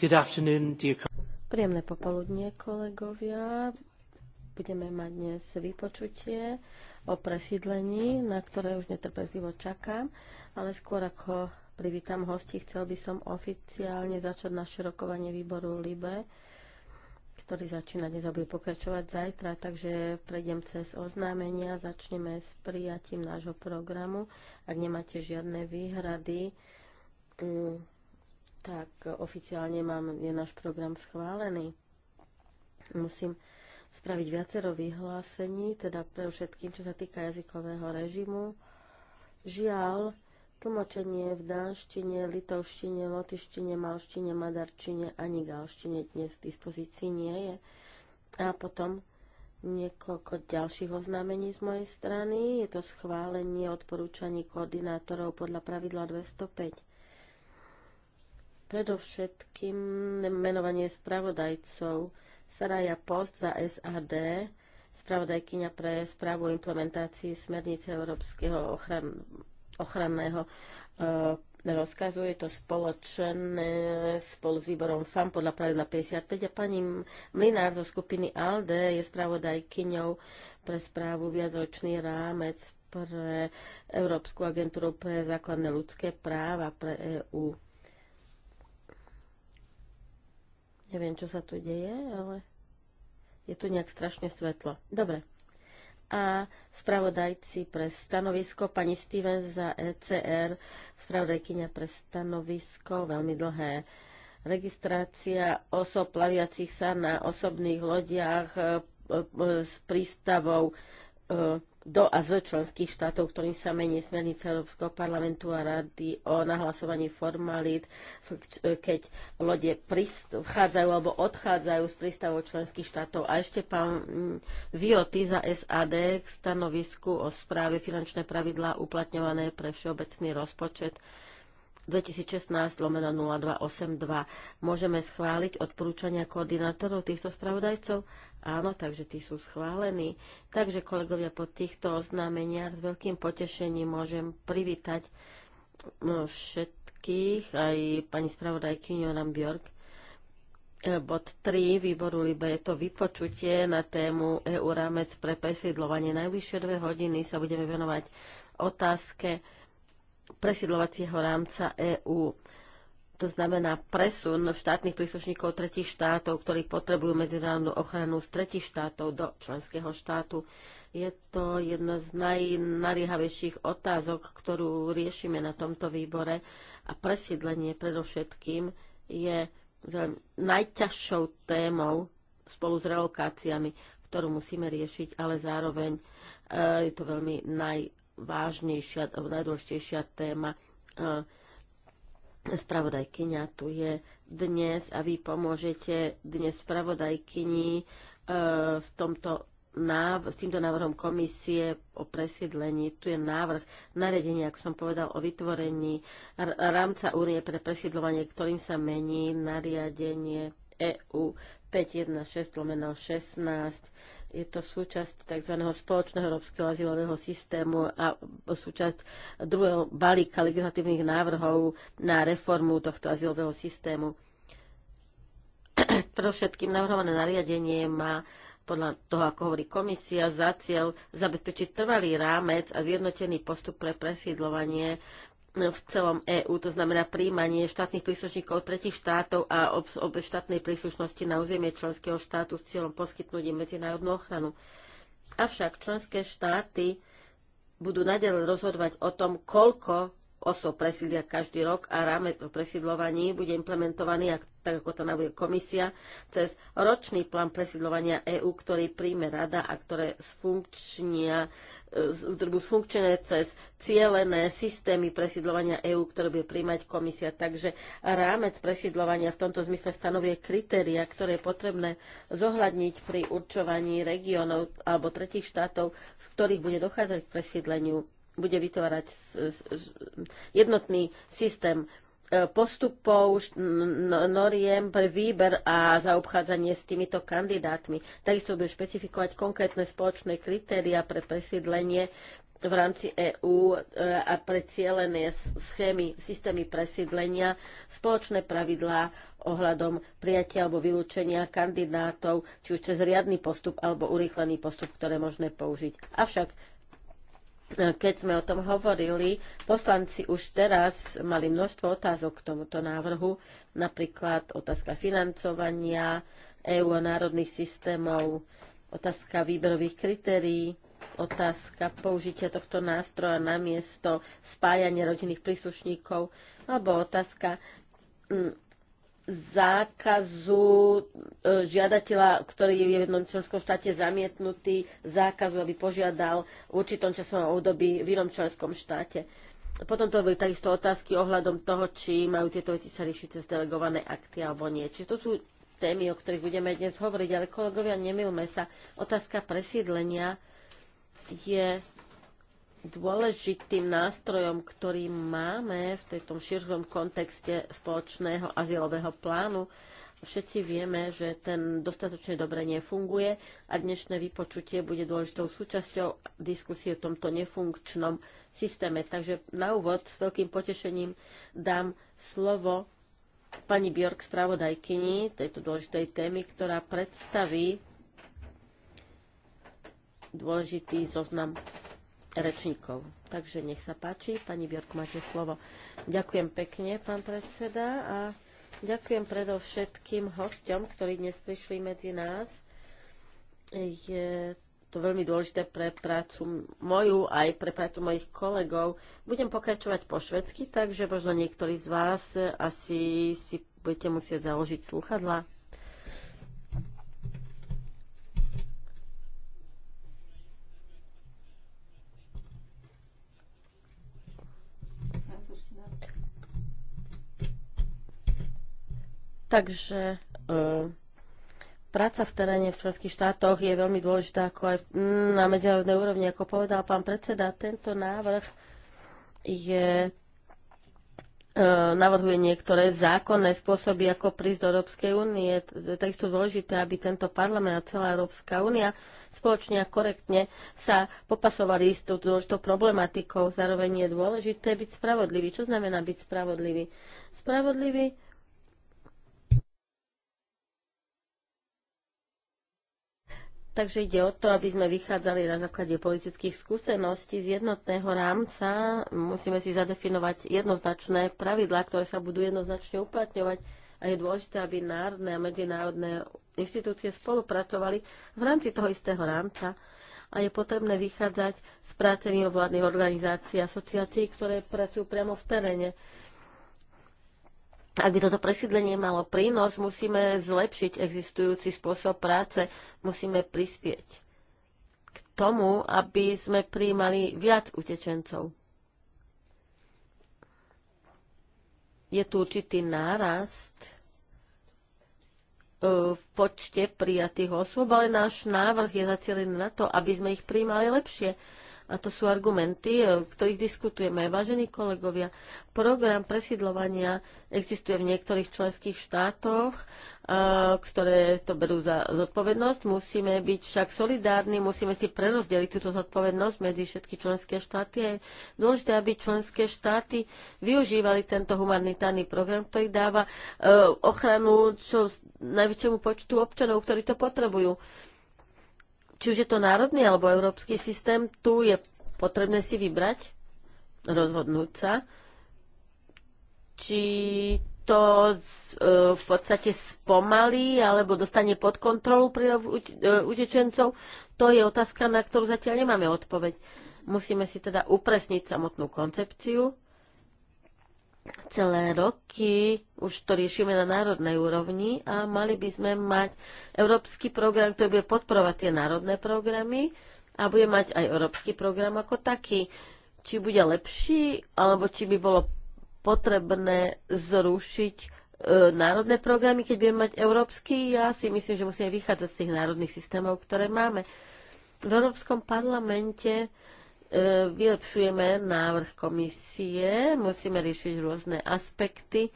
Good afternoon, dear... Príjemné popoludnie, kolegovia. Budeme mať dnes vypočutie o presídlení, na ktoré už netrpezivo čakám, ale skôr ako privítam hosti, chcel by som oficiálne začať na rokovanie výboru LIBE, ktorý začína dnes a bude pokračovať zajtra, takže prejdem cez oznámenia, začneme s prijatím nášho programu. Ak nemáte žiadne výhrady, mm, tak oficiálne mám, je náš program schválený. Musím spraviť viacero vyhlásení, teda pre všetkým, čo sa týka jazykového režimu. Žiaľ, tlmočenie v dánštine, litovštine, lotištine, malštine, madarčine ani galštine dnes v dispozícii nie je. A potom niekoľko ďalších oznámení z mojej strany. Je to schválenie odporúčaní koordinátorov podľa pravidla 205. Predovšetkým menovanie spravodajcov Saraja Post za SAD, spravodajkyňa pre správu o implementácii smernice Európskeho ochran- ochranného e, rozkazu. Je to spoločné spolu s výborom FAM podľa pravidla 55 a pani Mlinár zo skupiny ALDE je spravodajkyňou pre správu viacročný rámec pre Európsku agentúru pre základné ľudské práva pre EÚ. Neviem, čo sa tu deje, ale je tu nejak strašne svetlo. Dobre. A spravodajci pre stanovisko, pani Stevens za ECR, spravodajkyňa pre stanovisko, veľmi dlhé registrácia osob plaviacich sa na osobných lodiach e, e, s prístavou. e, do a z členských štátov, ktorým sa mení smernica Európskeho parlamentu a rady o nahlasovaní formalít, e, keď lode vchádzajú alebo odchádzajú z prístavov členských štátov. A ešte pán Vioty za SAD k stanovisku o správe finančné pravidlá uplatňované pre všeobecný rozpočet 2016 lomeno 0282. Môžeme schváliť odporúčania koordinátorov týchto spravodajcov? Áno, takže tí sú schválení. Takže kolegovia, po týchto oznámeniach s veľkým potešením môžem privítať no, všetkých, aj pani spravodajky Joram Bjork. E, bod 3 výboru LIBE je to vypočutie na tému EU rámec pre presídlovanie. Najvyššie dve hodiny sa budeme venovať otázke presidlovacieho rámca EÚ. To znamená presun štátnych príslušníkov tretich štátov, ktorí potrebujú medzinárodnú ochranu z tretich štátov do členského štátu. Je to jedna z najnariehavejších otázok, ktorú riešime na tomto výbore a presídlenie predovšetkým je najťažšou témou spolu s relokáciami, ktorú musíme riešiť, ale zároveň e, je to veľmi naj, najvážnejšia, najdôležitejšia téma e, spravodajkyňa tu je dnes a vy pomôžete dnes spravodajkyni s, e, tomto s týmto návrhom komisie o presiedlení. Tu je návrh naredenia, ako som povedal, o vytvorení rámca únie pre presiedlovanie, ktorým sa mení nariadenie EU 516 16 je to súčasť tzv. spoločného európskeho azylového systému a súčasť druhého balíka legislatívnych návrhov na reformu tohto azylového systému. Pro všetkým navrhované nariadenie má podľa toho, ako hovorí komisia, za cieľ zabezpečiť trvalý rámec a zjednotený postup pre presídlovanie v celom EÚ, to znamená príjmanie štátnych príslušníkov tretich štátov a ob štátnej príslušnosti na územie členského štátu s cieľom poskytnúť im medzinárodnú ochranu. Avšak členské štáty budú nadalej rozhodovať o tom, koľko osob presídlia každý rok a rámec o presídlovaní bude implementovaný, ak, tak ako to navuje komisia, cez ročný plán presídlovania EÚ, ktorý príjme rada a ktoré sfunkčnia e, budú zfunkčené cez cieľené systémy presídlovania EÚ, ktoré bude príjmať komisia. Takže rámec presídlovania v tomto zmysle stanovuje kritéria, ktoré je potrebné zohľadniť pri určovaní regiónov alebo tretich štátov, z ktorých bude dochádzať k presídleniu bude vytvárať jednotný systém e, postupov, noriem pre výber a zaobchádzanie s týmito kandidátmi. Takisto budú špecifikovať konkrétne spoločné kritéria pre presídlenie v rámci EÚ e, a pre cieľené schémy, systémy presídlenia, spoločné pravidlá ohľadom prijatia alebo vylúčenia kandidátov, či už cez riadny postup alebo urýchlený postup, ktoré možné použiť. Avšak keď sme o tom hovorili, poslanci už teraz mali množstvo otázok k tomuto návrhu, napríklad otázka financovania EÚ a národných systémov, otázka výberových kritérií, otázka použitia tohto nástroja na miesto spájania rodinných príslušníkov, alebo otázka mm, zákazu e, žiadateľa, ktorý je v jednom členskom štáte zamietnutý, zákazu, aby požiadal v určitom časovom období v inom členskom štáte. Potom to boli takisto otázky ohľadom toho, či majú tieto veci sa riešiť cez delegované akty alebo nie. Čiže to sú témy, o ktorých budeme dnes hovoriť, ale kolegovia, nemilme sa. Otázka presídlenia je dôležitým nástrojom, ktorý máme v tejto širšom kontexte spoločného azylového plánu. Všetci vieme, že ten dostatočne dobre nefunguje a dnešné vypočutie bude dôležitou súčasťou diskusie o tomto nefunkčnom systéme. Takže na úvod s veľkým potešením dám slovo pani Bjork spravodajkyni tejto dôležitej témy, ktorá predstaví dôležitý zoznam rečníkov. Takže nech sa páči, pani Bjork, máte slovo. Ďakujem pekne, pán predseda, a ďakujem predovšetkým hostom, ktorí dnes prišli medzi nás. Je to veľmi dôležité pre prácu moju aj pre prácu mojich kolegov. Budem pokračovať po švedsky, takže možno niektorí z vás asi si budete musieť založiť sluchadla. Takže e, práca v teréne v členských štátoch je veľmi dôležitá, ako aj mm, na medzinárodnej úrovni, ako povedal pán predseda, tento návrh je e, navrhuje niektoré zákonné spôsoby, ako prísť do Európskej únie. Takisto dôležité, aby tento parlament a celá Európska únia spoločne a korektne sa popasovali s tou dôležitou problematikou. Zároveň je dôležité byť spravodlivý. Čo znamená byť spravodlivý? Spravodlivý Takže ide o to, aby sme vychádzali na základe politických skúseností z jednotného rámca. Musíme si zadefinovať jednoznačné pravidlá, ktoré sa budú jednoznačne uplatňovať a je dôležité, aby národné a medzinárodné inštitúcie spolupracovali v rámci toho istého rámca a je potrebné vychádzať z práce mimovládnych organizácií a asociácií, ktoré pracujú priamo v teréne. Ak by toto presídlenie malo prínos, musíme zlepšiť existujúci spôsob práce, musíme prispieť k tomu, aby sme prijímali viac utečencov. Je tu určitý nárast e, v počte prijatých osôb, ale náš návrh je zacielený na to, aby sme ich prijímali lepšie a to sú argumenty, e, v ktorých diskutujeme. Vážení kolegovia, program presídlovania existuje v niektorých členských štátoch, e, ktoré to berú za zodpovednosť. Musíme byť však solidárni, musíme si prerozdeliť túto zodpovednosť medzi všetky členské štáty. Je dôležité, aby členské štáty využívali tento humanitárny program, ktorý dáva e, ochranu čo najväčšiemu počtu občanov, ktorí to potrebujú či už je to národný alebo európsky systém, tu je potrebné si vybrať, rozhodnúť sa, či to e, v podstate spomalí alebo dostane pod kontrolu pri e, utečencov, to je otázka, na ktorú zatiaľ nemáme odpoveď. Musíme si teda upresniť samotnú koncepciu celé roky, už to riešime na národnej úrovni a mali by sme mať európsky program, ktorý bude podporovať tie národné programy a bude mať aj európsky program ako taký. Či bude lepší, alebo či by bolo potrebné zrušiť e, národné programy, keď budeme mať európsky, ja si myslím, že musíme vychádzať z tých národných systémov, ktoré máme. V Európskom parlamente E, vylepšujeme návrh komisie, musíme riešiť rôzne aspekty.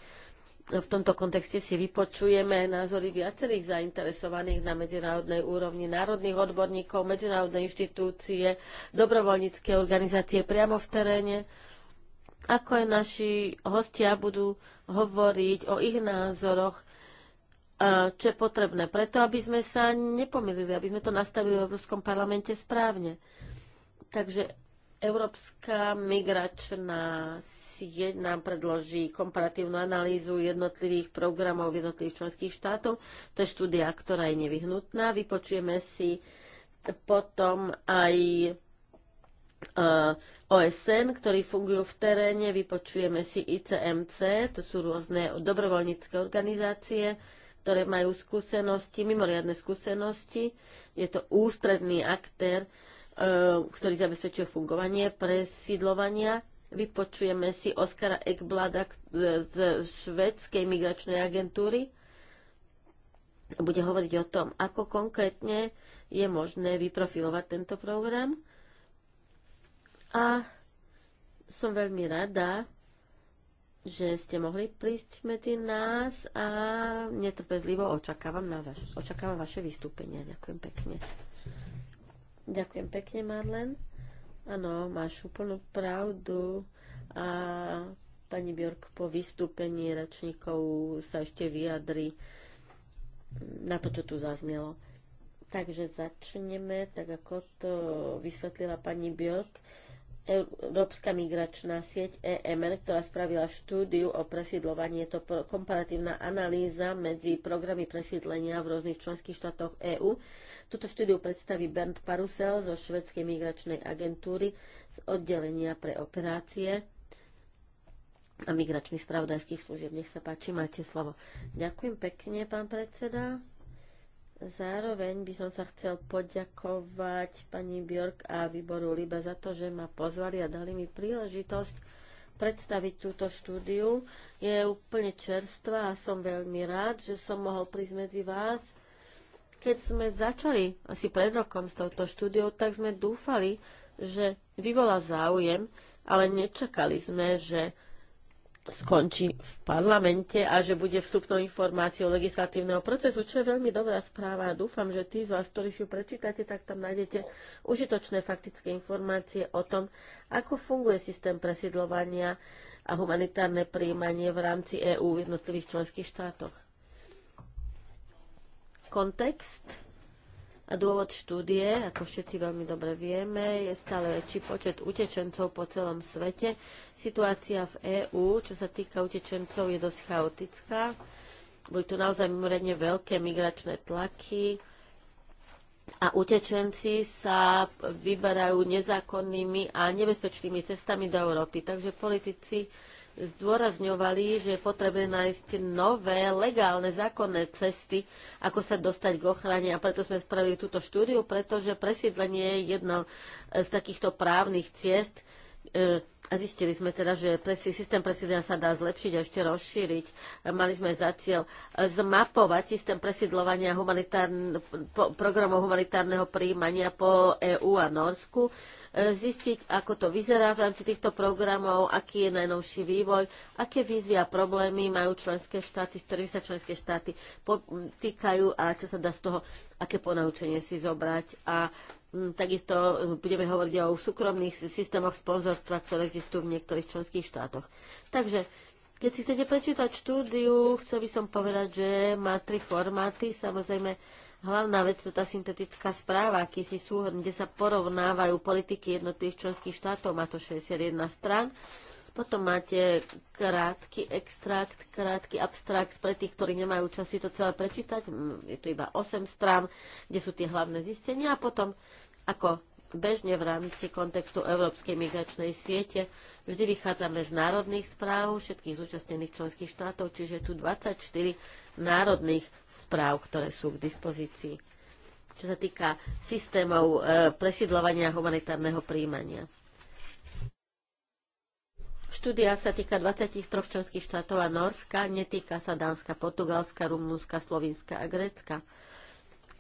V tomto kontexte si vypočujeme názory viacerých zainteresovaných na medzinárodnej úrovni, národných odborníkov, medzinárodné inštitúcie, dobrovoľnícke organizácie priamo v teréne. Ako aj naši hostia budú hovoriť o ich názoroch, e, čo je potrebné preto, aby sme sa nepomýlili, aby sme to nastavili v Európskom parlamente správne. Takže Európska migračná sieť nám predloží komparatívnu analýzu jednotlivých programov jednotlivých členských štátov. To je štúdia, ktorá je nevyhnutná. Vypočujeme si potom aj eh, OSN, ktorí fungujú v teréne, vypočujeme si ICMC, to sú rôzne dobrovoľnícke organizácie, ktoré majú skúsenosti, mimoriadne skúsenosti. Je to ústredný aktér E, ktorý zabezpečuje fungovanie presídlovania. Vypočujeme si Oskara Ekblada z švedskej migračnej agentúry. Bude hovoriť o tom, ako konkrétne je možné vyprofilovať tento program. A som veľmi rada, že ste mohli prísť medzi nás a netrpezlivo očakávam, na vaš- očakávam vaše vystúpenie. Ďakujem pekne. Ďakujem pekne, Marlen. Áno, máš úplnú pravdu. A pani Bjork po vystúpení rečníkov sa ešte vyjadri na to, čo tu zaznelo. Takže začneme, tak ako to vysvetlila pani Bjork Európska migračná sieť EMR, ktorá spravila štúdiu o presídlovaní. Je to komparatívna analýza medzi programy presídlenia v rôznych členských štátoch EÚ. Tuto štúdiu predstaví Bernd Parusel zo Švedskej migračnej agentúry z oddelenia pre operácie a migračných spravodajských služieb. Nech sa páči, máte slovo. Ďakujem pekne, pán predseda. Zároveň by som sa chcel poďakovať pani Bjork a výboru Libe za to, že ma pozvali a dali mi príležitosť predstaviť túto štúdiu. Je úplne čerstvá a som veľmi rád, že som mohol prísť medzi vás. Keď sme začali asi pred rokom s touto štúdiou, tak sme dúfali, že vyvolá záujem, ale nečakali sme, že skončí v parlamente a že bude vstupnou informáciou legislatívneho procesu, čo je veľmi dobrá správa. Dúfam, že tí z vás, ktorí si ju prečítate, tak tam nájdete užitočné faktické informácie o tom, ako funguje systém presidlovania a humanitárne príjmanie v rámci EÚ v jednotlivých členských štátoch. Kontext a dôvod štúdie, ako všetci veľmi dobre vieme, je stále väčší počet utečencov po celom svete. Situácia v EÚ, čo sa týka utečencov, je dosť chaotická. Boli tu naozaj mimoriadne veľké migračné tlaky a utečenci sa vyberajú nezákonnými a nebezpečnými cestami do Európy. Takže politici zdôrazňovali, že je potrebné nájsť nové, legálne, zákonné cesty, ako sa dostať k ochrane. A preto sme spravili túto štúdiu, pretože presiedlenie je jedno z takýchto právnych ciest. E, a zistili sme teda, že systém presídlenia sa dá zlepšiť a ešte rozšíriť. Mali sme za cieľ e, zmapovať systém presídlovania programov humanitárneho príjmania po EÚ a Norsku E, zistiť, ako to vyzerá v rámci týchto programov, aký je najnovší vývoj, aké výzvy a problémy majú členské štáty, s ktorými sa členské štáty týkajú a čo sa dá z toho, aké ponaučenie si zobrať. A Takisto e, budeme hovoriť o súkromných systémoch sponzorstva, ktoré existujú v niektorých členských štátoch. Takže, keď si chcete prečítať štúdiu, chcel by som povedať, že má tri formáty. Samozrejme, Hlavná vec je tá syntetická správa, si súhrn, kde sa porovnávajú politiky jednotlivých členských štátov, má to 61 strán. Potom máte krátky extrakt, krátky abstrakt pre tých, ktorí nemajú čas si to celé prečítať. Mm, je to iba 8 strán, kde sú tie hlavné zistenia. A potom, ako bežne v rámci kontextu Európskej migračnej siete, vždy vychádzame z národných správ všetkých zúčastnených členských štátov, čiže tu 24 národných správ, ktoré sú k dispozícii, čo sa týka systémov e, presidlovania humanitárneho príjmania. Štúdia sa týka 23 členských štátov a Norska, netýka sa Dánska, Portugalska, Rumunska, Slovinska a Grécka.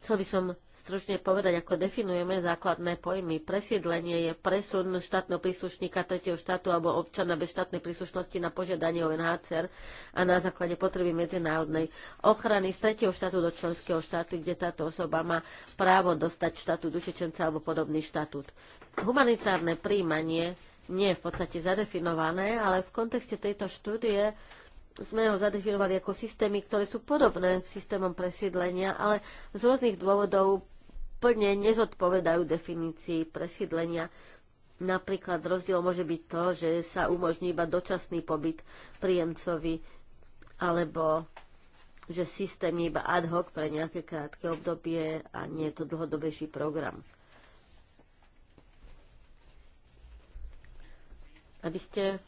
Chcel by som stručne povedať, ako definujeme základné pojmy. presiedlenie je presun štátneho príslušníka tretieho štátu alebo občana bez štátnej príslušnosti na požiadanie UNHCR a na základe potreby medzinárodnej ochrany z tretieho štátu do členského štátu, kde táto osoba má právo dostať štátu dušičenca alebo podobný štatút. Humanitárne príjmanie nie je v podstate zadefinované, ale v kontexte tejto štúdie sme ho zadefinovali ako systémy, ktoré sú podobné systémom presídlenia, ale z rôznych dôvodov úplne nezodpovedajú definícii presídlenia. Napríklad rozdiel môže byť to, že sa umožní iba dočasný pobyt príjemcovi, alebo že systém je iba ad hoc pre nejaké krátke obdobie a nie je to dlhodobejší program. Aby ste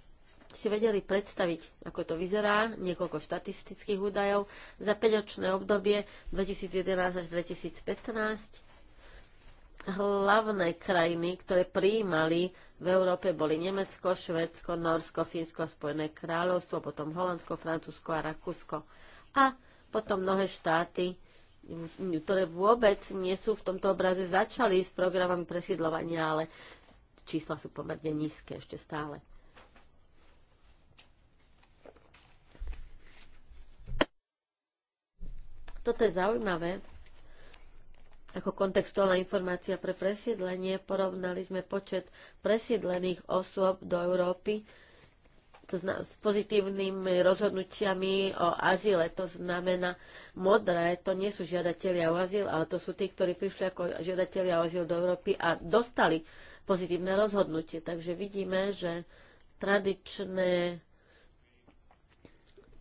si vedeli predstaviť, ako to vyzerá, niekoľko štatistických údajov za 5-ročné obdobie 2011 až 2015 hlavné krajiny, ktoré prijímali v Európe, boli Nemecko, Švedsko, Norsko, Fínsko, Spojené kráľovstvo, potom Holandsko, Francúzsko a Rakúsko. A potom mnohé štáty, ktoré vôbec nie sú v tomto obraze, začali s programami presídlovania, ale čísla sú pomerne nízke ešte stále. Toto je zaujímavé, ako kontextuálna informácia pre presiedlenie. Porovnali sme počet presiedlených osôb do Európy to zna- s pozitívnymi rozhodnutiami o azile. To znamená, modré to nie sú žiadatelia o azyl, ale to sú tí, ktorí prišli ako žiadatelia o azyl do Európy a dostali pozitívne rozhodnutie. Takže vidíme, že tradičné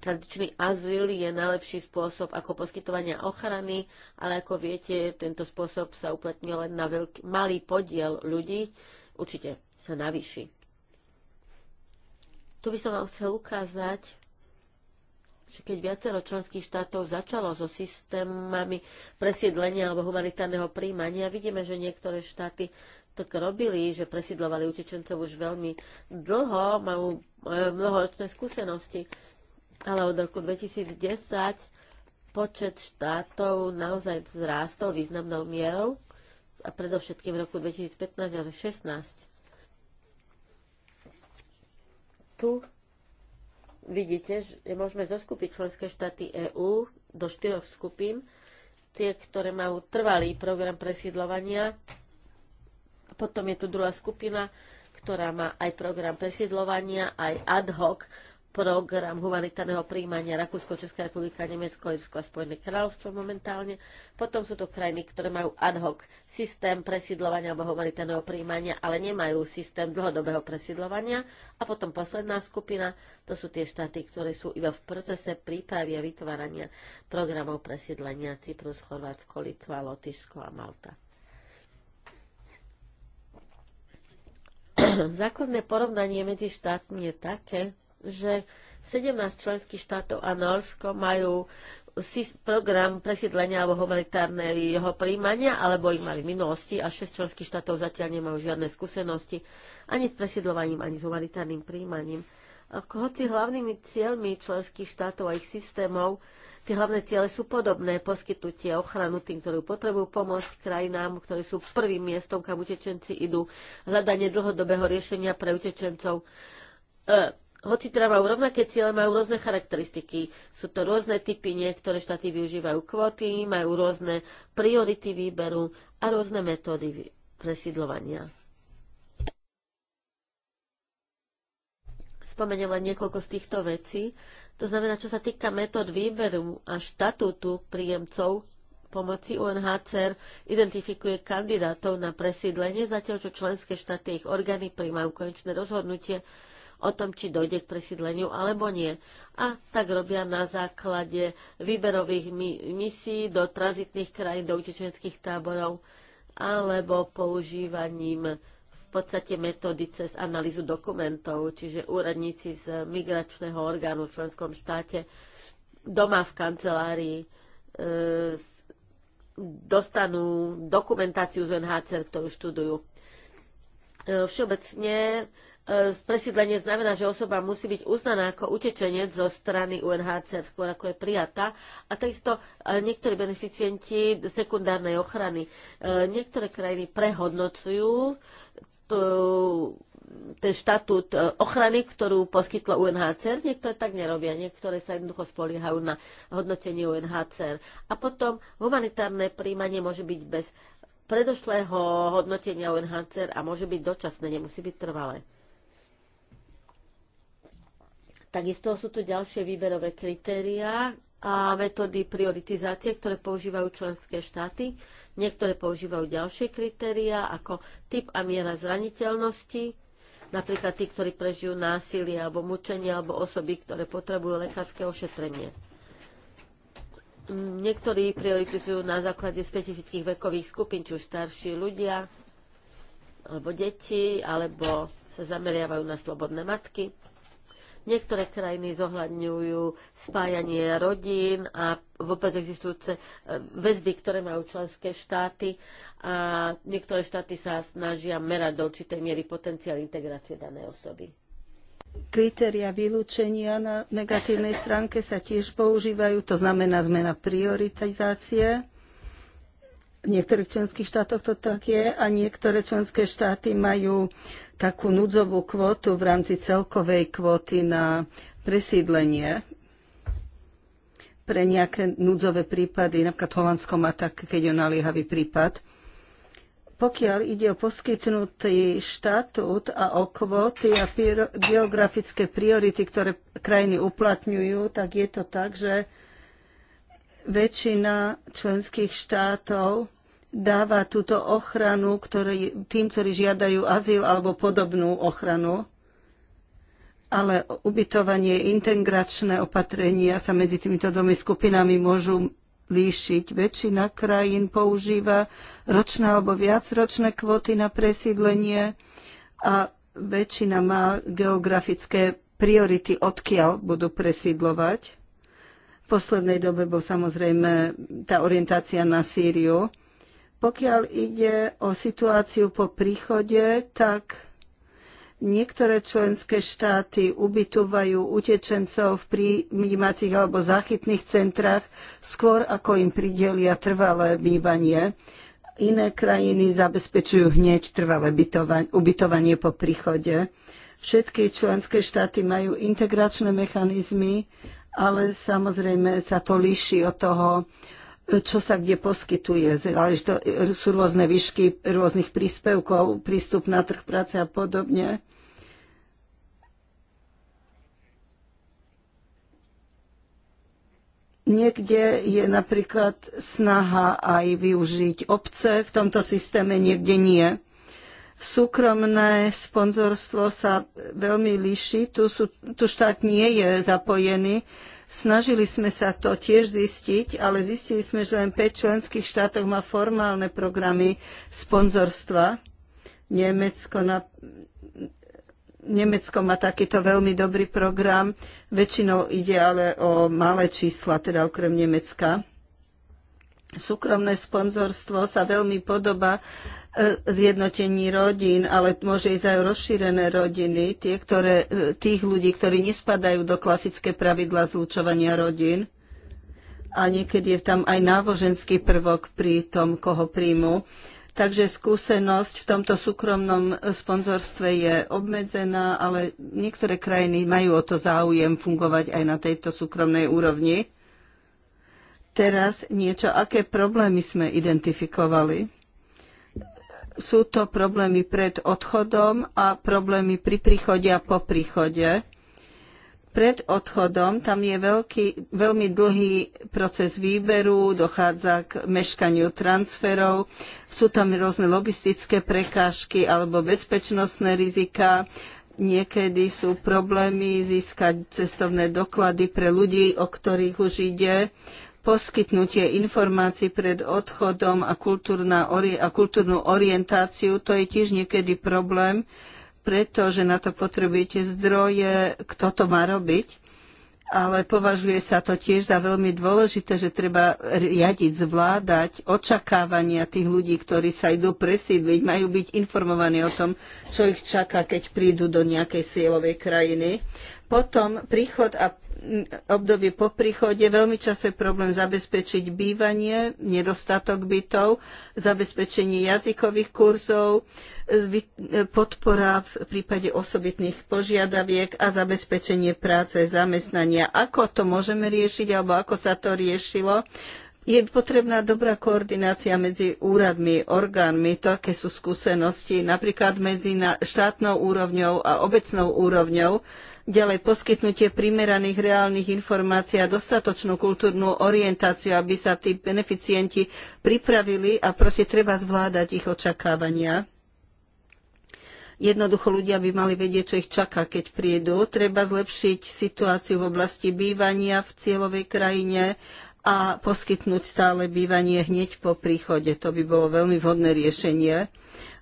Tradičný azyl je najlepší spôsob ako poskytovania ochrany, ale ako viete, tento spôsob sa uplatňuje len na veľký, malý podiel ľudí. Určite sa navýši. Tu by som vám chcel ukázať, že keď viacero členských štátov začalo so systémami presiedlenia alebo humanitárneho príjmania, vidíme, že niektoré štáty tak robili, že presidlovali utečencov už veľmi dlho, majú e, mnohoročné skúsenosti ale od roku 2010 počet štátov naozaj vzrástol významnou mierou a predovšetkým v roku 2015 a 2016. Tu vidíte, že môžeme zoskupiť členské štáty EÚ do štyroch skupín. Tie, ktoré majú trvalý program presídlovania. Potom je tu druhá skupina, ktorá má aj program presídlovania, aj ad hoc program humanitárneho príjmania Rakúsko, Česká republika, Nemecko, Irsko a Spojené kráľovstvo momentálne. Potom sú to krajiny, ktoré majú ad hoc systém presídlovania alebo humanitárneho príjmania, ale nemajú systém dlhodobého presídlovania. A potom posledná skupina, to sú tie štáty, ktoré sú iba v procese prípravy a vytvárania programov presídlenia Cyprus, Chorvátsko, Litva, Lotyšsko a Malta. Základné porovnanie medzi štátmi je také, že 17 členských štátov a Norsko majú program presiedlenia alebo humanitárneho príjmania, alebo ich mali v minulosti a 6 členských štátov zatiaľ nemajú žiadne skúsenosti ani s presiedlovaním, ani s humanitárnym príjmaním. Ako hoci hlavnými cieľmi členských štátov a ich systémov Tie hlavné ciele sú podobné, poskytnutie ochranu tým, ktorí potrebujú pomôcť krajinám, ktorí sú prvým miestom, kam utečenci idú, hľadanie dlhodobého riešenia pre utečencov, e, hoci teda majú rovnaké ciele, majú rôzne charakteristiky. Sú to rôzne typy, niektoré štáty využívajú kvóty, majú rôzne priority výberu a rôzne metódy presídlovania. Spomeniem len niekoľko z týchto vecí. To znamená, čo sa týka metód výberu a štatútu príjemcov pomoci UNHCR identifikuje kandidátov na presídlenie, zatiaľ čo členské štáty ich orgány príjmajú konečné rozhodnutie o tom, či dojde k presídleniu alebo nie. A tak robia na základe výberových misií do tranzitných krajín, do utečeneckých táborov alebo používaním v podstate metódy cez analýzu dokumentov, čiže úradníci z migračného orgánu v členskom štáte doma v kancelárii e, dostanú dokumentáciu z NHCR, ktorú študujú. E, všeobecne presídlenie znamená, že osoba musí byť uznaná ako utečenec zo strany UNHCR skôr ako je prijatá a takisto e, niektorí beneficienti sekundárnej ochrany. E, niektoré krajiny prehodnocujú ten štatút e, ochrany, ktorú poskytlo UNHCR. Niektoré tak nerobia, niektoré sa jednoducho spoliehajú na hodnotenie UNHCR. A potom humanitárne príjmanie môže byť bez predošlého hodnotenia UNHCR a môže byť dočasné, nemusí byť trvalé. Takisto sú tu ďalšie výberové kritériá a metódy prioritizácie, ktoré používajú členské štáty. Niektoré používajú ďalšie kritériá ako typ a miera zraniteľnosti, napríklad tí, ktorí prežijú násilie alebo mučenie alebo osoby, ktoré potrebujú lekárske ošetrenie. Niektorí prioritizujú na základe specifických vekových skupín, či už starší ľudia, alebo deti, alebo sa zameriavajú na slobodné matky. Niektoré krajiny zohľadňujú spájanie rodín a vôbec existujúce e, väzby, ktoré majú členské štáty a niektoré štáty sa snažia merať do určitej miery potenciál integrácie danej osoby. Kritéria vylúčenia na negatívnej stránke sa tiež používajú, to znamená zmena prioritizácie v niektorých členských štátoch to tak je a niektoré členské štáty majú takú núdzovú kvotu v rámci celkovej kvóty na presídlenie pre nejaké núdzové prípady, napríklad Holandsko má tak, keď je naliehavý prípad. Pokiaľ ide o poskytnutý štatút a o kvóty a geografické priority, ktoré krajiny uplatňujú, tak je to tak, že väčšina členských štátov dáva túto ochranu ktorý, tým, ktorí žiadajú azyl alebo podobnú ochranu, ale ubytovanie, integračné opatrenia sa medzi týmito dvomi skupinami môžu líšiť. Väčšina krajín používa ročné alebo viacročné kvóty na presídlenie a väčšina má geografické priority, odkiaľ budú presídlovať. V poslednej dobe bol samozrejme tá orientácia na Sýriu pokiaľ ide o situáciu po príchode, tak niektoré členské štáty ubytovajú utečencov v príjmacích alebo záchytných centrách skôr ako im pridelia trvalé bývanie. Iné krajiny zabezpečujú hneď trvalé ubytovanie po príchode. Všetky členské štáty majú integračné mechanizmy, ale samozrejme sa to líši od toho, čo sa kde poskytuje. to sú rôzne výšky rôznych príspevkov, prístup na trh práce a podobne. Niekde je napríklad snaha aj využiť obce v tomto systéme, niekde nie. Súkromné sponzorstvo sa veľmi líši, tu, sú, tu štát nie je zapojený, Snažili sme sa to tiež zistiť, ale zistili sme, že len 5 členských štátov má formálne programy sponzorstva. Nemecko, na, Nemecko má takýto veľmi dobrý program. Väčšinou ide ale o malé čísla, teda okrem Nemecka súkromné sponzorstvo sa veľmi podoba e, zjednotení rodín, ale môže ísť aj rozšírené rodiny, tie, ktoré, e, tých ľudí, ktorí nespadajú do klasické pravidla zlučovania rodín. A niekedy je tam aj náboženský prvok pri tom, koho príjmu. Takže skúsenosť v tomto súkromnom sponzorstve je obmedzená, ale niektoré krajiny majú o to záujem fungovať aj na tejto súkromnej úrovni teraz niečo, aké problémy sme identifikovali. Sú to problémy pred odchodom a problémy pri príchode a po príchode. Pred odchodom tam je veľký, veľmi dlhý proces výberu, dochádza k meškaniu transferov, sú tam rôzne logistické prekážky alebo bezpečnostné rizika, niekedy sú problémy získať cestovné doklady pre ľudí, o ktorých už ide. Uh, poskytnutie informácií pred odchodom a, a kultúrnu orientáciu, to je tiež niekedy problém, pretože na to potrebujete zdroje, kto to má robiť. Ale považuje sa to tiež za veľmi dôležité, že treba riadiť, zvládať očakávania tých ľudí, ktorí sa idú presídliť, majú byť informovaní o tom, čo ich čaká, keď prídu do nejakej cieľovej krajiny. Potom príchod a obdobie po príchode veľmi často je problém zabezpečiť bývanie, nedostatok bytov, zabezpečenie jazykových kurzov, podpora v prípade osobitných požiadaviek a zabezpečenie práce, zamestnania. Ako to môžeme riešiť alebo ako sa to riešilo? Je potrebná dobrá koordinácia medzi úradmi, orgánmi, to, aké sú skúsenosti, napríklad medzi štátnou úrovňou a obecnou úrovňou, Ďalej poskytnutie primeraných reálnych informácií a dostatočnú kultúrnu orientáciu, aby sa tí beneficienti pripravili a proste treba zvládať ich očakávania. Jednoducho ľudia by mali vedieť, čo ich čaká, keď prídu. Treba zlepšiť situáciu v oblasti bývania v cieľovej krajine a poskytnúť stále bývanie hneď po príchode. To by bolo veľmi vhodné riešenie.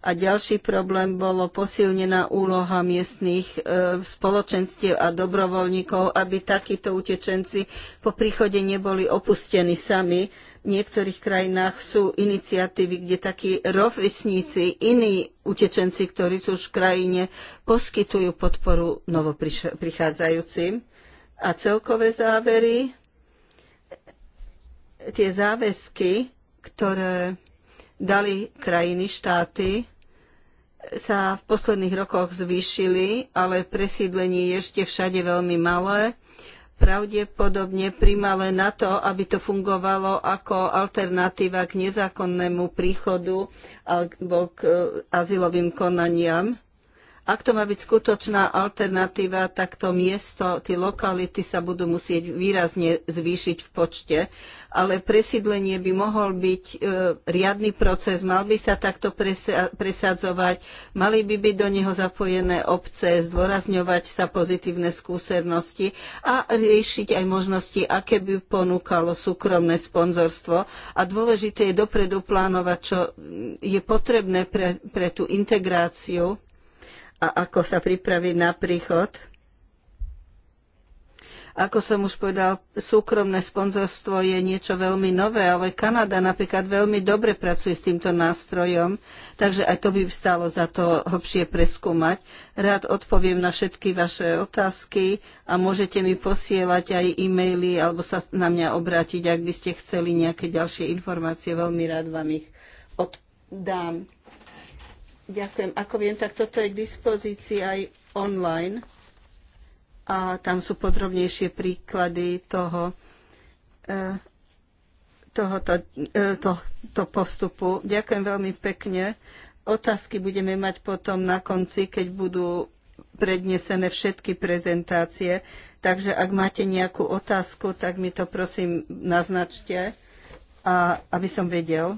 A ďalší problém bolo posilnená úloha miestných e, spoločenstiev a dobrovoľníkov, aby takíto utečenci po príchode neboli opustení sami. V niektorých krajinách sú iniciatívy, kde takí rovisníci, iní utečenci, ktorí sú už v krajine, poskytujú podporu novoprichádzajúcim. A celkové závery tie záväzky, ktoré dali krajiny, štáty, sa v posledných rokoch zvýšili, ale presídlenie je ešte všade veľmi malé. Pravdepodobne primale na to, aby to fungovalo ako alternatíva k nezákonnému príchodu alebo k e, azylovým konaniam. Ak to má byť skutočná alternatíva, tak to miesto, tie lokality sa budú musieť výrazne zvýšiť v počte. Ale presídlenie by mohol byť e, riadny proces, mal by sa takto presa- presadzovať, mali by byť do neho zapojené obce, zdôrazňovať sa pozitívne skúsenosti a riešiť aj možnosti, aké by ponúkalo súkromné sponzorstvo. A dôležité je dopredu plánovať, čo je potrebné pre, pre tú integráciu a ako sa pripraviť na príchod. Ako som už povedal, súkromné sponzorstvo je niečo veľmi nové, ale Kanada napríklad veľmi dobre pracuje s týmto nástrojom, takže aj to by stalo za to hlbšie preskúmať. Rád odpoviem na všetky vaše otázky a môžete mi posielať aj e-maily alebo sa na mňa obrátiť, ak by ste chceli nejaké ďalšie informácie. Veľmi rád vám ich oddám. Ďakujem. Ako viem, tak toto je k dispozícii aj online a tam sú podrobnejšie príklady toho, e, tohoto, e, to, to postupu. Ďakujem veľmi pekne. Otázky budeme mať potom na konci, keď budú prednesené všetky prezentácie. Takže ak máte nejakú otázku, tak mi to prosím naznačte, a, aby som vedel.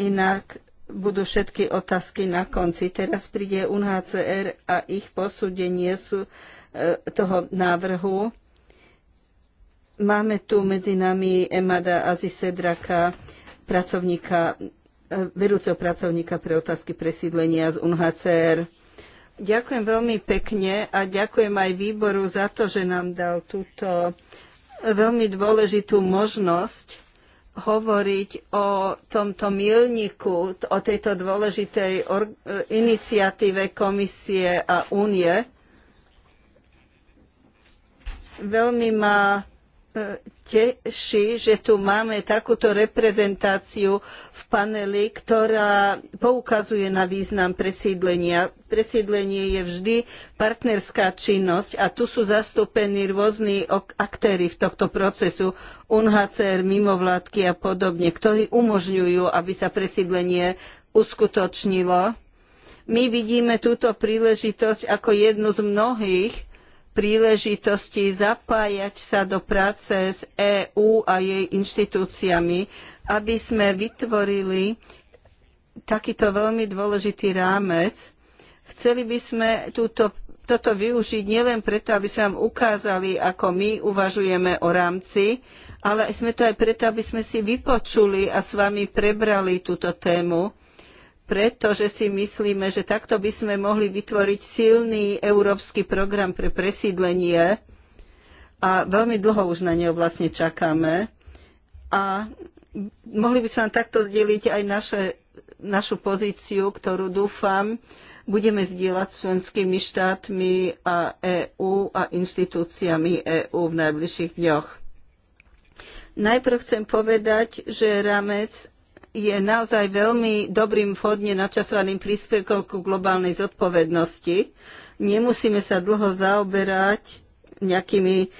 Inak budú všetky otázky na konci. Teraz príde UNHCR a ich posúdenie sú e, toho návrhu. Máme tu medzi nami Emada Azisedraka, pracovníka, e, vedúceho pracovníka pre otázky presídlenia z UNHCR. Ďakujem veľmi pekne a ďakujem aj výboru za to, že nám dal túto veľmi dôležitú možnosť hovoriť o tomto milníku, o tejto dôležitej iniciatíve komisie a únie. Veľmi ma e, teší, že tu máme takúto reprezentáciu v paneli, ktorá poukazuje na význam presídlenia. Presídlenie je vždy partnerská činnosť a tu sú zastúpení rôzni aktéry v tohto procesu, UNHCR, mimovládky a podobne, ktorí umožňujú, aby sa presídlenie uskutočnilo. My vidíme túto príležitosť ako jednu z mnohých, príležitosti zapájať sa do práce s EÚ a jej inštitúciami, aby sme vytvorili takýto veľmi dôležitý rámec. Chceli by sme túto, toto využiť nielen preto, aby sme vám ukázali, ako my uvažujeme o rámci, ale sme to aj preto, aby sme si vypočuli a s vami prebrali túto tému preto, že si myslíme, že takto by sme mohli vytvoriť silný európsky program pre presídlenie a veľmi dlho už na neho vlastne čakáme. A mohli by sme vám takto zdieľiť aj naše, našu pozíciu, ktorú dúfam, budeme zdieľať s členskými štátmi a EÚ a inštitúciami EÚ v najbližších dňoch. Najprv chcem povedať, že rámec je naozaj veľmi dobrým vhodne načasovaným príspevkom ku globálnej zodpovednosti. Nemusíme sa dlho zaoberať nejakými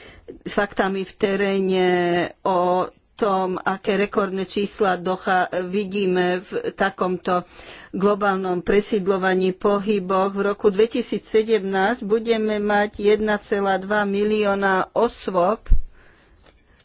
faktami v teréne o tom, aké rekordné čísla docha vidíme v takomto globálnom presídlovaní pohyboch. V roku 2017 budeme mať 1,2 milióna osôb,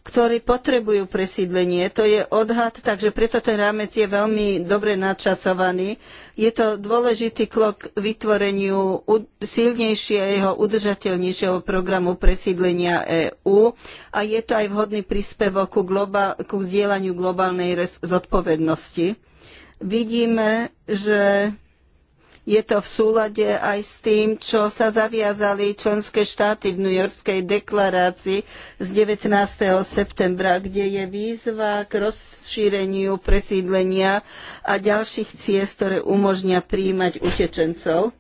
ktorí potrebujú presídlenie. To je odhad, takže preto ten rámec je veľmi dobre načasovaný. Je to dôležitý krok k vytvoreniu silnejšieho, udržateľnejšieho programu presídlenia EÚ a je to aj vhodný príspevok ku, globál, ku vzdielaniu globálnej zodpovednosti. Vidíme, že je to v súlade aj s tým, čo sa zaviazali členské štáty v New Yorkskej deklarácii z 19. septembra, kde je výzva k rozšíreniu presídlenia a ďalších ciest, ktoré umožnia príjmať utečencov.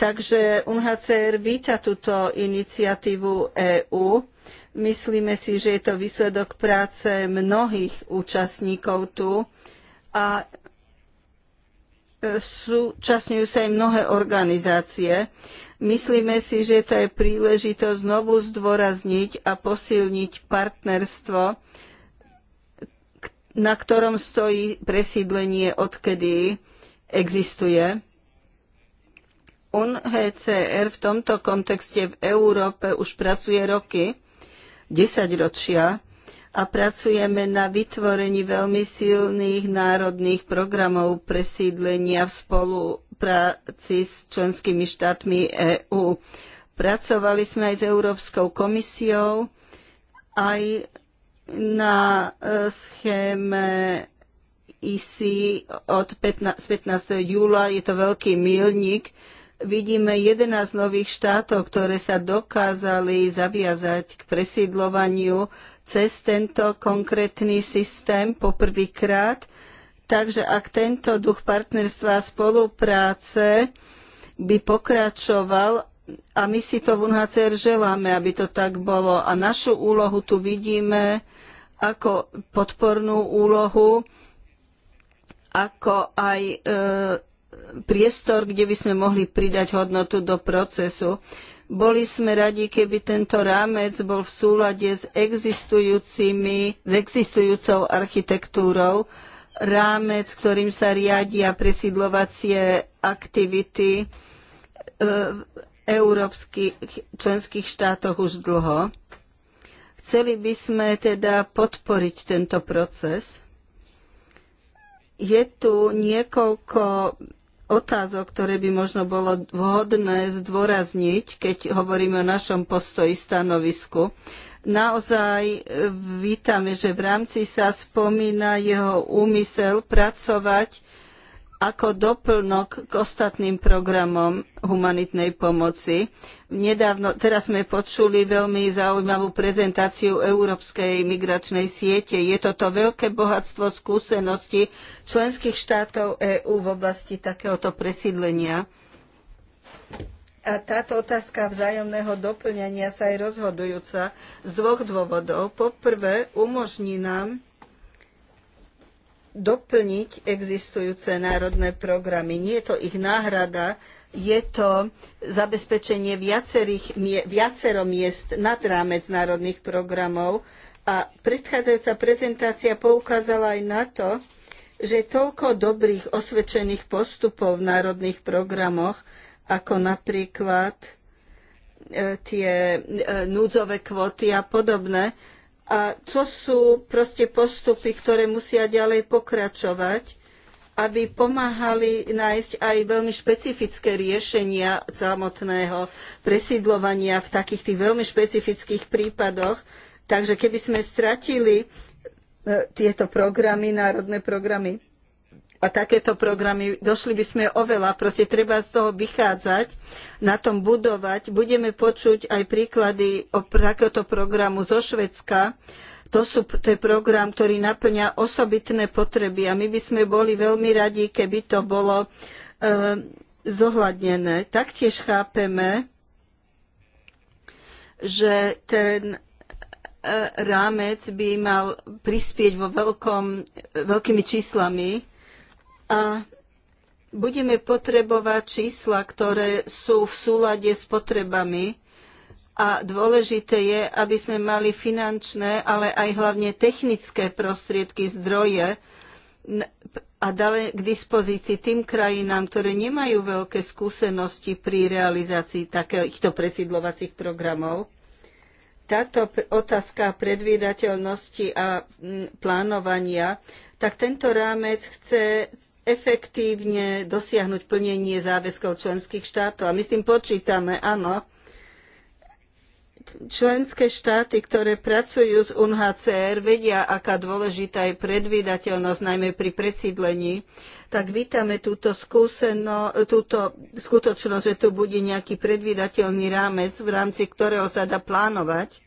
Takže UNHCR víta túto iniciatívu EÚ. Myslíme si, že je to výsledok práce mnohých účastníkov tu a súčasňujú sa aj mnohé organizácie. Myslíme si, že to je príležitosť znovu zdôrazniť a posilniť partnerstvo, na ktorom stojí presídlenie, odkedy existuje. UNHCR v tomto kontexte v Európe už pracuje roky, desaťročia a pracujeme na vytvorení veľmi silných národných programov presídlenia v spolupráci s členskými štátmi EÚ. Pracovali sme aj s Európskou komisiou, aj na e, schéme IC od 15, z 15. júla. Je to veľký milník. Vidíme 11 nových štátov, ktoré sa dokázali zaviazať k presídlovaniu cez tento konkrétny systém poprvýkrát. Takže ak tento duch partnerstva a spolupráce by pokračoval a my si to v UNHCR želáme, aby to tak bolo. A našu úlohu tu vidíme ako podpornú úlohu, ako aj e, priestor, kde by sme mohli pridať hodnotu do procesu. Boli sme radi, keby tento rámec bol v súlade s, existujúcimi, s existujúcou architektúrou, rámec, ktorým sa riadia presídlovacie aktivity e, v európskych členských štátoch už dlho. Chceli by sme teda podporiť tento proces. Je tu niekoľko otázok, ktoré by možno bolo vhodné zdôrazniť, keď hovoríme o našom postoji stanovisku. Naozaj e, vítame, že v rámci sa spomína jeho úmysel pracovať ako doplnok k ostatným programom humanitnej pomoci. Nedávno, teraz sme počuli veľmi zaujímavú prezentáciu Európskej migračnej siete. Je toto veľké bohatstvo skúseností členských štátov EÚ v oblasti takéhoto presídlenia. A táto otázka vzájomného doplňania sa je rozhodujúca z dvoch dôvodov. Po prvé, umožní nám doplniť existujúce národné programy. Nie je to ich náhrada, je to zabezpečenie viacerých, viacero miest nad rámec národných programov. A predchádzajúca prezentácia poukázala aj na to, že toľko dobrých osvedčených postupov v národných programoch, ako napríklad e, tie e, núdzové kvóty a podobné, a to sú proste postupy, ktoré musia ďalej pokračovať, aby pomáhali nájsť aj veľmi špecifické riešenia samotného presídlovania v takých tých veľmi špecifických prípadoch. Takže keby sme stratili e, tieto programy, národné programy a takéto programy, došli by sme oveľa, proste treba z toho vychádzať, na tom budovať. Budeme počuť aj príklady o takéhoto programu zo Švedska, to, sú, to je program, ktorý naplňa osobitné potreby a my by sme boli veľmi radi, keby to bolo e, zohľadnené. Taktiež chápeme, že ten e, rámec by mal prispieť vo veľkom, e, veľkými číslami a budeme potrebovať čísla, ktoré sú v súlade s potrebami a dôležité je, aby sme mali finančné, ale aj hlavne technické prostriedky, zdroje a dali k dispozícii tým krajinám, ktoré nemajú veľké skúsenosti pri realizácii takýchto presídlovacích programov. Táto otázka predvídateľnosti a plánovania, tak tento rámec chce efektívne dosiahnuť plnenie záväzkov členských štátov. A my s tým počítame, áno. Členské štáty, ktoré pracujú s UNHCR, vedia, aká dôležitá je predvídateľnosť, najmä pri presídlení. Tak vítame túto, skúseno, túto skutočnosť, že tu bude nejaký predvídateľný rámec, v rámci ktorého sa dá plánovať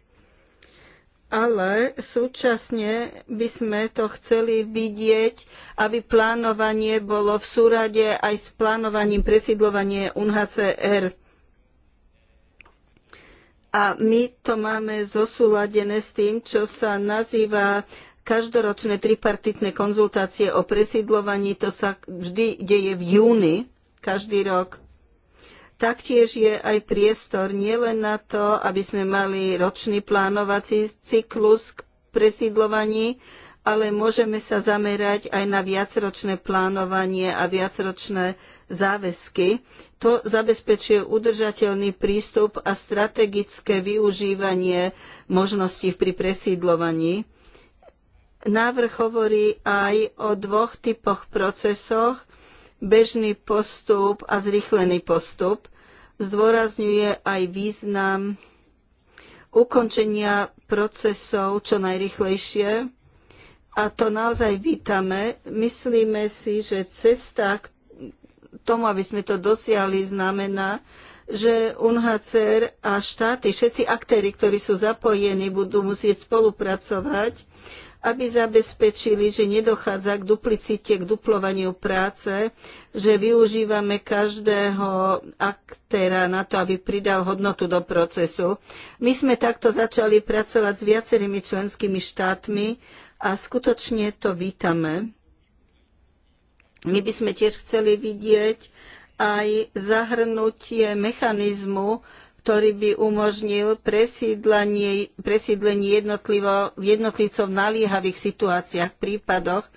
ale súčasne by sme to chceli vidieť, aby plánovanie bolo v súrade aj s plánovaním presídlovanie UNHCR. A my to máme zosúladené s tým, čo sa nazýva každoročné tripartitné konzultácie o presídlovaní. To sa vždy deje v júni, každý rok. Taktiež je aj priestor nielen na to, aby sme mali ročný plánovací cyklus k presídlovaní, ale môžeme sa zamerať aj na viacročné plánovanie a viacročné záväzky. To zabezpečuje udržateľný prístup a strategické využívanie možností pri presídlovaní. Návrh hovorí aj o dvoch typoch procesoch, bežný postup a zrýchlený postup. Zdôrazňuje aj význam ukončenia procesov čo najrychlejšie. A to naozaj vítame. Myslíme si, že cesta k tomu, aby sme to dosiahli, znamená, že UNHCR a štáty, všetci aktéry, ktorí sú zapojení, budú musieť spolupracovať aby zabezpečili, že nedochádza k duplicite, k duplovaniu práce, že využívame každého aktéra na to, aby pridal hodnotu do procesu. My sme takto začali pracovať s viacerými členskými štátmi a skutočne to vítame. My by sme tiež chceli vidieť aj zahrnutie mechanizmu, ktorý by umožnil presídlenie, presídlenie jednotlivcov v naliehavých situáciách, prípadoch.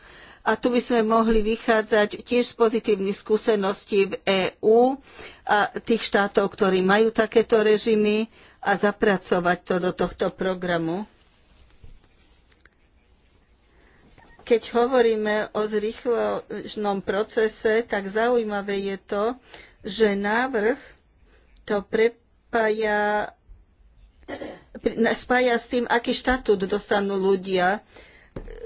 A tu by sme mohli vychádzať tiež z pozitívnych skúseností v EÚ a tých štátov, ktorí majú takéto režimy a zapracovať to do tohto programu. keď hovoríme o zrýchlenom procese, tak zaujímavé je to, že návrh to pre, spája, spája s tým, aký štatút dostanú ľudia,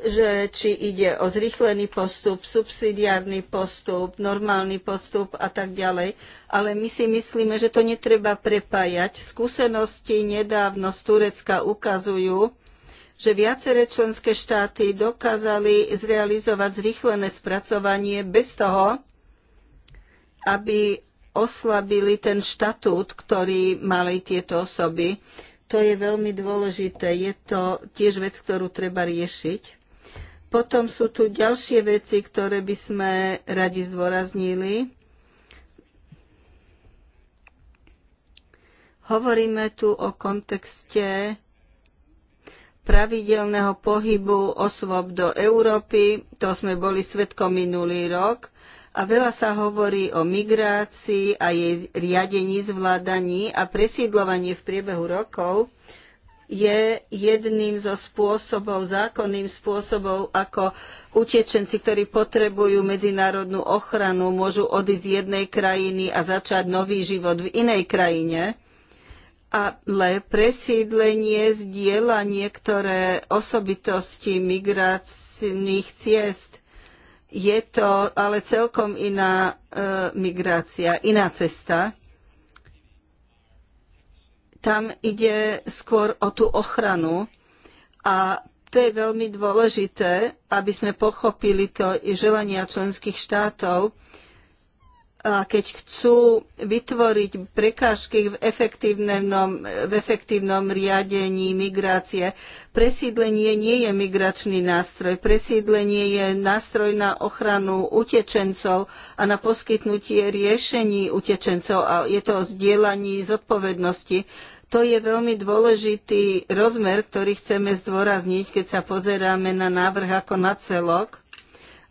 že či ide o zrýchlený postup, subsidiárny postup, normálny postup a tak ďalej. Ale my si myslíme, že to netreba prepájať. Skúsenosti nedávno z Turecka ukazujú, že viaceré členské štáty dokázali zrealizovať zrýchlené spracovanie bez toho, aby oslabili ten štatút, ktorý mali tieto osoby. To je veľmi dôležité. Je to tiež vec, ktorú treba riešiť. Potom sú tu ďalšie veci, ktoré by sme radi zdôraznili. Hovoríme tu o kontexte pravidelného pohybu osôb do Európy. To sme boli svedkom minulý rok a veľa sa hovorí o migrácii a jej riadení, zvládaní a presídlovaní v priebehu rokov je jedným zo spôsobov, zákonným spôsobov, ako utečenci, ktorí potrebujú medzinárodnú ochranu, môžu odísť z jednej krajiny a začať nový život v inej krajine. Ale presídlenie zdieľa niektoré osobitosti migračných ciest je to ale celkom iná e, migrácia, iná cesta. Tam ide skôr o tú ochranu a to je veľmi dôležité, aby sme pochopili to i želania členských štátov, keď chcú vytvoriť prekážky v efektívnom, v efektívnom riadení migrácie, presídlenie nie je migračný nástroj. Presídlenie je nástroj na ochranu utečencov a na poskytnutie riešení utečencov a je to o zdieľaní zodpovednosti. To je veľmi dôležitý rozmer, ktorý chceme zdôrazniť, keď sa pozeráme na návrh ako na celok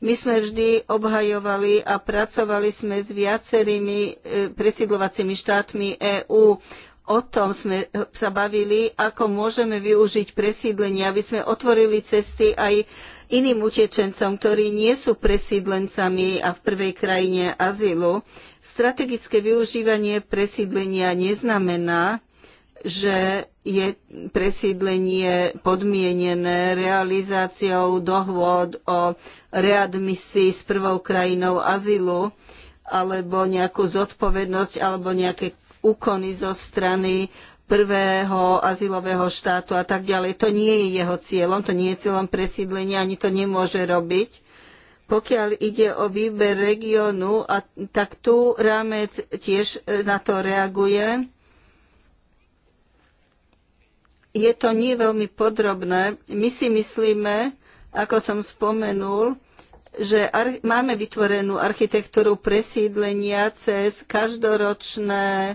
my sme vždy obhajovali a pracovali sme s viacerými e, presídlovacími štátmi EÚ. O tom sme e, sa bavili, ako môžeme využiť presídlenie, aby sme otvorili cesty aj iným utečencom, ktorí nie sú presídlencami a v prvej krajine azylu. Strategické využívanie presídlenia neznamená, že je presídlenie podmienené realizáciou dohôd o readmisii s prvou krajinou azylu alebo nejakú zodpovednosť alebo nejaké úkony zo strany prvého azylového štátu a tak ďalej. To nie je jeho cieľom, to nie je cieľom presídlenia, ani to nemôže robiť. Pokiaľ ide o výber regiónu, tak tu rámec tiež e, na to reaguje je to nie veľmi podrobné. My si myslíme, ako som spomenul, že máme vytvorenú architektúru presídlenia cez každoročné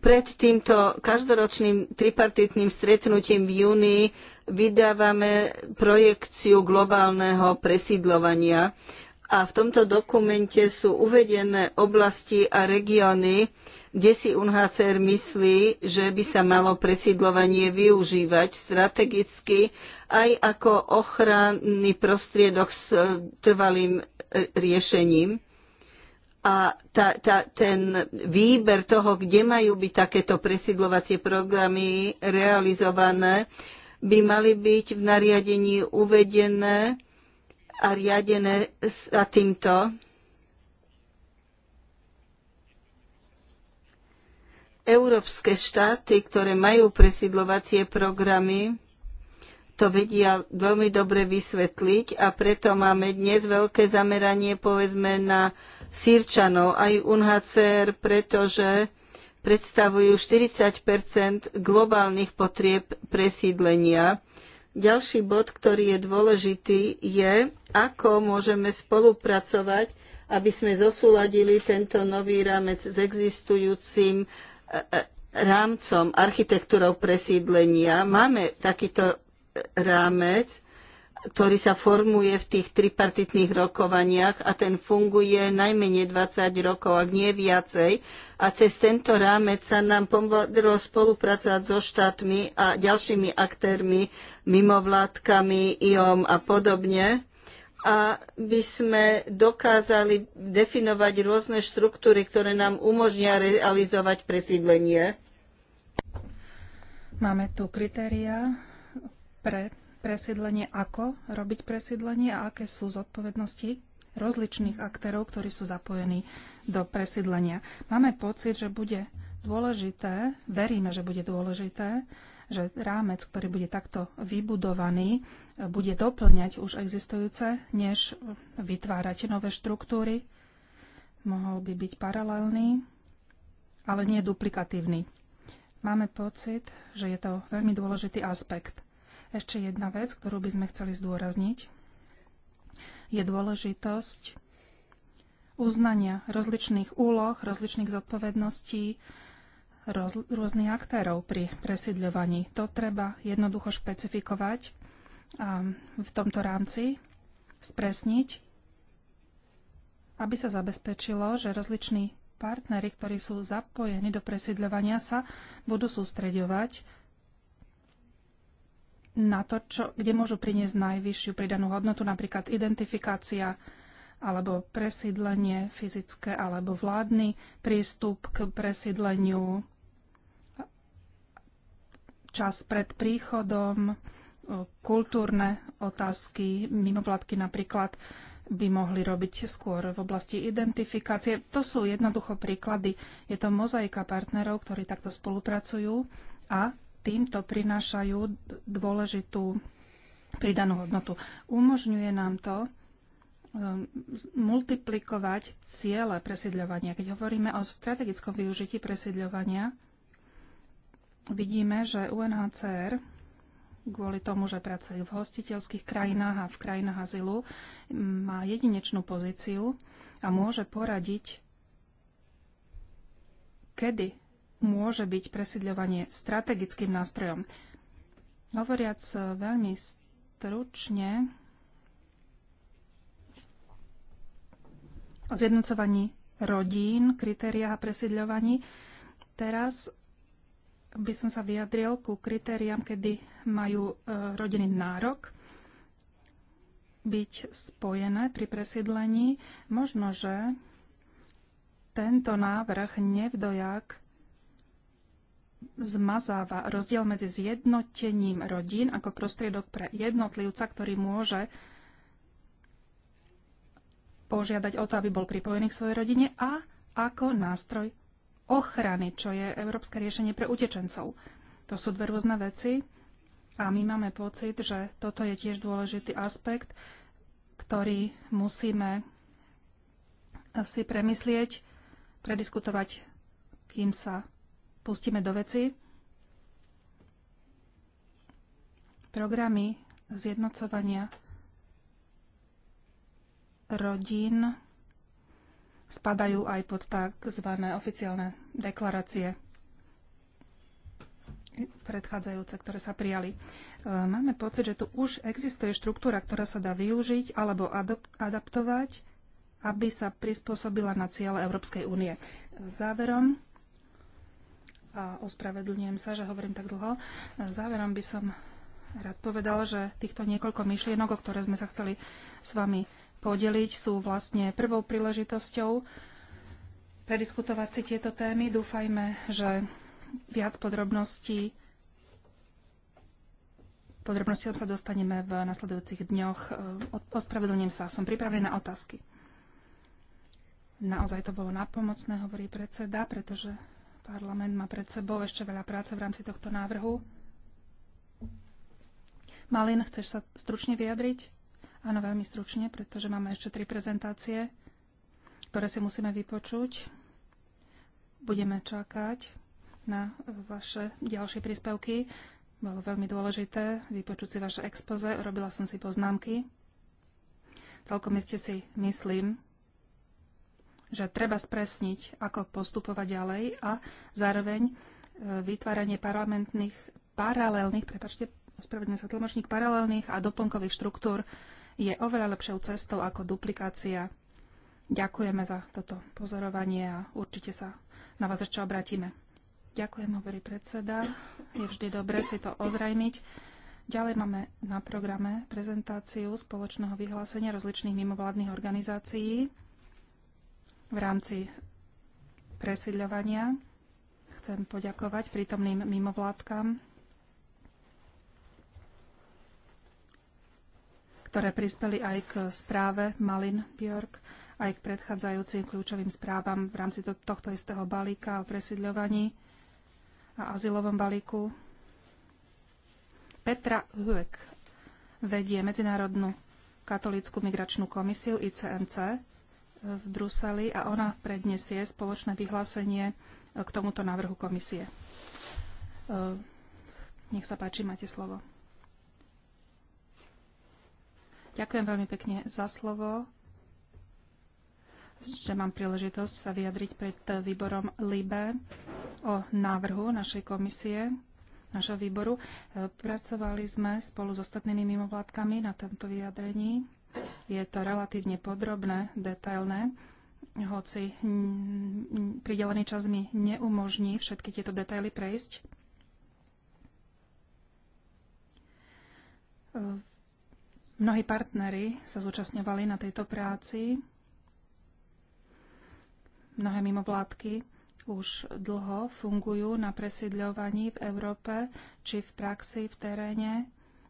pred týmto každoročným tripartitným stretnutím v júni vydávame projekciu globálneho presídľovania a v tomto dokumente sú uvedené oblasti a regióny, kde si UNHCR myslí, že by sa malo presídlovanie využívať strategicky aj ako ochranný prostriedok s e, trvalým e, riešením. A tá, tá, ten výber toho, kde majú byť takéto presídlovacie programy realizované, by mali byť v nariadení uvedené a riadené sa týmto. Európske štáty, ktoré majú presídlovacie programy, to vedia veľmi dobre vysvetliť a preto máme dnes veľké zameranie povedzme na Sýrčanov aj UNHCR, pretože predstavujú 40 globálnych potrieb presídlenia ďalší bod, ktorý je dôležitý, je, ako môžeme spolupracovať, aby sme zosúladili tento nový rámec s existujúcim e, e, rámcom, architektúrou presídlenia. Máme takýto e, rámec, ktorý sa formuje v tých tripartitných rokovaniach a ten funguje najmenej 20 rokov, ak nie viacej. A cez tento rámec sa nám podarilo spolupracovať so štátmi a ďalšími aktérmi, mimovládkami, IOM a podobne a by sme dokázali definovať rôzne štruktúry, ktoré nám umožnia realizovať presídlenie. Máme tu kritéria pre presídlenie, ako robiť presídlenie a aké sú zodpovednosti rozličných aktérov, ktorí sú zapojení do presídlenia. Máme pocit, že bude dôležité, veríme, že bude dôležité, že rámec, ktorý bude takto vybudovaný, bude doplňať už existujúce, než vytvárať nové štruktúry. Mohol by byť paralelný, ale nie duplikatívny. Máme pocit, že je to veľmi dôležitý aspekt. Ešte jedna vec, ktorú by sme chceli zdôrazniť, je dôležitosť uznania rozličných úloh, rozličných zodpovedností roz, rôznych aktérov pri presídľovaní. To treba jednoducho špecifikovať a v tomto rámci spresniť, aby sa zabezpečilo, že rozliční partnery, ktorí sú zapojení do presídľovania, sa budú sústreďovať na to, čo, kde môžu priniesť najvyššiu pridanú hodnotu, napríklad identifikácia alebo presídlenie fyzické alebo vládny prístup k presídleniu, čas pred príchodom, kultúrne otázky, mimovládky napríklad by mohli robiť skôr v oblasti identifikácie. To sú jednoducho príklady. Je to mozaika partnerov, ktorí takto spolupracujú a týmto prinášajú dôležitú pridanú hodnotu. Umožňuje nám to um, multiplikovať ciele presiedľovania. Keď hovoríme o strategickom využití presiedľovania, vidíme, že UNHCR kvôli tomu, že pracuje v hostiteľských krajinách a v krajinách azylu, má jedinečnú pozíciu a môže poradiť, kedy môže byť presidľovanie strategickým nástrojom. Hovoriac eh, veľmi stručne o zjednocovaní rodín, kritériách a presidľovaní, teraz by som sa vyjadril ku kritériám, kedy majú eh, rodiny nárok byť spojené pri presídlení. Možno, že tento návrh nevdojak zmazáva rozdiel medzi zjednotením rodín ako prostriedok pre jednotlivca, ktorý môže požiadať o to, aby bol pripojený k svojej rodine a ako nástroj ochrany, čo je európske riešenie pre utečencov. To sú dve rôzne veci a my máme pocit, že toto je tiež dôležitý aspekt, ktorý musíme si premyslieť, prediskutovať, kým sa pustíme do veci. Programy zjednocovania rodín spadajú aj pod tzv. oficiálne deklarácie predchádzajúce, ktoré sa prijali. E, máme pocit, že tu už existuje štruktúra, ktorá sa dá využiť alebo adaptovať, aby sa prispôsobila na ciele Európskej únie. Záverom a ospravedlňujem sa, že hovorím tak dlho. Záverom by som rád povedal, že týchto niekoľko myšlienok, o ktoré sme sa chceli s vami podeliť, sú vlastne prvou príležitosťou prediskutovať si tieto témy. Dúfajme, že viac podrobností podrobnostiam sa dostaneme v nasledujúcich dňoch. Ospravedlňujem sa, som pripravený na otázky. Naozaj to bolo napomocné, hovorí predseda, pretože Parlament má pred sebou ešte veľa práce v rámci tohto návrhu. Malin, chceš sa stručne vyjadriť? Áno, veľmi stručne, pretože máme ešte tri prezentácie, ktoré si musíme vypočuť. Budeme čakať na vaše ďalšie príspevky. Bolo veľmi dôležité vypočuť si vaše expoze. Robila som si poznámky. Celkom ste si myslím, že treba spresniť, ako postupovať ďalej a zároveň e, vytváranie parlamentných paralelných, prepačte, ospravedlňujem sa tlmočník, paralelných a doplnkových štruktúr je oveľa lepšou cestou ako duplikácia. Ďakujeme za toto pozorovanie a určite sa na vás ešte obratíme. Ďakujem, hovorí predseda. Je vždy dobre si to ozrejmiť. Ďalej máme na programe prezentáciu spoločného vyhlásenia rozličných mimovládnych organizácií v rámci presidľovania Chcem poďakovať prítomným mimovládkam, ktoré prispeli aj k správe Malin Björk, aj k predchádzajúcim kľúčovým správam v rámci tohto istého balíka o presidľovaní a azylovom balíku. Petra Hüek vedie Medzinárodnú katolícku migračnú komisiu ICMC, v Bruseli a ona predniesie spoločné vyhlásenie e, k tomuto návrhu komisie. E, nech sa páči, máte slovo. Ďakujem veľmi pekne za slovo, že mám príležitosť sa vyjadriť pred výborom LIBE o návrhu našej komisie, našho výboru. E, pracovali sme spolu s ostatnými mimovládkami na tomto vyjadrení. Je to relatívne podrobné, detailné, hoci pridelený čas mi neumožní všetky tieto detaily prejsť. E, mnohí partnery sa zúčastňovali na tejto práci. Mnohé mimovládky už dlho fungujú na presídľovaní v Európe, či v praxi, v teréne,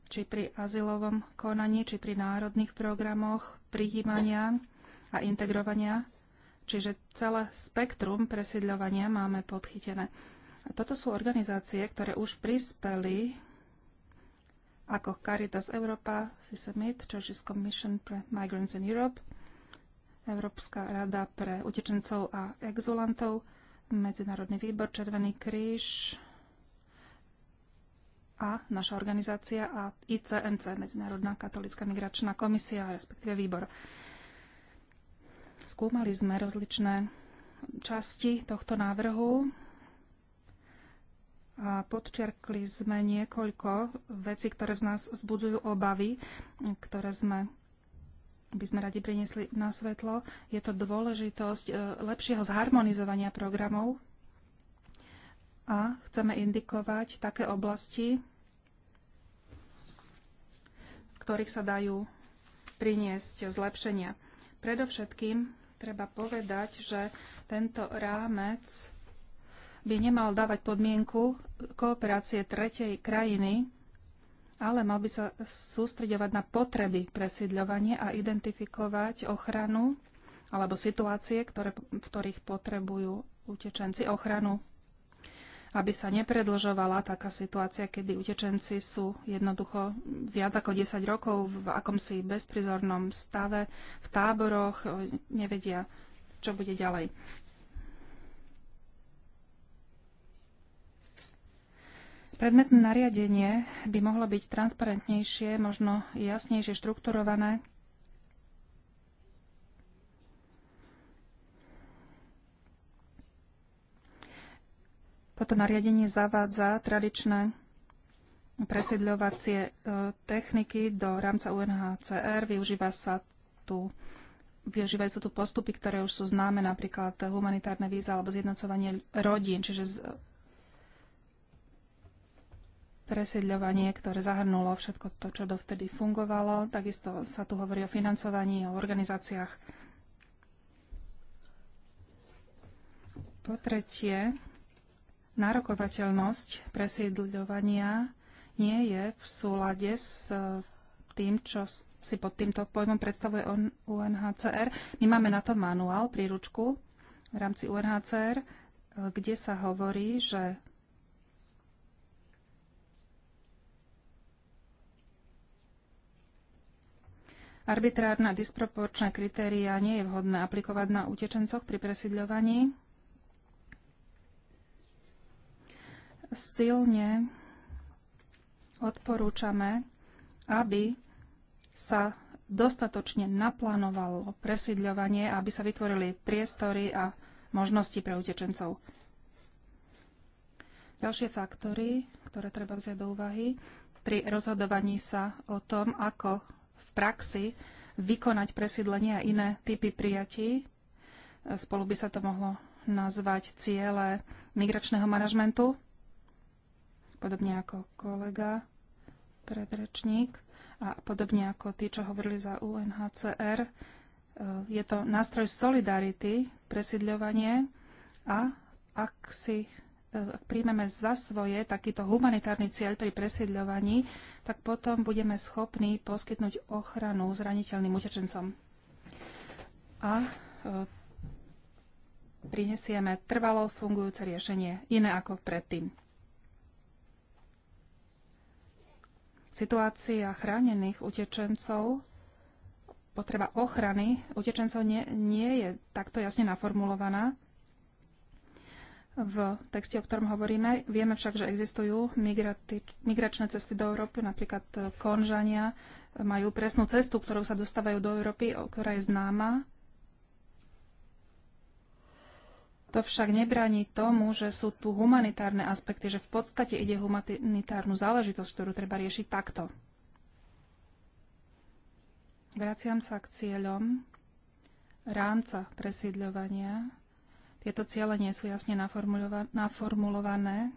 či pri azylovom konaní, či pri národných programoch prijímania a integrovania. Čiže celé spektrum presiedľovania máme podchytené. A toto sú organizácie, ktoré už prispeli ako Caritas Europa, CISEMIT, Churchill Commission pre Migrants in Europe, Európska rada pre utečencov a exulantov, Medzinárodný výbor, Červený kríž, a naša organizácia a ICMC, Medzinárodná katolická migračná komisia, respektíve výbor. Skúmali sme rozličné časti tohto návrhu a podčerkli sme niekoľko vecí, ktoré v nás zbudzujú obavy, ktoré sme by sme radi priniesli na svetlo. Je to dôležitosť e, lepšieho zharmonizovania programov a chceme indikovať také oblasti, v ktorých sa dajú priniesť zlepšenia. Predovšetkým treba povedať, že tento rámec by nemal dávať podmienku kooperácie tretej krajiny, ale mal by sa sústreďovať na potreby presídľovania a identifikovať ochranu alebo situácie, ktoré, v ktorých potrebujú utečenci ochranu aby sa nepredlžovala taká situácia, kedy utečenci sú jednoducho viac ako 10 rokov v akomsi bezprizornom stave, v táboroch, e, nevedia, čo bude ďalej. Predmetné nariadenie by mohlo byť transparentnejšie, možno jasnejšie štrukturované Toto nariadenie zavádza tradičné presiedľovacie e, techniky do rámca UNHCR. Využíva sa tu využívajú sa tu postupy, ktoré už sú známe, napríklad humanitárne víza alebo zjednocovanie rodín, čiže z... presiedľovanie, ktoré zahrnulo všetko to, čo dovtedy fungovalo. Takisto sa tu hovorí o financovaní, o organizáciách. Po tretie, nárokovateľnosť presiedľovania nie je v súlade s e, tým, čo si pod týmto pojmom predstavuje UNHCR. My máme na to manuál, príručku v rámci UNHCR, e, kde sa hovorí, že arbitrárne a disproporčné kritéria nie je vhodné aplikovať na utečencoch pri presídľovaní silne odporúčame, aby sa dostatočne naplánovalo presídľovanie, aby sa vytvorili priestory a možnosti pre utečencov. Ďalšie faktory, ktoré treba vziať do úvahy pri rozhodovaní sa o tom, ako v praxi vykonať presídlenie a iné typy prijatí, spolu by sa to mohlo nazvať ciele migračného manažmentu, podobne ako kolega, predrečník a podobne ako tí, čo hovorili za UNHCR. E, je to nástroj solidarity, presidľovanie a ak si e, ak príjmeme za svoje takýto humanitárny cieľ pri presiedľovaní, tak potom budeme schopní poskytnúť ochranu zraniteľným utečencom. A e, prinesieme trvalo fungujúce riešenie, iné ako predtým. Situácia chránených utečencov, potreba ochrany utečencov nie, nie je takto jasne naformulovaná v texte, o ktorom hovoríme. Vieme však, že existujú migrati- migračné cesty do Európy, napríklad Konžania majú presnú cestu, ktorou sa dostávajú do Európy, ktorá je známa To však nebráni tomu, že sú tu humanitárne aspekty, že v podstate ide humanitárnu záležitosť, ktorú treba riešiť takto. Vraciam sa k cieľom rámca presídľovania. Tieto ciele nie sú jasne naformulované.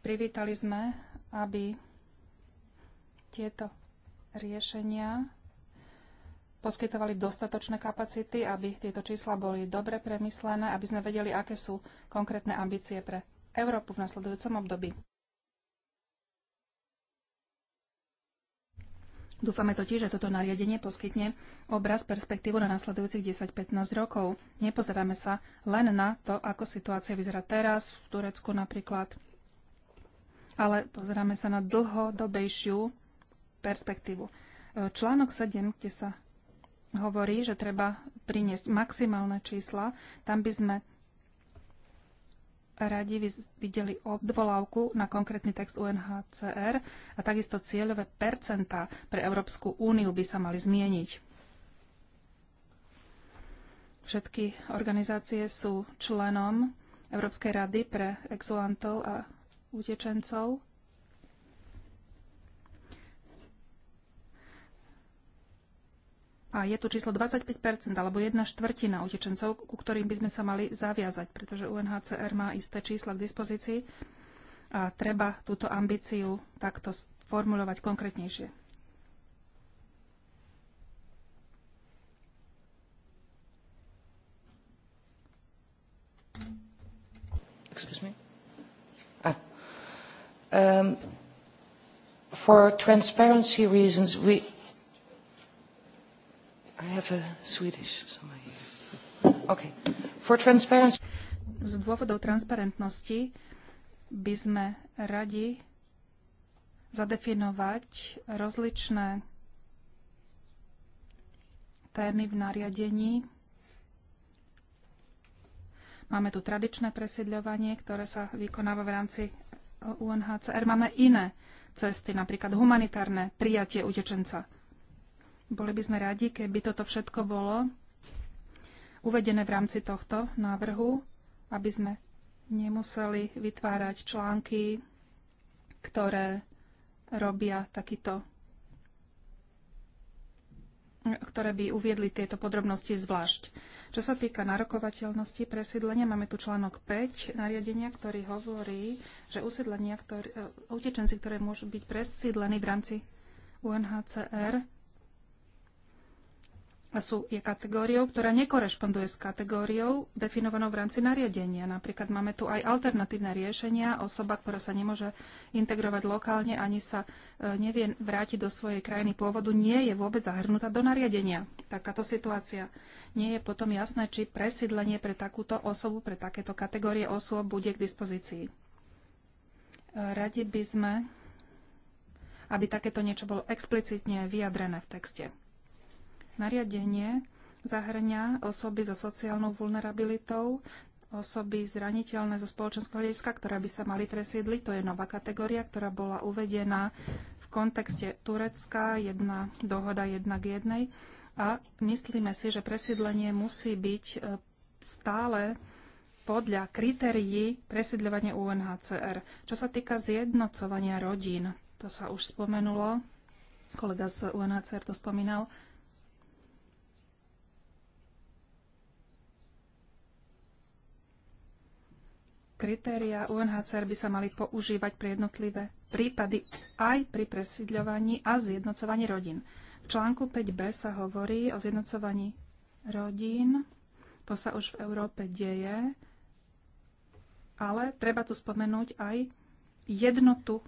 Privítali sme, aby tieto riešenia poskytovali dostatočné kapacity, aby tieto čísla boli dobre premyslené, aby sme vedeli, aké sú konkrétne ambície pre Európu v nasledujúcom období. Dúfame totiž, že toto nariadenie poskytne obraz perspektívu na nasledujúcich 10-15 rokov. Nepozeráme sa len na to, ako situácia vyzerá teraz v Turecku napríklad, ale pozeráme sa na dlhodobejšiu perspektívu. Článok 7, kde sa hovorí, že treba priniesť maximálne čísla. Tam by sme radi videli obdvolávku na konkrétny text UNHCR a takisto cieľové percentá pre Európsku úniu by sa mali zmieniť. Všetky organizácie sú členom Európskej rady pre exulantov a utečencov A je tu číslo 25 alebo jedna štvrtina utečencov, ku ktorým by sme sa mali zaviazať, pretože UNHCR má isté čísla k dispozícii a treba túto ambíciu takto formulovať konkrétnejšie. Excuse me? Ah. Um, for transparency reasons, we z dôvodov transparentnosti by sme radi zadefinovať rozličné témy v nariadení. Máme tu tradičné presiedľovanie, ktoré sa vykonáva v rámci UNHCR. Máme iné cesty, napríklad humanitárne prijatie utečenca. Boli by sme radi, keby toto všetko bolo uvedené v rámci tohto návrhu, aby sme nemuseli vytvárať články, ktoré robia takýto ktoré by uviedli tieto podrobnosti zvlášť. Čo sa týka narokovateľnosti presídlenia, máme tu článok 5 nariadenia, ktorý hovorí, že usiedlenia, ktorý, e, utečenci, ktoré môžu byť presídlení v rámci UNHCR, sú, je kategóriou, ktorá nekorešponduje s kategóriou definovanou v rámci nariadenia. Napríklad máme tu aj alternatívne riešenia. Osoba, ktorá sa nemôže integrovať lokálne ani sa e, nevie vrátiť do svojej krajiny pôvodu, nie je vôbec zahrnutá do nariadenia. Takáto situácia. Nie je potom jasné, či presídlenie pre takúto osobu, pre takéto kategórie osôb bude k dispozícii. E, radi by sme, aby takéto niečo bolo explicitne vyjadrené v texte. Nariadenie zahrňa osoby so sociálnou vulnerabilitou, osoby zraniteľné zo spoločenského hľadiska, ktoré by sa mali presiedliť. To je nová kategória, ktorá bola uvedená v kontexte Turecka, jedna dohoda jedna k jednej. A myslíme si, že presiedlenie musí byť e, stále podľa kritérií presiedľovania UNHCR. Čo sa týka zjednocovania rodín, to sa už spomenulo, kolega z UNHCR to spomínal, Kritéria UNHCR by sa mali používať pre jednotlivé prípady aj pri presídľovaní a zjednocovaní rodín. V článku 5b sa hovorí o zjednocovaní rodín. To sa už v Európe deje, ale treba tu spomenúť aj jednotu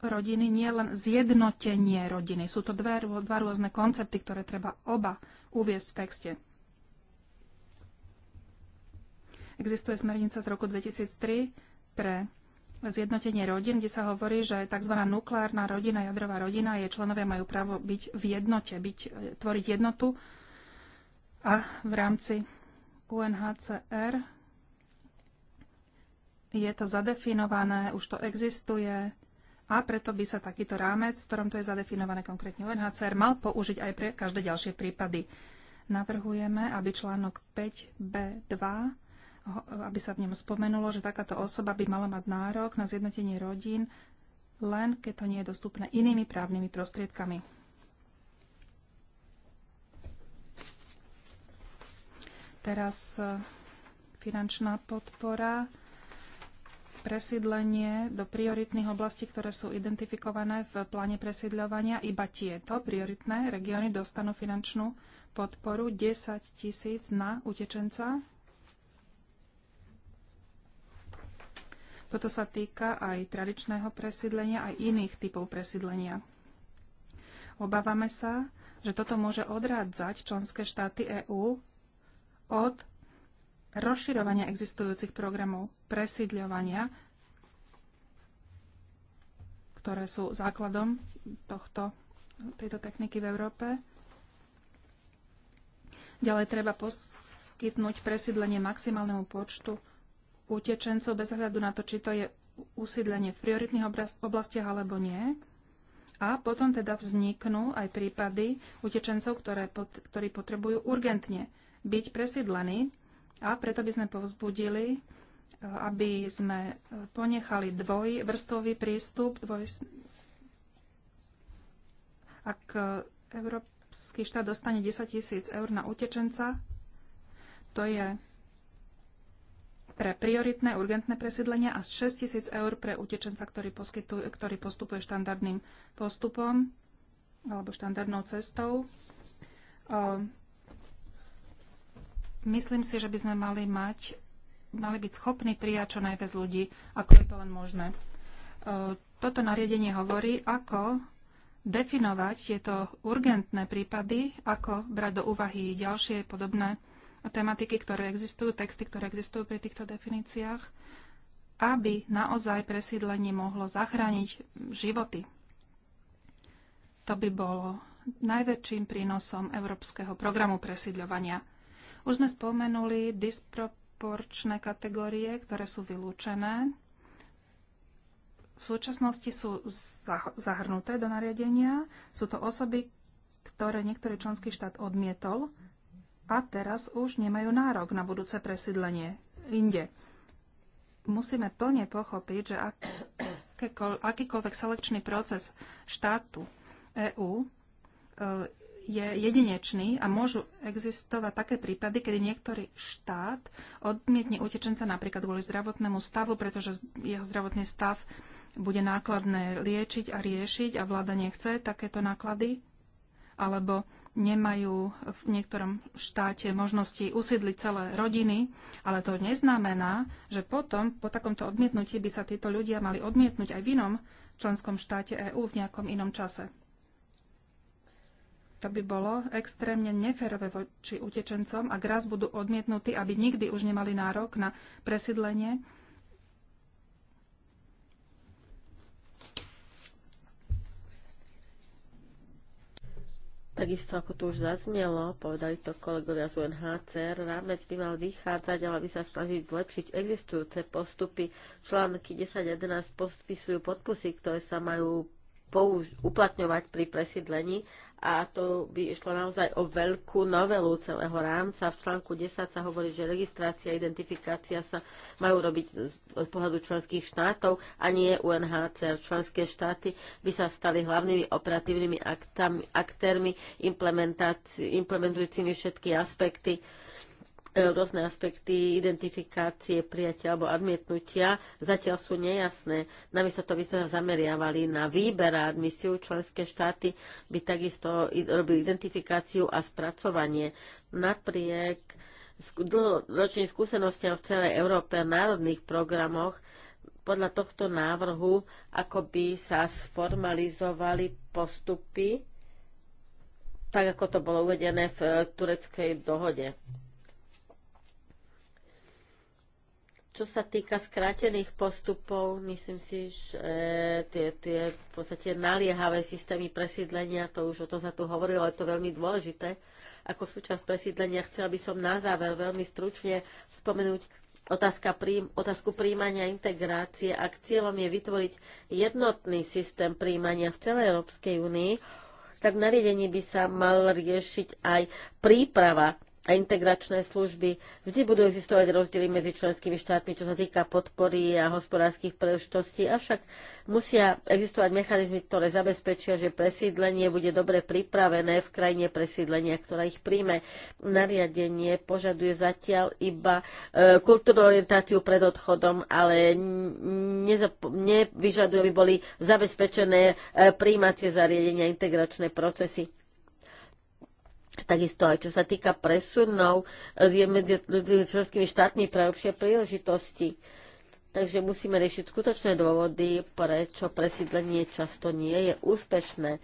rodiny, nie len zjednotenie rodiny. Sú to dve, dva rôzne koncepty, ktoré treba oba uviezť v texte. Existuje smernica z roku 2003 pre zjednotenie rodín, kde sa hovorí, že tzv. nukleárna rodina, jadrová rodina, jej členovia majú právo byť v jednote, byť, e, tvoriť jednotu. A v rámci UNHCR je to zadefinované, už to existuje a preto by sa takýto rámec, v ktorom to je zadefinované konkrétne UNHCR, mal použiť aj pre každé ďalšie prípady. Navrhujeme, aby článok 5b2 aby sa v ňom spomenulo, že takáto osoba by mala mať nárok na zjednotenie rodín, len keď to nie je dostupné inými právnymi prostriedkami. Teraz e, finančná podpora, presídlenie do prioritných oblastí, ktoré sú identifikované v pláne presídľovania. Iba tieto prioritné regióny dostanú finančnú podporu 10 tisíc na utečenca Toto sa týka aj tradičného presídlenia, aj iných typov presídlenia. Obávame sa, že toto môže odrádzať členské štáty EÚ od rozširovania existujúcich programov presídľovania, ktoré sú základom tohto, tejto techniky v Európe. Ďalej treba poskytnúť presídlenie maximálnemu počtu utečencov bez hľadu na to, či to je usídlenie v prioritných oblastiach alebo nie. A potom teda vzniknú aj prípady utečencov, ktoré, ktorí potrebujú urgentne byť presídlení. A preto by sme povzbudili, e, aby sme e, ponechali dvojvrstový prístup. Dvoj... Ak Európsky štát dostane 10 tisíc eur na utečenca, to je pre prioritné urgentné presídlenia a 6 tisíc eur pre utečenca, ktorý, poskytuje, ktorý postupuje štandardným postupom alebo štandardnou cestou. Ehm, myslím si, že by sme mali mať mali byť schopní prijať čo najviac ľudí, ako je to len možné. Ehm, toto nariadenie hovorí, ako definovať tieto urgentné prípady, ako brať do úvahy ďalšie podobné tematiky, ktoré existujú, texty, ktoré existujú pri týchto definíciách, aby naozaj presídlenie mohlo zachrániť životy. To by bolo najväčším prínosom Európskeho programu presídľovania. Už sme spomenuli disproporčné kategórie, ktoré sú vylúčené. V súčasnosti sú zahrnuté do nariadenia. Sú to osoby, ktoré niektorý členský štát odmietol a teraz už nemajú nárok na budúce presídlenie inde. Musíme plne pochopiť, že akýkoľvek selekčný proces štátu EÚ e, je jedinečný a môžu existovať také prípady, kedy niektorý štát odmietne utečenca napríklad kvôli zdravotnému stavu, pretože jeho zdravotný stav bude nákladné liečiť a riešiť a vláda nechce takéto náklady, alebo nemajú v niektorom štáte možnosti usídliť celé rodiny, ale to neznamená, že potom po takomto odmietnutí by sa títo ľudia mali odmietnúť aj v inom členskom štáte EÚ v nejakom inom čase. To by bolo extrémne neférové voči utečencom, ak raz budú odmietnutí, aby nikdy už nemali nárok na presídlenie Takisto, ako tu už zaznelo, povedali to kolegovia z UNHCR, rámec by mal vychádzať, ale by sa snažiť zlepšiť existujúce postupy. Články 10 a 11 podpisujú podpusy, ktoré sa majú použ uplatňovať pri presídlení a to by išlo naozaj o veľkú novelu celého rámca. V článku 10 sa hovorí, že registrácia a identifikácia sa majú robiť z pohľadu členských štátov a nie UNHCR. Členské štáty by sa stali hlavnými operatívnymi aktami, aktérmi implementujúcimi všetky aspekty E, rôzne aspekty identifikácie, prijatia alebo admietnutia zatiaľ sú nejasné. Namiesto toho by sa zameriavali na výber a admisiu. Členské štáty by takisto robili identifikáciu a spracovanie. Napriek dlhoročným skúsenostiam v celej Európe a národných programoch podľa tohto návrhu ako by sa sformalizovali postupy tak ako to bolo uvedené v e, tureckej dohode. Čo sa týka skrátených postupov, myslím si, že e, tie, tie v podstate naliehavé systémy presídlenia, to už o tom sa tu hovorilo, je to veľmi dôležité. Ako súčasť presídlenia chcela by som na záver veľmi stručne spomenúť otázka príjm, otázku príjmania integrácie. Ak cieľom je vytvoriť jednotný systém príjmania v celej Európskej únii, tak nariadení by sa mal riešiť aj príprava a integračné služby. Vždy budú existovať rozdiely medzi členskými štátmi, čo sa týka podpory a hospodárskych príležitostí, avšak musia existovať mechanizmy, ktoré zabezpečia, že presídlenie bude dobre pripravené v krajine presídlenia, ktorá ich príjme. Nariadenie požaduje zatiaľ iba e, kultúrnu orientáciu pred odchodom, ale nevyžaduje, aby boli zabezpečené e, príjmacie zariadenia, integračné procesy Takisto aj čo sa týka presunov e, je medzi členskými štátmi pre lepšie príležitosti. Takže musíme riešiť skutočné dôvody, prečo presídlenie často nie je úspešné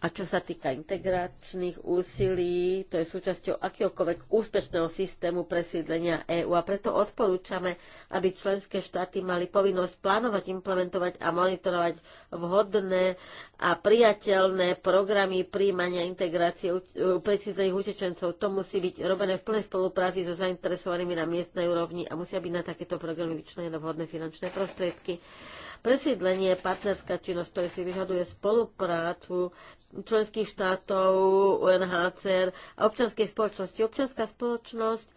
a čo sa týka integračných úsilí, to je súčasťou akéhokoľvek úspešného systému presídlenia EÚ a preto odporúčame, aby členské štáty mali povinnosť plánovať, implementovať a monitorovať vhodné a priateľné programy príjmania integrácie presídlených utečencov. To musí byť robené v plnej spolupráci so zainteresovanými na miestnej úrovni a musia byť na takéto programy vyčlenené vhodné finančné prostriedky. Presídlenie je partnerská činnosť, ktorá si vyžaduje spoluprácu členských štátov, UNHCR a občanskej spoločnosti. Občanská spoločnosť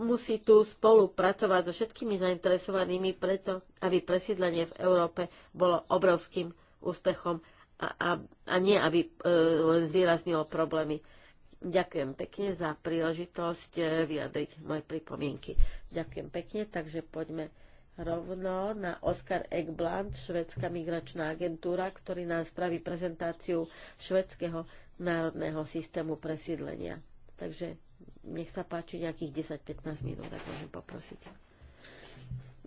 musí tu spolupracovať so všetkými zainteresovanými preto, aby presídlenie v Európe bolo obrovským úspechom a, a, a nie, aby e, len zvýraznilo problémy. Ďakujem pekne za príležitosť e, vyjadriť moje pripomienky. Ďakujem pekne, takže poďme rovno na Oskar Ekblant, švedská migračná agentúra, ktorý nám spraví prezentáciu švedského národného systému presídlenia. Takže nech sa páči nejakých 10-15 minút, ak môžem poprosiť.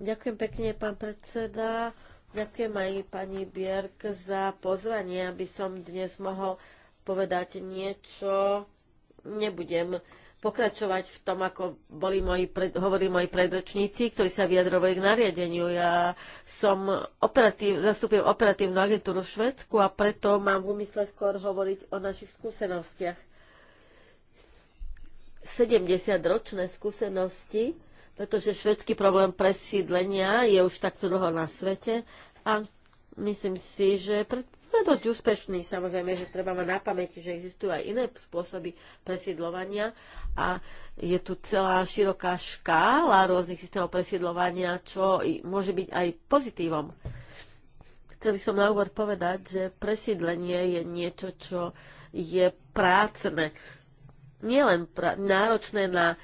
Ďakujem pekne, pán predseda. Ďakujem aj pani Bierk za pozvanie, aby som dnes mohol povedať niečo. Nebudem pokračovať v tom, ako boli moji pred, hovorili moji predročníci, ktorí sa vyjadrovali k nariadeniu. Ja som operatív, zastupujem operatívnu agentúru v Švedsku a preto mám v úmysle skôr hovoriť o našich skúsenostiach. 70-ročné skúsenosti, pretože švedský problém presídlenia je už takto dlho na svete a myslím si, že pred je dosť úspešný. samozrejme, že treba mať na pamäti, že existujú aj iné spôsoby presiedlovania a je tu celá široká škála rôznych systémov presiedlovania, čo môže byť aj pozitívom. Chcel by som na úvod povedať, že presídlenie je niečo, čo je prácne. Nielen pra- náročné na e,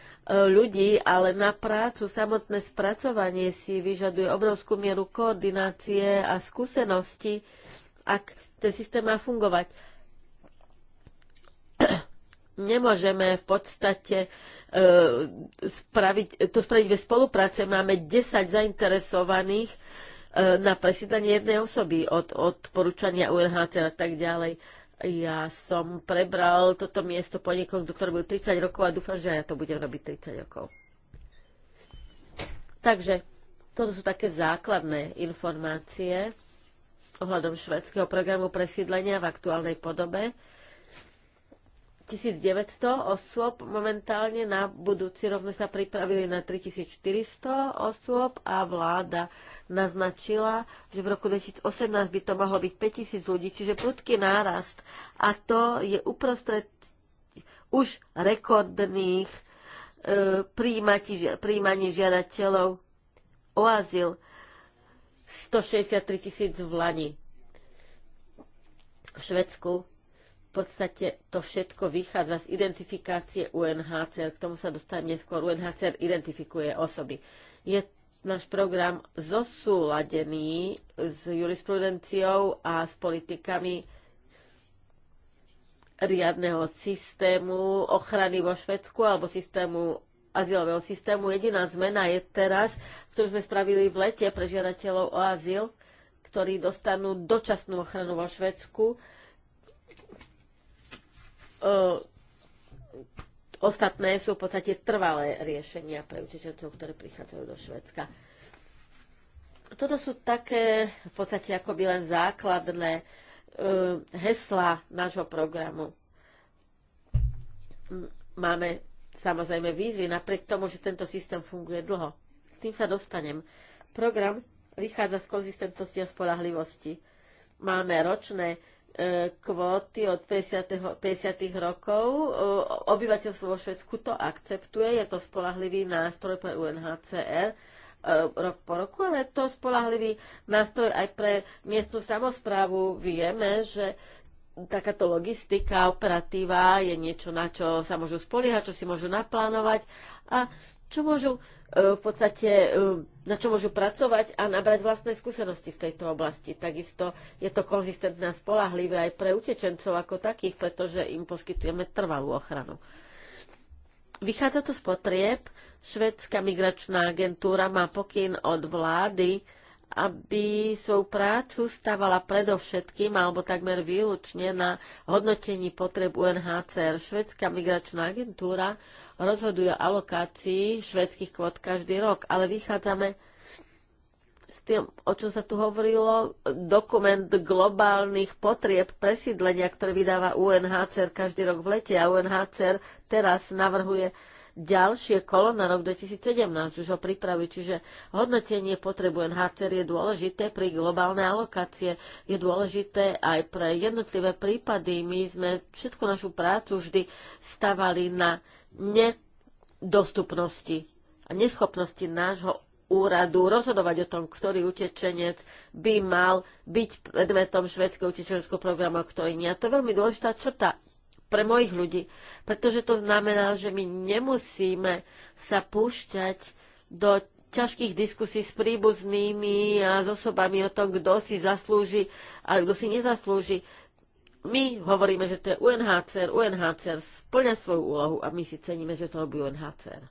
ľudí, ale na prácu samotné spracovanie si vyžaduje obrovskú mieru koordinácie a skúsenosti ak ten systém má fungovať. Nemôžeme v podstate e, spraviť, to spraviť ve spolupráce. Máme 10 zainteresovaných e, na presídlenie jednej osoby od odporúčania UNHCR a tak ďalej. Ja som prebral toto miesto po niekom, ktorý bude 30 rokov a dúfam, že ja to budem robiť 30 rokov. Takže toto sú také základné informácie ohľadom švedského programu presídlenia v aktuálnej podobe. 1900 osôb momentálne, na budúci rok sme sa pripravili na 3400 osôb a vláda naznačila, že v roku 2018 by to mohlo byť 5000 ľudí, čiže prudký nárast. A to je uprostred už rekordných e, príjmaní žiadateľov o azyl. 163 tisíc v Lani. V Švedsku v podstate to všetko vychádza z identifikácie UNHCR. K tomu sa dostane neskôr. UNHCR identifikuje osoby. Je náš program zosúladený s jurisprudenciou a s politikami riadneho systému ochrany vo Švedsku alebo systému azylového systému. Jediná zmena je teraz, ktorú sme spravili v lete pre žiadateľov o azyl, ktorí dostanú dočasnú ochranu vo Švedsku. Ostatné sú v podstate trvalé riešenia pre utečencov, ktoré prichádzajú do Švedska. Toto sú také v podstate akoby len základné hesla nášho programu. Máme samozrejme výzvy, napriek tomu, že tento systém funguje dlho. K tým sa dostanem. Program vychádza z konzistentnosti a spolahlivosti. Máme ročné e, kvóty od 50. 50. rokov. E, obyvateľstvo vo Švedsku to akceptuje, je to spolahlivý nástroj pre UNHCR e, rok po roku, ale to spolahlivý nástroj aj pre miestnu samozprávu. Vieme, že takáto logistika, operatíva je niečo, na čo sa môžu spoliehať, čo si môžu naplánovať a čo môžu e, v podstate, e, na čo môžu pracovať a nabrať vlastné skúsenosti v tejto oblasti. Takisto je to konzistentné a spolahlivé aj pre utečencov ako takých, pretože im poskytujeme trvalú ochranu. Vychádza to z potrieb. Švedská migračná agentúra má pokyn od vlády, aby svoju prácu stávala predovšetkým alebo takmer výlučne na hodnotení potreb UNHCR. Švedská migračná agentúra rozhoduje o alokácii švedských kvot každý rok, ale vychádzame s tým, o čom sa tu hovorilo, dokument globálnych potrieb presídlenia, ktoré vydáva UNHCR každý rok v lete a UNHCR teraz navrhuje ďalšie kolo na rok 2017 už ho pripraví, čiže hodnotenie potrebu NHCR je dôležité pri globálnej alokácie, je dôležité aj pre jednotlivé prípady. My sme všetku našu prácu vždy stavali na nedostupnosti a neschopnosti nášho úradu rozhodovať o tom, ktorý utečenec by mal byť predmetom švedského utečeneckého programu, ktorý nie. A to je veľmi dôležitá črta pre mojich ľudí. Pretože to znamená, že my nemusíme sa púšťať do ťažkých diskusí s príbuznými a s osobami o tom, kto si zaslúži a kto si nezaslúži. My hovoríme, že to je UNHCR, UNHCR splňa svoju úlohu a my si ceníme, že to robí UNHCR.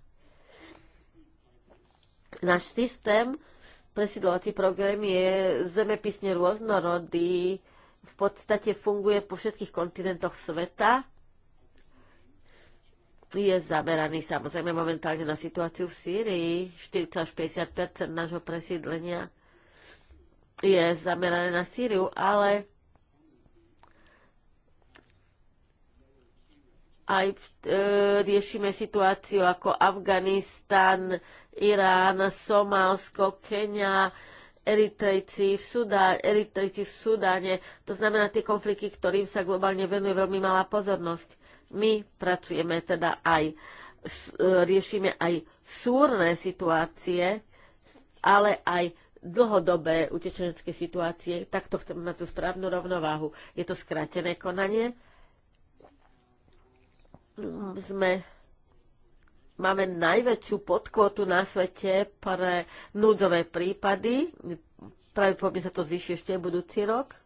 Náš systém presidovací program je zemepisne rôznorodý, v podstate funguje po všetkých kontinentoch sveta. Je zameraný samozrejme momentálne na situáciu v Sýrii. 40 až 50 nášho presídlenia je zamerané na Sýriu, ale aj v, e, riešime situáciu ako Afganistan, Irán, Somálsko, Kenia, Eritrejci v, Sudá, Eritrejci v Sudáne. To znamená tie konflikty, ktorým sa globálne venuje veľmi malá pozornosť. My pracujeme teda aj, e, riešime aj súrne situácie, ale aj dlhodobé utečenecké situácie. Takto chceme mať tú správnu rovnováhu. Je to skrátené konanie. Sme máme najväčšiu podkvotu na svete pre núdzové prípady. Pravdepodobne sa to zvýši ešte budúci rok.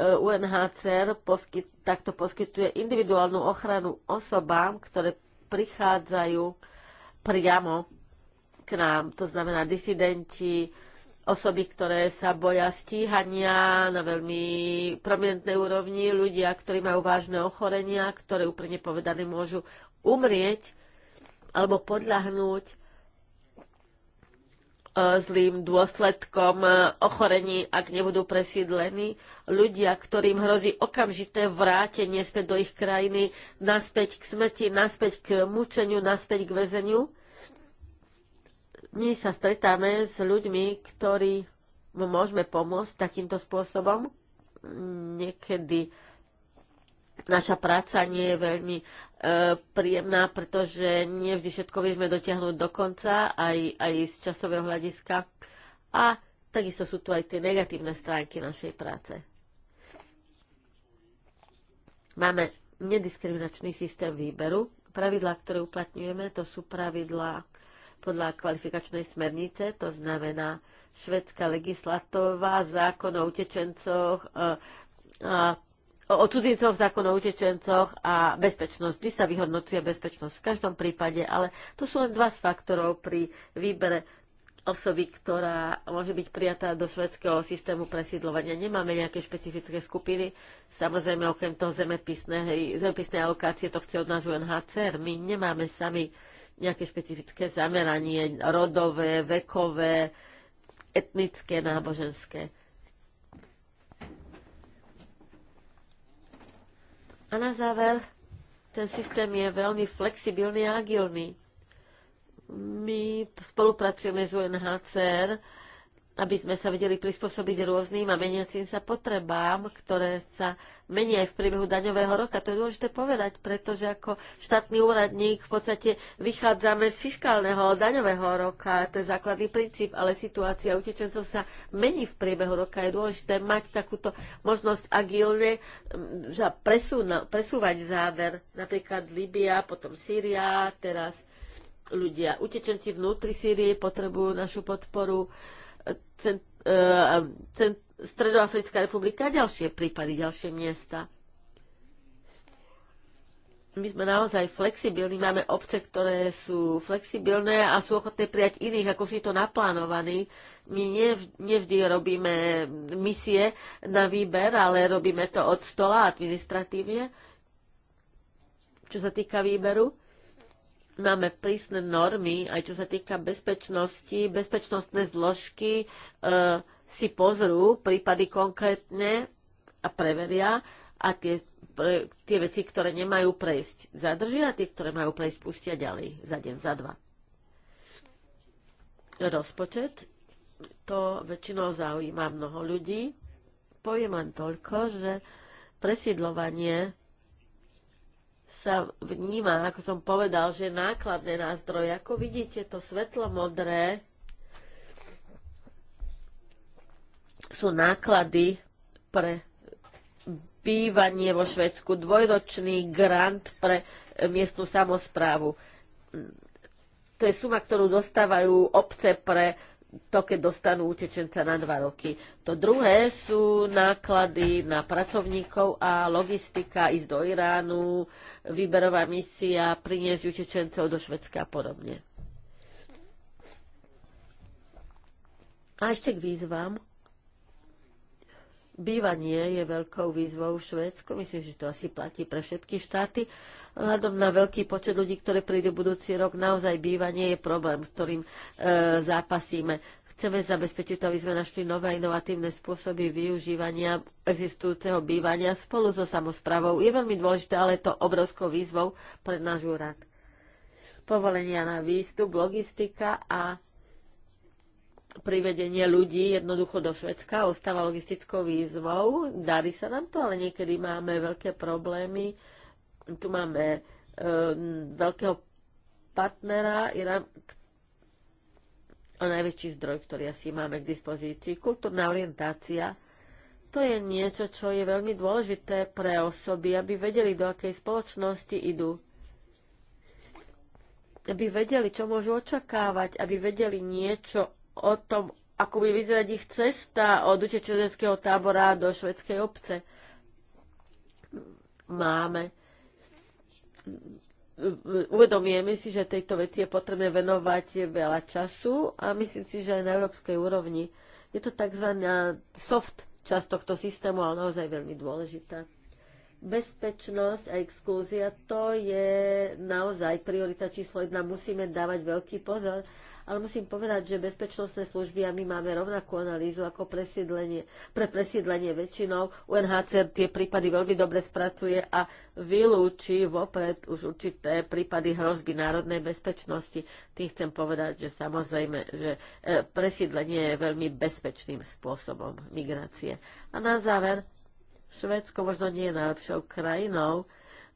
E, UNHCR poskyt, takto poskytuje individuálnu ochranu osobám, ktoré prichádzajú priamo k nám. To znamená disidenti, osoby, ktoré sa boja stíhania na veľmi prominentnej úrovni, ľudia, ktorí majú vážne ochorenia, ktoré úprimne povedané môžu umrieť alebo podľahnúť e, zlým dôsledkom e, ochorení, ak nebudú presídlení. Ľudia, ktorým hrozí okamžité vrátenie späť do ich krajiny, naspäť k smrti, naspäť k mučeniu, naspäť k väzeniu. My sa stretáme s ľuďmi, ktorí môžeme pomôcť takýmto spôsobom. Niekedy naša práca nie je veľmi e, príjemná, pretože nie vždy všetko vieme dotiahnuť do konca, aj, aj z časového hľadiska. A takisto sú tu aj tie negatívne stránky našej práce. Máme nediskriminačný systém výberu. Pravidlá, ktoré uplatňujeme, to sú pravidlá podľa kvalifikačnej smernice, to znamená švedská legislatóva, zákon o utečencoch, e, a o cudzincoch, zákon o utečencoch a bezpečnosť. Vždy sa vyhodnocuje bezpečnosť v každom prípade, ale to sú len dva z faktorov pri výbere osoby, ktorá môže byť prijatá do švedského systému presídlovania. Nemáme nejaké špecifické skupiny. Samozrejme, okrem toho zemepisnej, alokácie, to chce od nás UNHCR. My nemáme sami nejaké špecifické zameranie rodové, vekové, etnické, náboženské. A na záver, ten systém je veľmi flexibilný a agilný. My spolupracujeme s UNHCR, aby sme sa vedeli prispôsobiť rôznym a meniacim sa potrebám, ktoré sa menia aj v priebehu daňového roka. To je dôležité povedať, pretože ako štátny úradník v podstate vychádzame z fiskálneho daňového roka, to je základný princíp, ale situácia utečencov sa mení v priebehu roka. Je dôležité mať takúto možnosť agilne presúna, presúvať záver. Napríklad Libia, potom Sýria, teraz ľudia, utečenci vnútri Sýrie potrebujú našu podporu cent, e, cent, Stredoafrická republika a ďalšie prípady, ďalšie miesta. My sme naozaj flexibilní, máme obce, ktoré sú flexibilné a sú ochotné prijať iných, ako si to naplánovaní. My nevždy robíme misie na výber, ale robíme to od stola administratívne, čo sa týka výberu máme prísne normy, aj čo sa týka bezpečnosti, bezpečnostné zložky e, si pozrú prípady konkrétne a preveria a tie, pre, tie veci, ktoré nemajú prejsť, zadržia a tie, ktoré majú prejsť, pustia ďalej za deň, za dva. Rozpočet. To väčšinou zaujíma mnoho ľudí. Poviem len toľko, že presídlovanie sa vníma, ako som povedal, že nákladné nástroje. Ako vidíte, to svetlo modré sú náklady pre bývanie vo Švedsku, dvojročný grant pre miestnu samozprávu. To je suma, ktorú dostávajú obce pre to, keď dostanú utečenca na dva roky. To druhé sú náklady na pracovníkov a logistika, ísť do Iránu, výberová misia, priniesť utečencov do Švedska a podobne. A ešte k výzvam. Bývanie je veľkou výzvou v Švédsku. Myslím, že to asi platí pre všetky štáty. Hľadom na veľký počet ľudí, ktoré príde budúci rok, naozaj bývanie je problém, s ktorým e, zápasíme. Chceme zabezpečiť to, aby sme našli nové inovatívne spôsoby využívania existujúceho bývania spolu so samozprávou. Je veľmi dôležité, ale je to obrovskou výzvou pre náš úrad. Povolenia na výstup, logistika a privedenie ľudí jednoducho do Švedska ostáva logistickou výzvou. Darí sa nám to, ale niekedy máme veľké problémy tu máme e, veľkého partnera Irán, o najväčší zdroj, ktorý asi máme k dispozícii. Kultúrna orientácia to je niečo, čo je veľmi dôležité pre osoby, aby vedeli, do akej spoločnosti idú. Aby vedeli, čo môžu očakávať, aby vedeli niečo o tom, ako by vyzerať ich cesta od utečeneckého tábora do švedskej obce. Máme uvedomujeme si, že tejto veci je potrebné venovať veľa času a myslím si, že aj na európskej úrovni je to tzv. soft časť tohto systému, ale naozaj veľmi dôležitá. Bezpečnosť a exklúzia, to je naozaj priorita číslo jedna. Musíme dávať veľký pozor ale musím povedať, že bezpečnostné služby a my máme rovnakú analýzu ako presiedlenie pre presiedlenie väčšinou. UNHCR tie prípady veľmi dobre spracuje a vylúči vopred už určité prípady hrozby národnej bezpečnosti. Tým chcem povedať, že samozrejme, že e, presídlenie je veľmi bezpečným spôsobom migrácie. A na záver, Švédsko možno nie je najlepšou krajinou,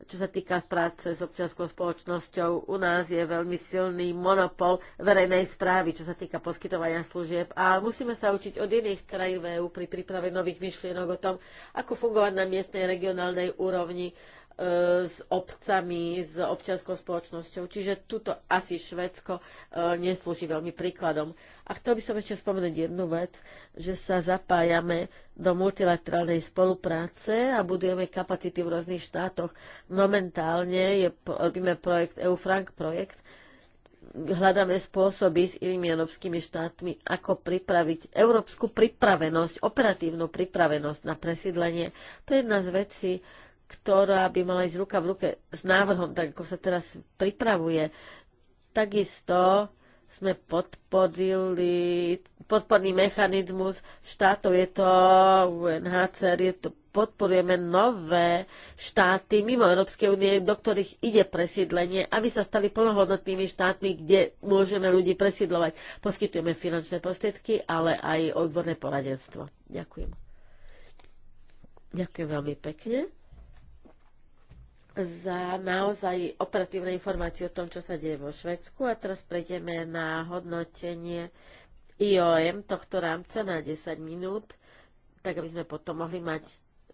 čo sa týka práce s občianskou spoločnosťou, u nás je veľmi silný monopol verejnej správy, čo sa týka poskytovania služieb. A musíme sa učiť od iných krajín VÚ e pri príprave nových myšlienok o tom, ako fungovať na miestnej regionálnej úrovni E, s obcami, s občianskou spoločnosťou. Čiže tuto asi Švedsko e, neslúži veľmi príkladom. A chcel by som ešte spomenúť jednu vec, že sa zapájame do multilaterálnej spolupráce a budujeme kapacity v rôznych štátoch. Momentálne je, robíme projekt EU Frank projekt, hľadáme spôsoby s inými európskymi štátmi, ako pripraviť európsku pripravenosť, operatívnu pripravenosť na presídlenie. To je jedna z vecí, ktorá by mala ísť ruka v ruke s návrhom, tak ako sa teraz pripravuje. Takisto sme podporili podporný mechanizmus štátov, je to UNHCR, je to, podporujeme nové štáty mimo Európskej únie, do ktorých ide presídlenie, aby sa stali plnohodnotnými štátmi, kde môžeme ľudí presídlovať. Poskytujeme finančné prostriedky, ale aj odborné poradenstvo. Ďakujem. Ďakujem veľmi pekne za naozaj operatívne informácie o tom, čo sa deje vo Švedsku. A teraz prejdeme na hodnotenie IOM tohto rámca na 10 minút, tak aby sme potom mohli mať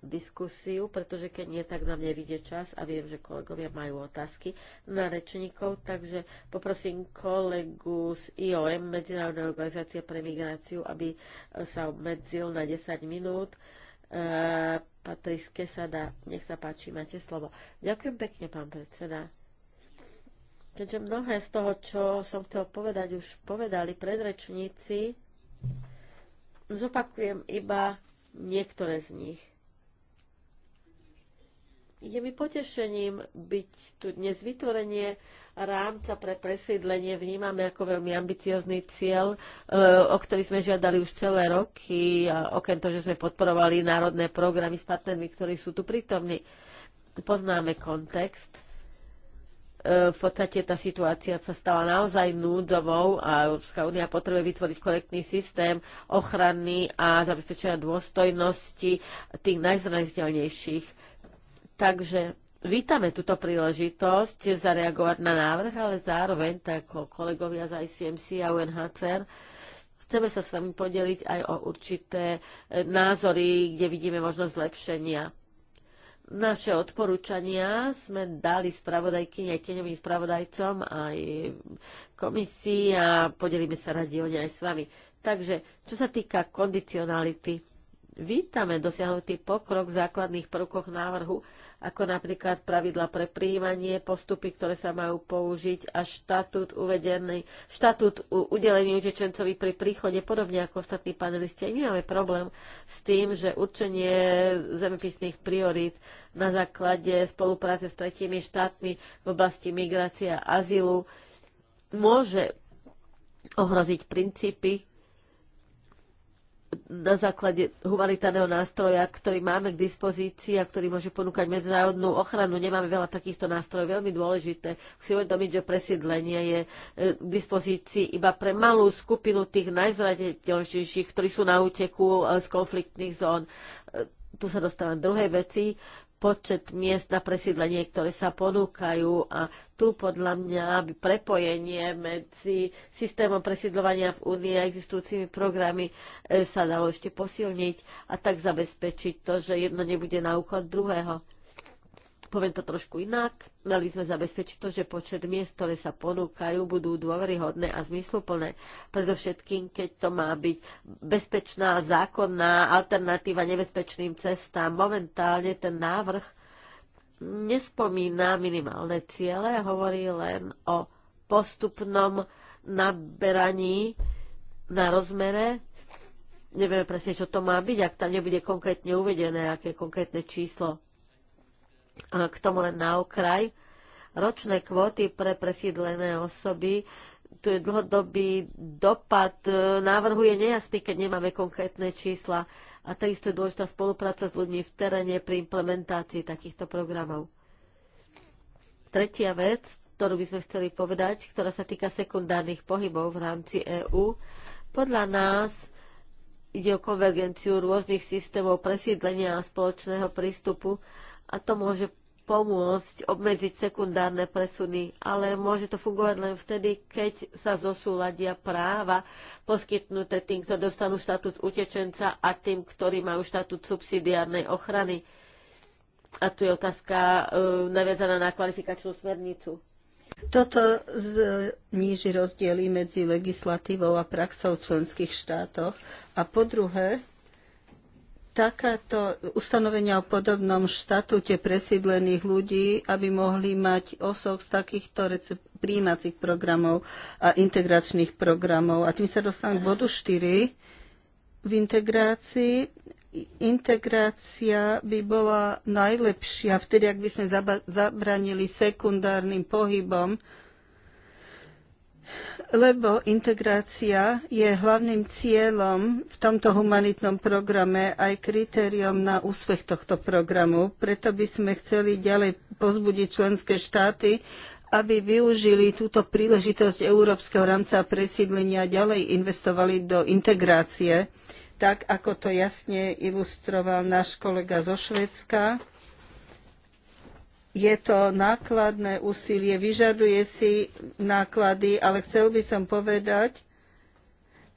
diskusiu, pretože keď nie, tak nám nevidie čas a viem, že kolegovia majú otázky na rečníkov, takže poprosím kolegu z IOM, Medzinárodnej organizácie pre migráciu, aby sa obmedzil na 10 minút E, Patrice Sada. Nech sa páči, máte slovo. Ďakujem pekne, pán predseda. Keďže mnohé z toho, čo som chcel povedať, už povedali predrečníci, zopakujem iba niektoré z nich. Je mi potešením byť tu dnes vytvorenie rámca pre presídlenie vnímame ako veľmi ambiciozný cieľ, e, o ktorý sme žiadali už celé roky a okrem toho, že sme podporovali národné programy s partnermi, ktorí sú tu prítomní. Poznáme kontext. E, v podstate tá situácia sa stala naozaj núdovou a Európska únia potrebuje vytvoriť korektný systém ochrany a zabezpečenia dôstojnosti tých najzraniteľnejších Takže vítame túto príležitosť zareagovať na návrh, ale zároveň, tak ako kolegovia z ICMC a UNHCR, chceme sa s vami podeliť aj o určité e, názory, kde vidíme možnosť zlepšenia. Naše odporúčania sme dali spravodajky, aj tieňovým spravodajcom, aj komisii a podelíme sa radi o ne aj s vami. Takže, čo sa týka kondicionality, vítame dosiahnutý pokrok v základných prvkoch návrhu, ako napríklad pravidla pre príjmanie, postupy, ktoré sa majú použiť a štatút uvedený, štatút udelený utečencovi pri príchode, podobne ako ostatní panelisti. A my máme problém s tým, že určenie zemepisných priorít na základe spolupráce s tretími štátmi v oblasti migrácia a azylu môže ohroziť princípy na základe humanitárneho nástroja, ktorý máme k dispozícii a ktorý môže ponúkať medzinárodnú ochranu. Nemáme veľa takýchto nástrojov. Veľmi dôležité si uvedomiť, že presídlenie je e, k dispozícii iba pre malú skupinu tých najzraditeľnejších, ktorí sú na úteku e, z konfliktných zón. E, tu sa dostávam druhej veci počet miest na presídlenie, ktoré sa ponúkajú a tu podľa mňa by prepojenie medzi systémom presídlovania v Únii a existujúcimi programy e, sa dalo ešte posilniť a tak zabezpečiť to, že jedno nebude na úkor druhého. Poviem to trošku inak. Mali sme zabezpečiť to, že počet miest, ktoré sa ponúkajú, budú dôveryhodné a zmysluplné. Predovšetkým, keď to má byť bezpečná, zákonná alternatíva nebezpečným cestám. Momentálne ten návrh nespomína minimálne ciele, hovorí len o postupnom naberaní na rozmere. Nevieme presne, čo to má byť, ak tam nebude konkrétne uvedené, aké konkrétne číslo k tomu len na okraj. Ročné kvóty pre presídlené osoby tu je dlhodobý dopad návrhu je nejasný, keď nemáme konkrétne čísla. A takisto je dôležitá spolupráca s ľuďmi v teréne pri implementácii takýchto programov. Tretia vec, ktorú by sme chceli povedať, ktorá sa týka sekundárnych pohybov v rámci EÚ, podľa nás ide o konvergenciu rôznych systémov presídlenia a spoločného prístupu a to môže pomôcť obmedziť sekundárne presuny, ale môže to fungovať len vtedy, keď sa zosúladia práva poskytnuté tým, kto dostanú štatút utečenca a tým, ktorí majú štatút subsidiárnej ochrany. A tu je otázka e, naviazaná na kvalifikačnú smernicu. Toto zníži rozdiely medzi legislatívou a praxou v členských štátoch. A po druhé, takáto ustanovenia o podobnom štatúte presídlených ľudí, aby mohli mať osob z takýchto príjímacích programov a integračných programov. A tým sa dostanem k bodu 4 v integrácii. Integrácia by bola najlepšia vtedy, ak by sme zabranili sekundárnym pohybom, lebo integrácia je hlavným cieľom v tomto humanitnom programe aj kritériom na úspech tohto programu. Preto by sme chceli ďalej pozbudiť členské štáty, aby využili túto príležitosť Európskeho rámca presídlenia a ďalej investovali do integrácie, tak ako to jasne ilustroval náš kolega zo Švedska je to nákladné úsilie, vyžaduje si náklady, ale chcel by som povedať,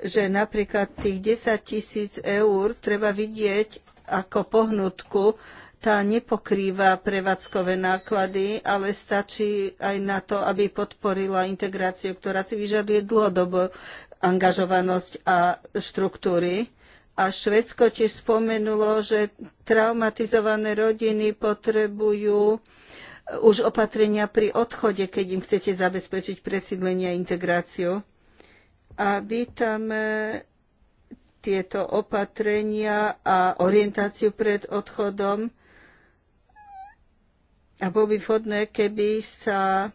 že napríklad tých 10 tisíc eur treba vidieť ako pohnutku. Tá nepokrýva prevádzkové náklady, ale stačí aj na to, aby podporila integráciu, ktorá si vyžaduje dlhodobú angažovanosť a štruktúry. A Švedsko tiež spomenulo, že traumatizované rodiny potrebujú eh, už opatrenia pri odchode, keď im chcete zabezpečiť presídlenie a integráciu. A vítame tieto opatrenia a orientáciu pred odchodom. A bolo by vhodné, keby sa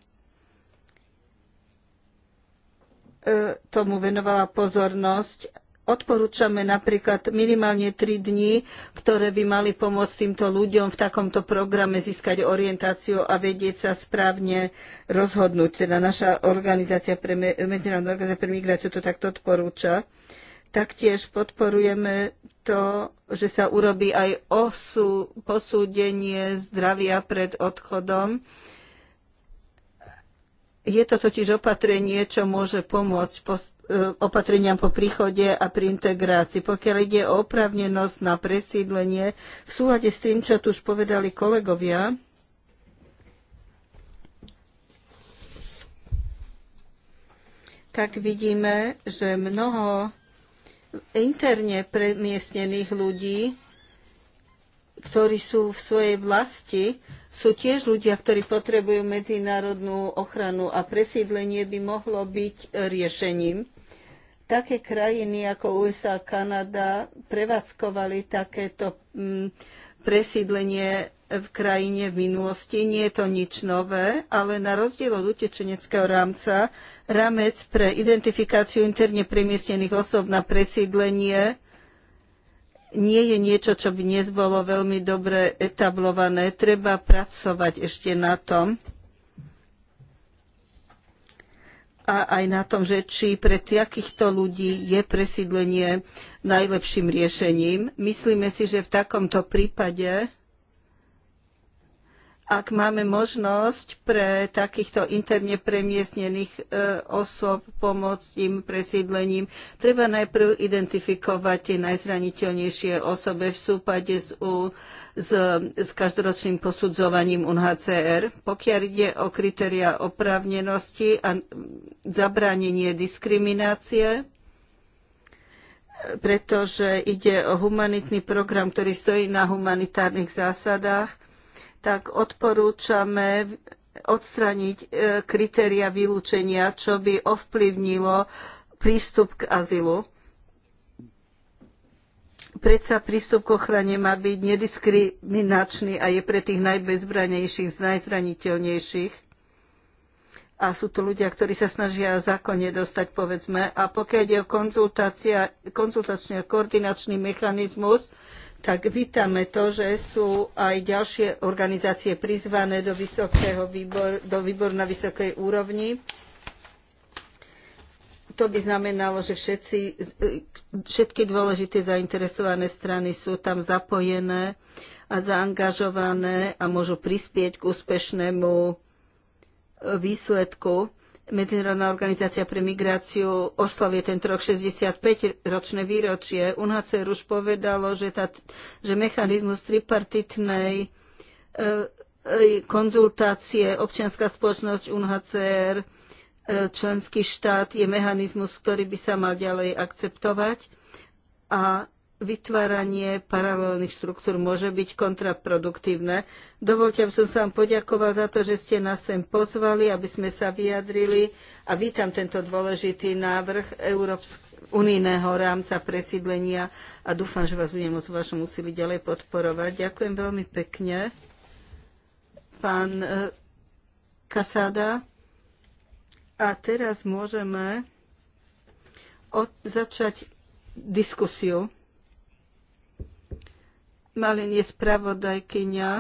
eh, tomu venovala pozornosť Odporúčame napríklad minimálne 3 dní, ktoré by mali pomôcť týmto ľuďom v takomto programe získať orientáciu a vedieť sa správne rozhodnúť. Teda naša organizácia pre, Medzinárodná organizácia pre migráciu to takto odporúča. Taktiež podporujeme to, že sa urobí aj osu, posúdenie zdravia pred odchodom. Je to totiž opatrenie, čo môže pomôcť E, opatreniam po príchode a pri integrácii. Pokiaľ ide o oprávnenosť na presídlenie, v súlade s tým, čo tu už povedali kolegovia, tak vidíme, že mnoho interne premiestnených ľudí, ktorí sú v svojej vlasti, sú tiež ľudia, ktorí potrebujú medzinárodnú ochranu a presídlenie by mohlo byť riešením. Také krajiny ako USA a Kanada prevádzkovali takéto mm, presídlenie v krajine v minulosti. Nie je to nič nové, ale na rozdiel od utečeneckého rámca, rámec pre identifikáciu interne premiestnených osob na presídlenie nie je niečo, čo by dnes bolo veľmi dobre etablované. Treba pracovať ešte na tom a aj na tom, že či pre takýchto ľudí je presídlenie najlepším riešením. Myslíme si, že v takomto prípade ak máme možnosť pre takýchto interne premiestnených e, osôb pomôcť im presídlením, treba najprv identifikovať tie najzraniteľnejšie osoby v súpade s, u, s, s každoročným posudzovaním UNHCR. Pokiaľ ide o kritéria oprávnenosti a zabránenie diskriminácie, e, pretože ide o humanitný program, ktorý stojí na humanitárnych zásadách, tak odporúčame odstraniť e, kritéria vylúčenia, čo by ovplyvnilo prístup k azylu. Predsa prístup k ochrane má byť nediskriminačný a je pre tých najbezbranejších z najzraniteľnejších. A sú to ľudia, ktorí sa snažia zákonne dostať, povedzme. A pokiaľ je o konzultačný a koordinačný mechanizmus, tak vítame to, že sú aj ďalšie organizácie prizvané do, vysokého výbor, do výboru na vysokej úrovni. To by znamenalo, že všetci, všetky dôležité zainteresované strany sú tam zapojené a zaangažované a môžu prispieť k úspešnému výsledku. Medzinárodná organizácia pre migráciu oslavie tento rok 65-ročné výročie. UNHCR už povedalo, že, tá, že mechanizmus tripartitnej e, e, konzultácie občianská spoločnosť UNHCR e, členský štát je mechanizmus, ktorý by sa mal ďalej akceptovať a vytváranie paralelných štruktúr môže byť kontraproduktívne. Dovolte, aby som sa vám poďakoval za to, že ste nás sem pozvali, aby sme sa vyjadrili a vítam tento dôležitý návrh Európskej unijného rámca presídlenia a dúfam, že vás budem môcť v vašom úsilí ďalej podporovať. Ďakujem veľmi pekne. Pán e, Kasáda. A teraz môžeme začať diskusiu mali je spravodajkyňa.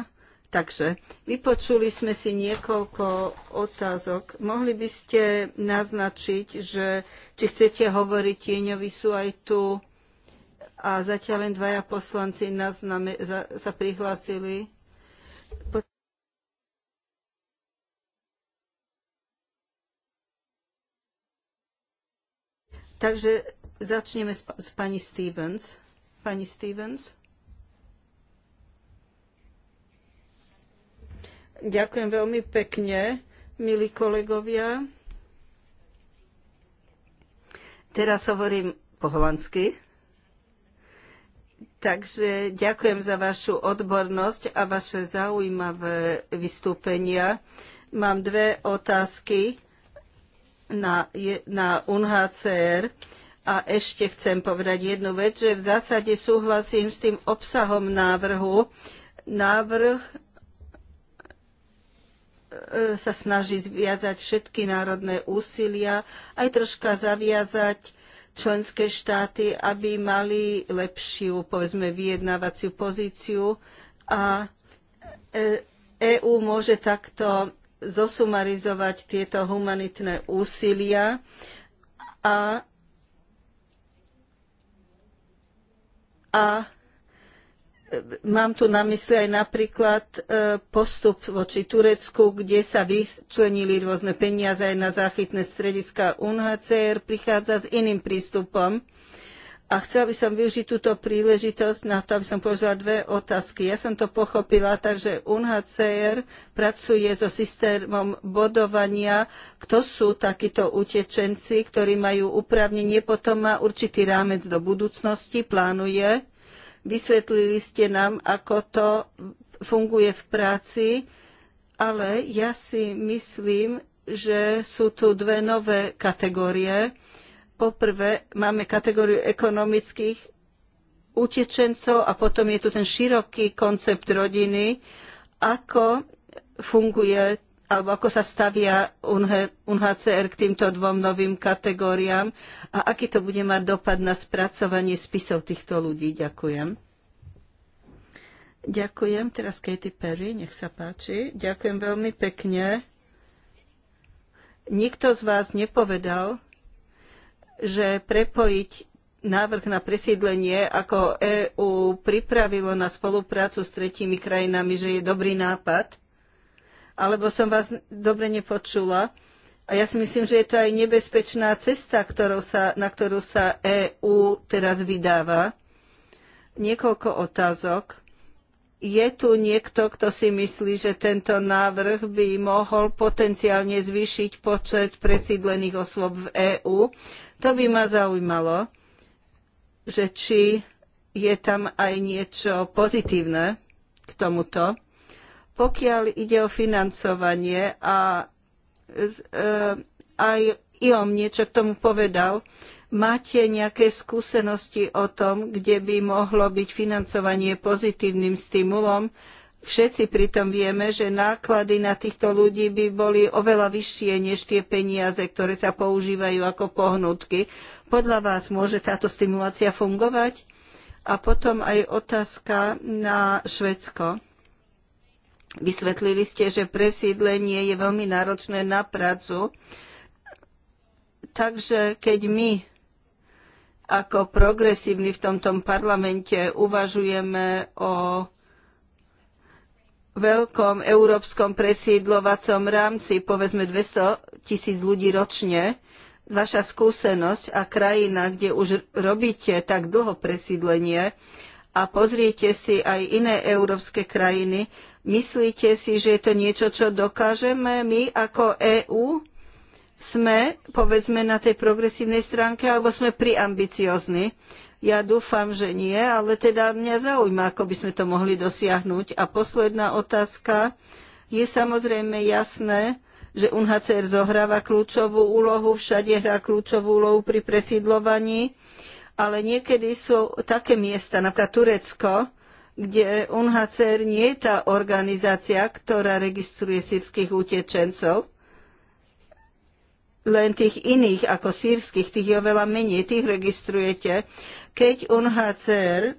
Takže vypočuli sme si niekoľko otázok. Mohli by ste naznačiť, že či chcete hovoriť, tieňovi sú aj tu a zatiaľ len dvaja poslanci nazname, za, sa prihlásili. Takže začneme s, s pani Stevens. Pani Stevens. Ďakujem veľmi pekne, milí kolegovia. Teraz hovorím po holandsky. Takže ďakujem za vašu odbornosť a vaše zaujímavé vystúpenia. Mám dve otázky na, na UNHCR a ešte chcem povedať jednu vec, že v zásade súhlasím s tým obsahom návrhu. Návrh E, sa snaží zviazať všetky národné úsilia, aj troška zaviazať členské štáty, aby mali lepšiu, povedzme, vyjednávaciu pozíciu a EÚ e môže takto zosumarizovať tieto humanitné úsilia a, a Mám tu na mysli aj napríklad e, postup voči Turecku, kde sa vyčlenili rôzne peniaze aj na záchytné strediska UNHCR, prichádza s iným prístupom. A chcela by som využiť túto príležitosť na to, aby som položila dve otázky. Ja som to pochopila, takže UNHCR pracuje so systémom bodovania. Kto sú takíto utečenci, ktorí majú upravnenie, potom má určitý rámec do budúcnosti, plánuje Vysvetlili ste nám, ako to funguje v práci, ale ja si myslím, že sú tu dve nové kategórie. Poprvé máme kategóriu ekonomických utečencov a potom je tu ten široký koncept rodiny, ako funguje alebo ako sa stavia UNHCR k týmto dvom novým kategóriám a aký to bude mať dopad na spracovanie spisov týchto ľudí. Ďakujem. Ďakujem. Teraz Katy Perry, nech sa páči. Ďakujem veľmi pekne. Nikto z vás nepovedal, že prepojiť návrh na presídlenie, ako EÚ pripravilo na spoluprácu s tretími krajinami, že je dobrý nápad alebo som vás dobre nepočula. A ja si myslím, že je to aj nebezpečná cesta, ktorou sa, na ktorú sa EÚ teraz vydáva. Niekoľko otázok. Je tu niekto, kto si myslí, že tento návrh by mohol potenciálne zvýšiť počet presídlených osôb v EÚ? To by ma zaujímalo, že či je tam aj niečo pozitívne k tomuto. Pokiaľ ide o financovanie a e, aj IOM niečo k tomu povedal, máte nejaké skúsenosti o tom, kde by mohlo byť financovanie pozitívnym stimulom? Všetci pritom vieme, že náklady na týchto ľudí by boli oveľa vyššie než tie peniaze, ktoré sa používajú ako pohnutky. Podľa vás môže táto stimulácia fungovať? A potom aj otázka na Švedsko Vysvetlili ste, že presídlenie je veľmi náročné na prácu. Takže keď my ako progresívni v tomto parlamente uvažujeme o veľkom európskom presídlovacom rámci, povedzme 200 tisíc ľudí ročne, vaša skúsenosť a krajina, kde už robíte tak dlho presídlenie a pozriete si aj iné európske krajiny, Myslíte si, že je to niečo, čo dokážeme my ako EÚ? Sme, povedzme, na tej progresívnej stránke alebo sme priambiciozni? Ja dúfam, že nie, ale teda mňa zaujíma, ako by sme to mohli dosiahnuť. A posledná otázka. Je samozrejme jasné, že UNHCR zohráva kľúčovú úlohu, všade hrá kľúčovú úlohu pri presídlovaní, ale niekedy sú také miesta, napríklad Turecko, kde UNHCR nie je tá organizácia, ktorá registruje sírskych utečencov, len tých iných ako sírskych, tých je oveľa menej, tých registrujete. Keď UNHCR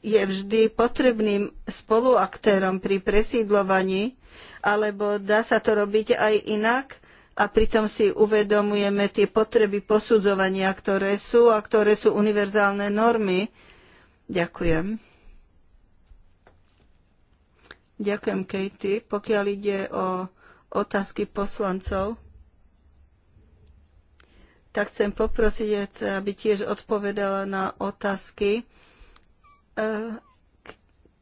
je vždy potrebným spoluaktérom pri presídlovaní, alebo dá sa to robiť aj inak a pritom si uvedomujeme tie potreby posudzovania, ktoré sú a ktoré sú univerzálne normy. Ďakujem. Ďakujem, Katie. Pokiaľ ide o otázky poslancov, tak chcem poprosiť, aby tiež odpovedala na otázky, e,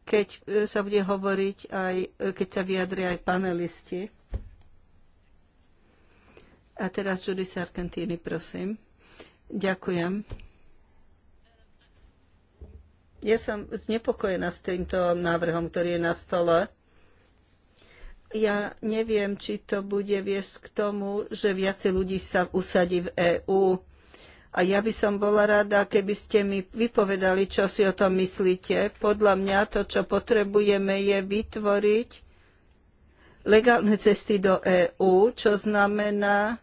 keď sa bude hovoriť aj, keď sa vyjadria aj panelisti. A teraz Judy Sargentini, prosím. Ďakujem. Ja som znepokojená s týmto návrhom, ktorý je na stole. Ja neviem, či to bude viesť k tomu, že viacej ľudí sa usadí v EÚ. A ja by som bola rada, keby ste mi vypovedali, čo si o tom myslíte. Podľa mňa to, čo potrebujeme, je vytvoriť legálne cesty do EÚ, čo znamená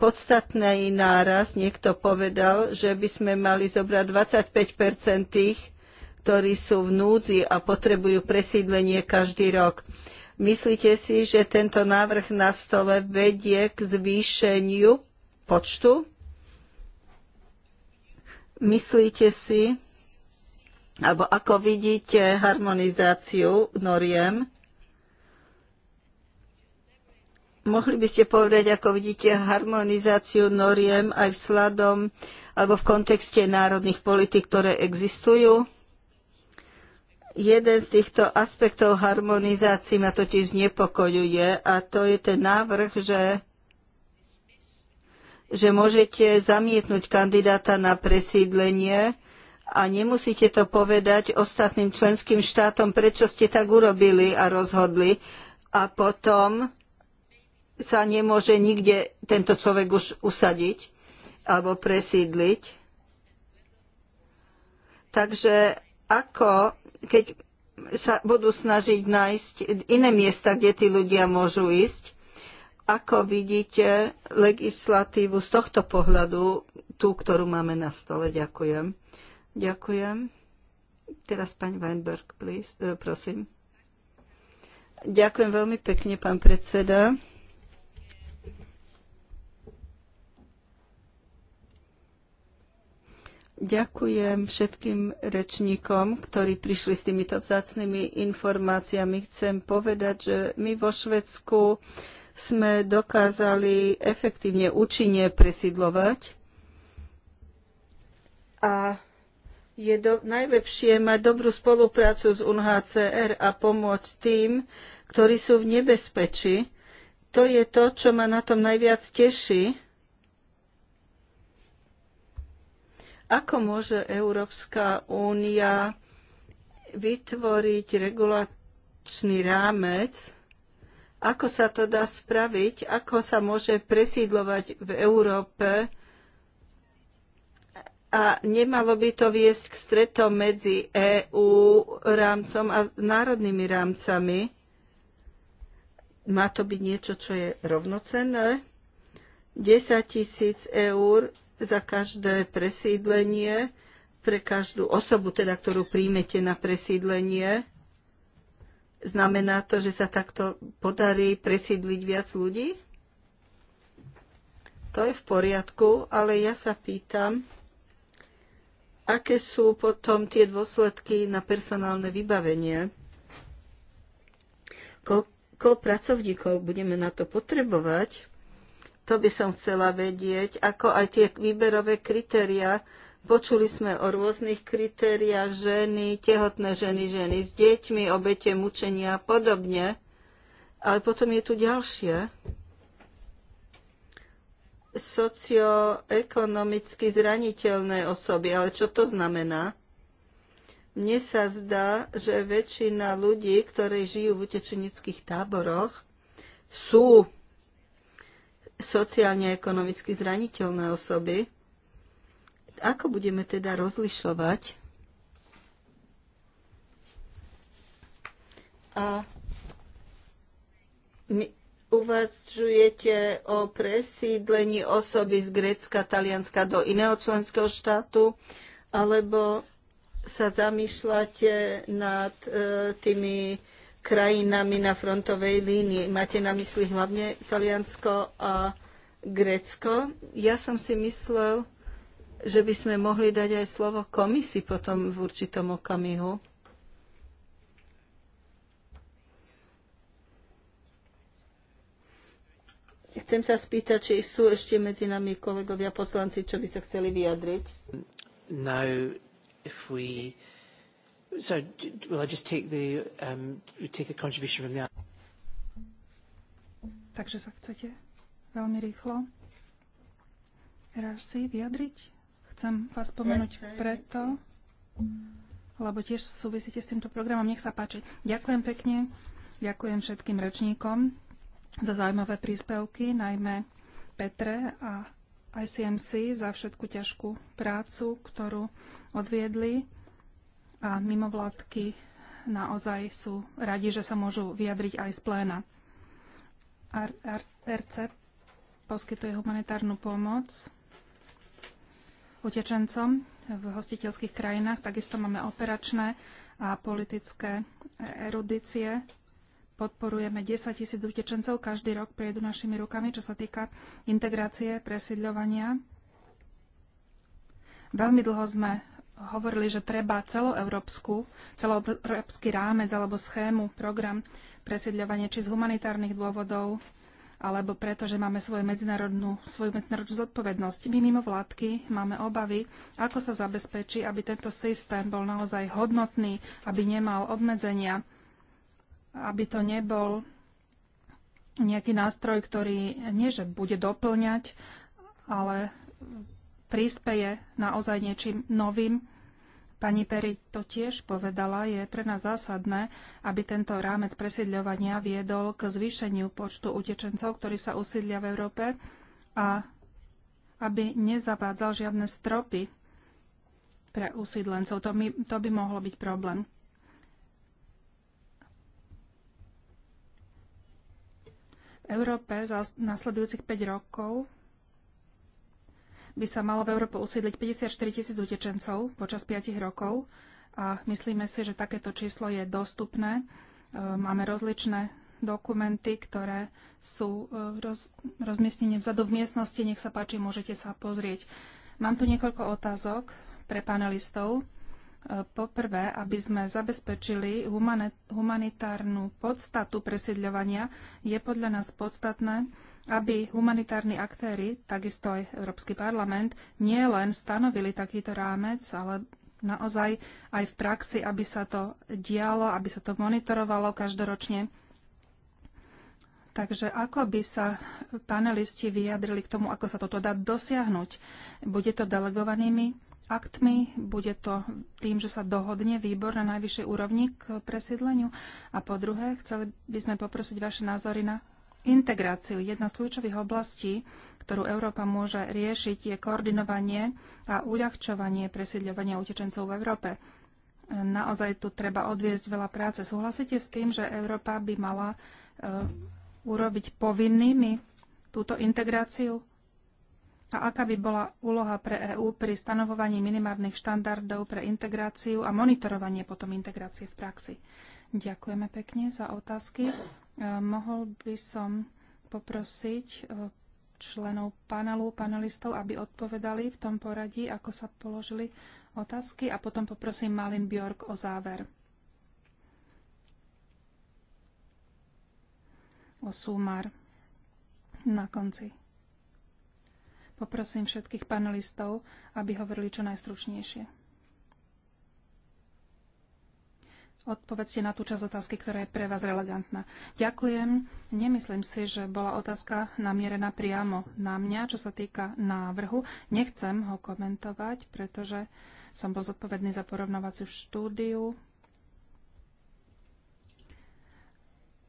podstatný náraz. Niekto povedal, že by sme mali zobrať 25 tých ktorí sú v núdzi a potrebujú presídlenie každý rok. Myslíte si, že tento návrh na stole vedie k zvýšeniu počtu? Myslíte si, alebo ako vidíte harmonizáciu noriem? Mohli by ste povedať, ako vidíte harmonizáciu noriem aj vzhľadom alebo v kontexte národných politik, ktoré existujú? Jeden z týchto aspektov harmonizácií ma totiž znepokojuje a to je ten návrh, že že môžete zamietnúť kandidáta na presídlenie a nemusíte to povedať ostatným členským štátom, prečo ste tak urobili a rozhodli. A potom sa nemôže nikde tento človek už usadiť alebo presídliť. Takže ako keď sa budú snažiť nájsť iné miesta, kde tí ľudia môžu ísť. Ako vidíte legislatívu z tohto pohľadu, tú, ktorú máme na stole? Ďakujem. Ďakujem. Teraz pani Weinberg, please, eh, prosím. Ďakujem veľmi pekne, pán predseda. Ďakujem všetkým rečníkom, ktorí prišli s týmito vzácnými informáciami. Chcem povedať, že my vo Švedsku sme dokázali efektívne účinne presídlovať a je do, najlepšie mať dobrú spoluprácu s UNHCR a pomôcť tým, ktorí sú v nebezpečí. To je to, čo ma na tom najviac teší Ako môže Európska únia vytvoriť regulačný rámec? Ako sa to dá spraviť? Ako sa môže presídlovať v Európe? A nemalo by to viesť k stretom medzi EÚ rámcom a národnými rámcami? Má to byť niečo, čo je rovnocenné? 10 tisíc eur za každé presídlenie, pre každú osobu, teda, ktorú príjmete na presídlenie. Znamená to, že sa takto podarí presídliť viac ľudí? To je v poriadku, ale ja sa pýtam, aké sú potom tie dôsledky na personálne vybavenie? Koľko pracovníkov budeme na to potrebovať? To by som chcela vedieť, ako aj tie výberové kritéria. Počuli sme o rôznych kritériách ženy, tehotné ženy, ženy s deťmi, obete mučenia a podobne. Ale potom je tu ďalšie. Socioekonomicky zraniteľné osoby. Ale čo to znamená? Mne sa zdá, že väčšina ľudí, ktorí žijú v utečenických táboroch, sú sociálne a ekonomicky zraniteľné osoby. Ako budeme teda rozlišovať a my uvažujete o presídlení osoby z Grécka, Talianska do iného členského štátu, alebo sa zamýšľate nad e, tými krajinami na frontovej línii. Máte na mysli hlavne Taliansko a Grécko. Ja som si myslel, že by sme mohli dať aj slovo komisi potom v určitom okamihu. Chcem sa spýtať, či sú ešte medzi nami kolegovia poslanci, čo by sa chceli vyjadriť. Now, if we Sorry, will I just take the um, take a contribution from the Takže sa chcete veľmi rýchlo RRC vyjadriť? Chcem vás spomenúť preto, lebo tiež súvisíte s týmto programom. Nech sa páči. Ďakujem pekne. Ďakujem všetkým rečníkom za zaujímavé príspevky, najmä Petre a ICMC za všetku ťažkú prácu, ktorú odviedli a mimovládky naozaj sú radi, že sa môžu vyjadriť aj z pléna. RC poskytuje humanitárnu pomoc utečencom v hostiteľských krajinách. Takisto máme operačné a politické erudície. Podporujeme 10 tisíc utečencov. Každý rok prejdu našimi rukami, čo sa týka integrácie, presídľovania. Veľmi dlho sme hovorili, že treba celoeurópsku, celoeurópsky rámec alebo schému, program presiedľovania či z humanitárnych dôvodov, alebo preto, že máme svoju medzinárodnú, svoju medzinárodnú zodpovednosť. My mimo vládky máme obavy, ako sa zabezpečí, aby tento systém bol naozaj hodnotný, aby nemal obmedzenia, aby to nebol nejaký nástroj, ktorý nie, že bude doplňať, ale prispeje naozaj niečím novým. Pani Peri to tiež povedala, je pre nás zásadné, aby tento rámec presiedľovania viedol k zvýšeniu počtu utečencov, ktorí sa usídlia v Európe a aby nezavádzal žiadne stropy pre usídlencov. To, my, to by mohlo byť problém. V Európe za nasledujúcich 5 rokov by sa malo v Európe usídliť 54 tisíc utečencov počas 5 rokov a myslíme si, že takéto číslo je dostupné. E, máme rozličné dokumenty, ktoré sú e, roz, rozmiestnené vzadu v miestnosti. Nech sa páči, môžete sa pozrieť. Mám tu niekoľko otázok pre panelistov. E, poprvé, aby sme zabezpečili humanitárnu podstatu presídľovania, je podľa nás podstatné, aby humanitárni aktéry, takisto aj Európsky parlament, nie len stanovili takýto rámec, ale naozaj aj v praxi, aby sa to dialo, aby sa to monitorovalo každoročne. Takže ako by sa panelisti vyjadrili k tomu, ako sa toto dá dosiahnuť? Bude to delegovanými aktmi, bude to tým, že sa dohodne výbor na najvyššej úrovni k presídleniu. A po druhé, chceli by sme poprosiť vaše názory na integráciu. Jedna z kľúčových oblastí, ktorú Európa môže riešiť, je koordinovanie a uľahčovanie presídľovania utečencov v Európe. Naozaj tu treba odviesť veľa práce. Súhlasíte s tým, že Európa by mala e, urobiť povinnými túto integráciu? A aká by bola úloha pre EÚ pri stanovovaní minimárnych štandardov pre integráciu a monitorovanie potom integrácie v praxi? Ďakujeme pekne za otázky. Mohol by som poprosiť e, členov panelu, panelistov, aby odpovedali v tom poradí, ako sa položili otázky a potom poprosím Malin Bjork o záver. O súmar na konci. Poprosím všetkých panelistov, aby hovorili čo najstručnejšie. odpovedzte na tú časť otázky, ktorá je pre vás relevantná. Ďakujem. Nemyslím si, že bola otázka namierená priamo na mňa, čo sa týka návrhu. Nechcem ho komentovať, pretože som bol zodpovedný za porovnávaciu štúdiu.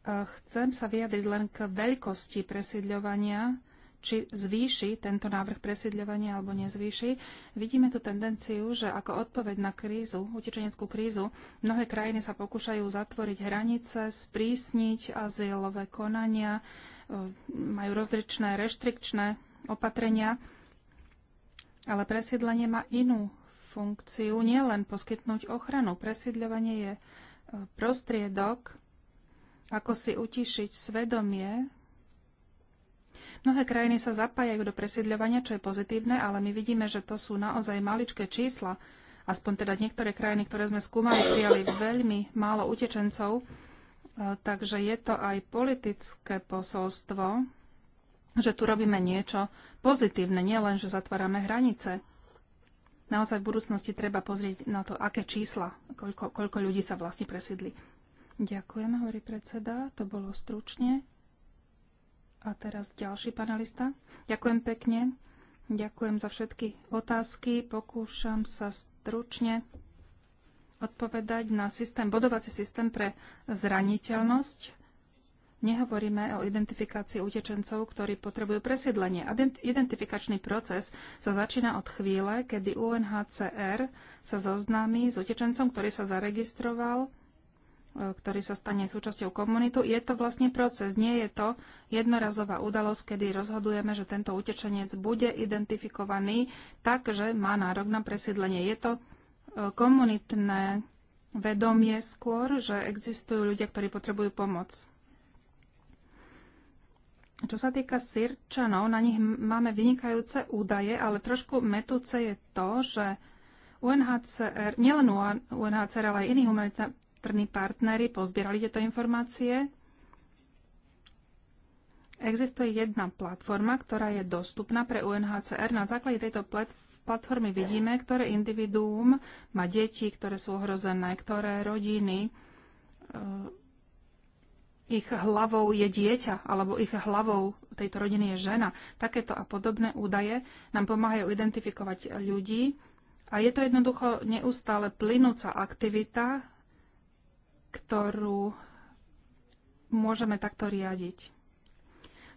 Chcem sa vyjadriť len k veľkosti presídľovania či zvýši tento návrh presídľovania alebo nezvýši. Vidíme tu tendenciu, že ako odpoveď na krízu, utečeneckú krízu, mnohé krajiny sa pokúšajú zatvoriť hranice, sprísniť azylové konania, e, majú rozličné reštrikčné opatrenia, ale presiedlenie má inú funkciu, nielen poskytnúť ochranu. Presiedľovanie je e, prostriedok, ako si utišiť svedomie Mnohé krajiny sa zapájajú do presiedľovania, čo je pozitívne, ale my vidíme, že to sú naozaj maličké čísla. Aspoň teda niektoré krajiny, ktoré sme skúmali, prijali veľmi málo utečencov. E, takže je to aj politické posolstvo, že tu robíme niečo pozitívne, nielen, že zatvárame hranice. Naozaj v budúcnosti treba pozrieť na to, aké čísla, koľko, koľko ľudí sa vlastne presiedli. Ďakujem, hovorí predseda. To bolo stručne. A teraz ďalší panelista. Ďakujem pekne. Ďakujem za všetky otázky. Pokúšam sa stručne odpovedať na systém, bodovací systém pre zraniteľnosť. Nehovoríme o identifikácii utečencov, ktorí potrebujú presiedlenie. Identifikačný proces sa začína od chvíle, kedy UNHCR sa zoznámi s utečencom, ktorý sa zaregistroval ktorý sa stane súčasťou komunitu. Je to vlastne proces, nie je to jednorazová udalosť, kedy rozhodujeme, že tento utečenec bude identifikovaný tak, že má nárok na presídlenie. Je to e, komunitné vedomie skôr, že existujú ľudia, ktorí potrebujú pomoc. Čo sa týka Sirčanov, na nich máme vynikajúce údaje, ale trošku metúce je to, že UNHCR, nielen UNHCR, ale aj iný humanitá, externí partnery pozbierali tieto informácie. Existuje jedna platforma, ktorá je dostupná pre UNHCR. Na základe tejto platformy vidíme, ktoré individuum má deti, ktoré sú ohrozené, ktoré rodiny. Eh, ich hlavou je dieťa, alebo ich hlavou tejto rodiny je žena. Takéto a podobné údaje nám pomáhajú identifikovať ľudí. A je to jednoducho neustále plynúca aktivita, ktorú môžeme takto riadiť.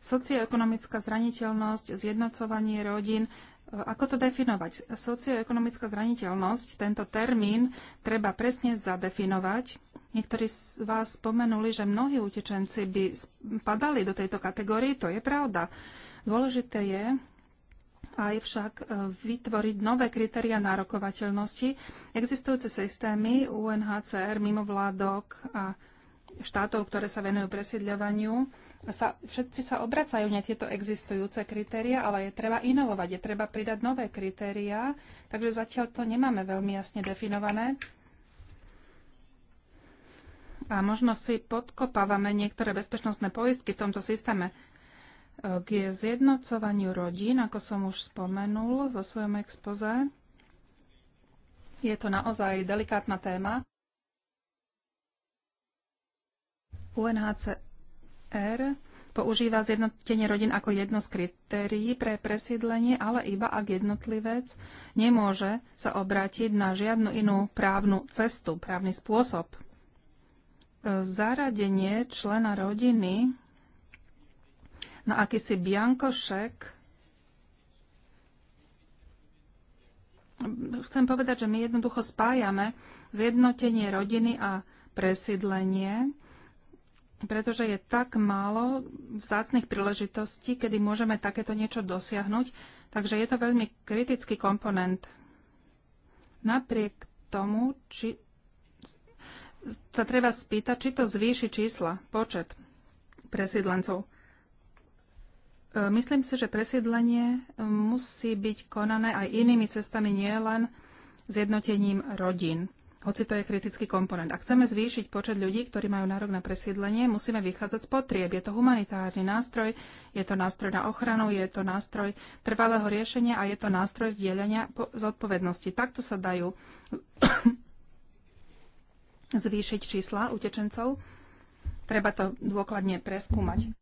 Socioekonomická zraniteľnosť, zjednocovanie rodín, e, ako to definovať? Socioekonomická zraniteľnosť, tento termín treba presne zadefinovať. Niektorí z vás spomenuli, že mnohí utečenci by padali do tejto kategórie, to je pravda. Dôležité je, aj však e, vytvoriť nové kritéria nárokovateľnosti. Existujúce systémy UNHCR, mimovládok a štátov, ktoré sa venujú presiedľovaniu, sa, všetci sa obracajú na tieto existujúce kritéria, ale je treba inovovať, je treba pridať nové kritéria, takže zatiaľ to nemáme veľmi jasne definované. A možno si podkopávame niektoré bezpečnostné poistky v tomto systéme k zjednocovaniu rodín, ako som už spomenul vo svojom expoze. Je to naozaj delikátna téma. UNHCR používa zjednotenie rodín ako jedno z kritérií pre presídlenie, ale iba ak jednotlivec nemôže sa obrátiť na žiadnu inú právnu cestu, právny spôsob. Zaradenie člena rodiny na no akýsi biankošek. Chcem povedať, že my jednoducho spájame zjednotenie rodiny a presídlenie, pretože je tak málo vzácnych príležitostí, kedy môžeme takéto niečo dosiahnuť, takže je to veľmi kritický komponent. Napriek tomu, či sa treba spýtať, či to zvýši čísla, počet presídlencov. Myslím si, že presiedlenie musí byť konané aj inými cestami, nielen zjednotením rodín, hoci to je kritický komponent. Ak chceme zvýšiť počet ľudí, ktorí majú nárok na presiedlenie, musíme vychádzať z potrieb. Je to humanitárny nástroj, je to nástroj na ochranu, je to nástroj trvalého riešenia a je to nástroj zdieľania zodpovednosti. Takto sa dajú zvýšiť čísla utečencov. Treba to dôkladne preskúmať.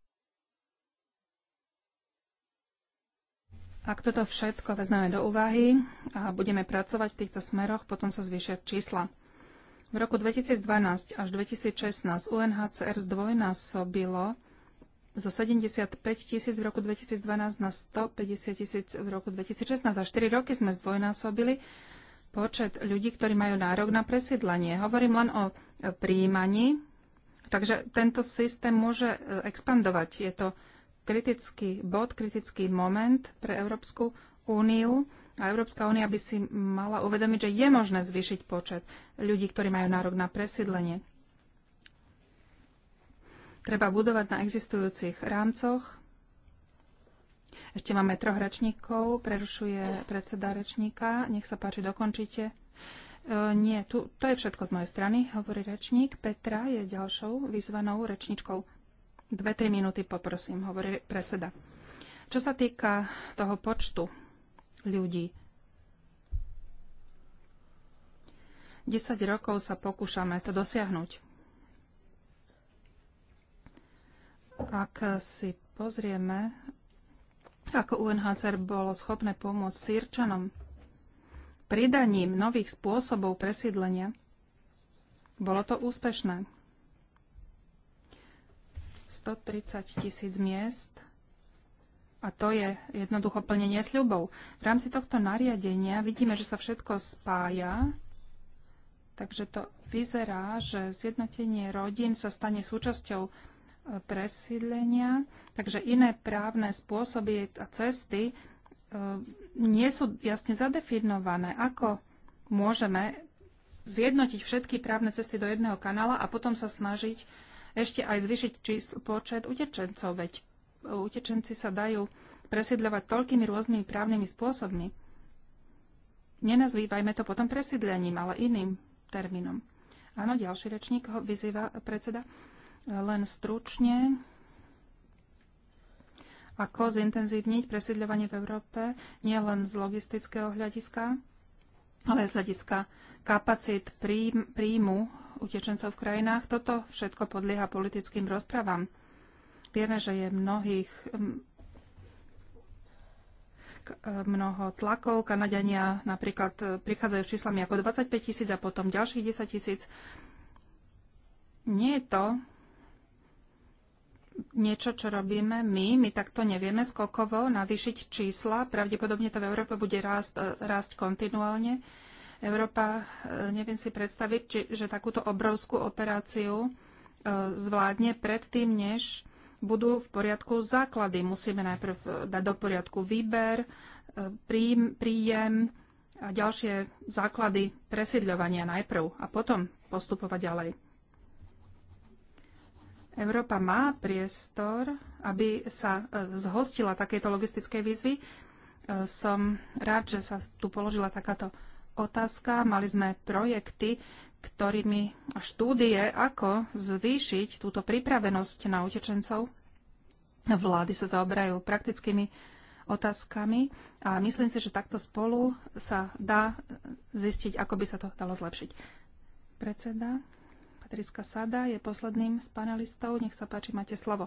Ak toto všetko vezmeme do úvahy a budeme pracovať v týchto smeroch, potom sa zvýšia čísla. V roku 2012 až 2016 UNHCR zdvojnásobilo zo 75 tisíc v roku 2012 na 150 tisíc v roku 2016. Za 4 roky sme zdvojnásobili počet ľudí, ktorí majú nárok na presídlenie. Hovorím len o príjmaní, takže tento systém môže e, expandovať. Je to kritický bod, kritický moment pre Európsku úniu a Európska únia by si mala uvedomiť, že je možné zvýšiť počet ľudí, ktorí majú nárok na presídlenie. Treba budovať na existujúcich rámcoch. Ešte máme troch rečníkov. Prerušuje predseda rečníka. Nech sa páči, dokončite. E, nie, tu, to je všetko z mojej strany, hovorí rečník. Petra je ďalšou vyzvanou rečníčkou. Dve tri minúty poprosím, hovorí predseda. Čo sa týka toho počtu ľudí, 10 rokov sa pokúšame to dosiahnuť. Ak si pozrieme, ako UNHCR bolo schopné pomôcť sírčanom pridaním nových spôsobov presídlenia, bolo to úspešné. 130 tisíc miest a to je jednoducho plnenie sľubov. V rámci tohto nariadenia vidíme, že sa všetko spája, takže to vyzerá, že zjednotenie rodín sa stane súčasťou e, presídlenia, takže iné právne spôsoby a cesty e, nie sú jasne zadefinované. Ako môžeme zjednotiť všetky právne cesty do jedného kanála a potom sa snažiť ešte aj zvyšiť číslo, počet utečencov, veď e, utečenci sa dajú presídľovať toľkými rôznymi právnymi spôsobmi. Nenazývajme to potom presídlením, ale iným termínom. Áno, ďalší rečník ho vyzýva predseda. Len stručne, ako zintenzívniť presídľovanie v Európe, nie len z logistického hľadiska, ale aj z hľadiska kapacít príjmu utečencov v krajinách. Toto všetko podlieha politickým rozprávam. Vieme, že je mnohých e, mnoho tlakov. Kanadania napríklad e, prichádzajú s číslami ako 25 tisíc a potom ďalších 10 tisíc. Nie je to niečo, čo robíme my. My takto nevieme skokovo navýšiť čísla. Pravdepodobne to v Európe bude rásť, e, rásť kontinuálne. Európa, e, neviem si predstaviť, či, že takúto obrovskú operáciu e, zvládne predtým, než budú v poriadku základy. Musíme najprv e, dať do poriadku výber, príjem, príjem a ďalšie základy presídľovania najprv a potom postupovať ďalej. Európa má priestor, aby sa zhostila takéto logistickej výzvy. Som rád, že sa tu položila takáto otázka. Mali sme projekty, ktorými štúdie, ako zvýšiť túto pripravenosť na utečencov. Vlády sa zaoberajú praktickými otázkami a myslím si, že takto spolu sa dá zistiť, ako by sa to dalo zlepšiť. Predseda Patrická Sada je posledným z panelistov. Nech sa páči, máte slovo.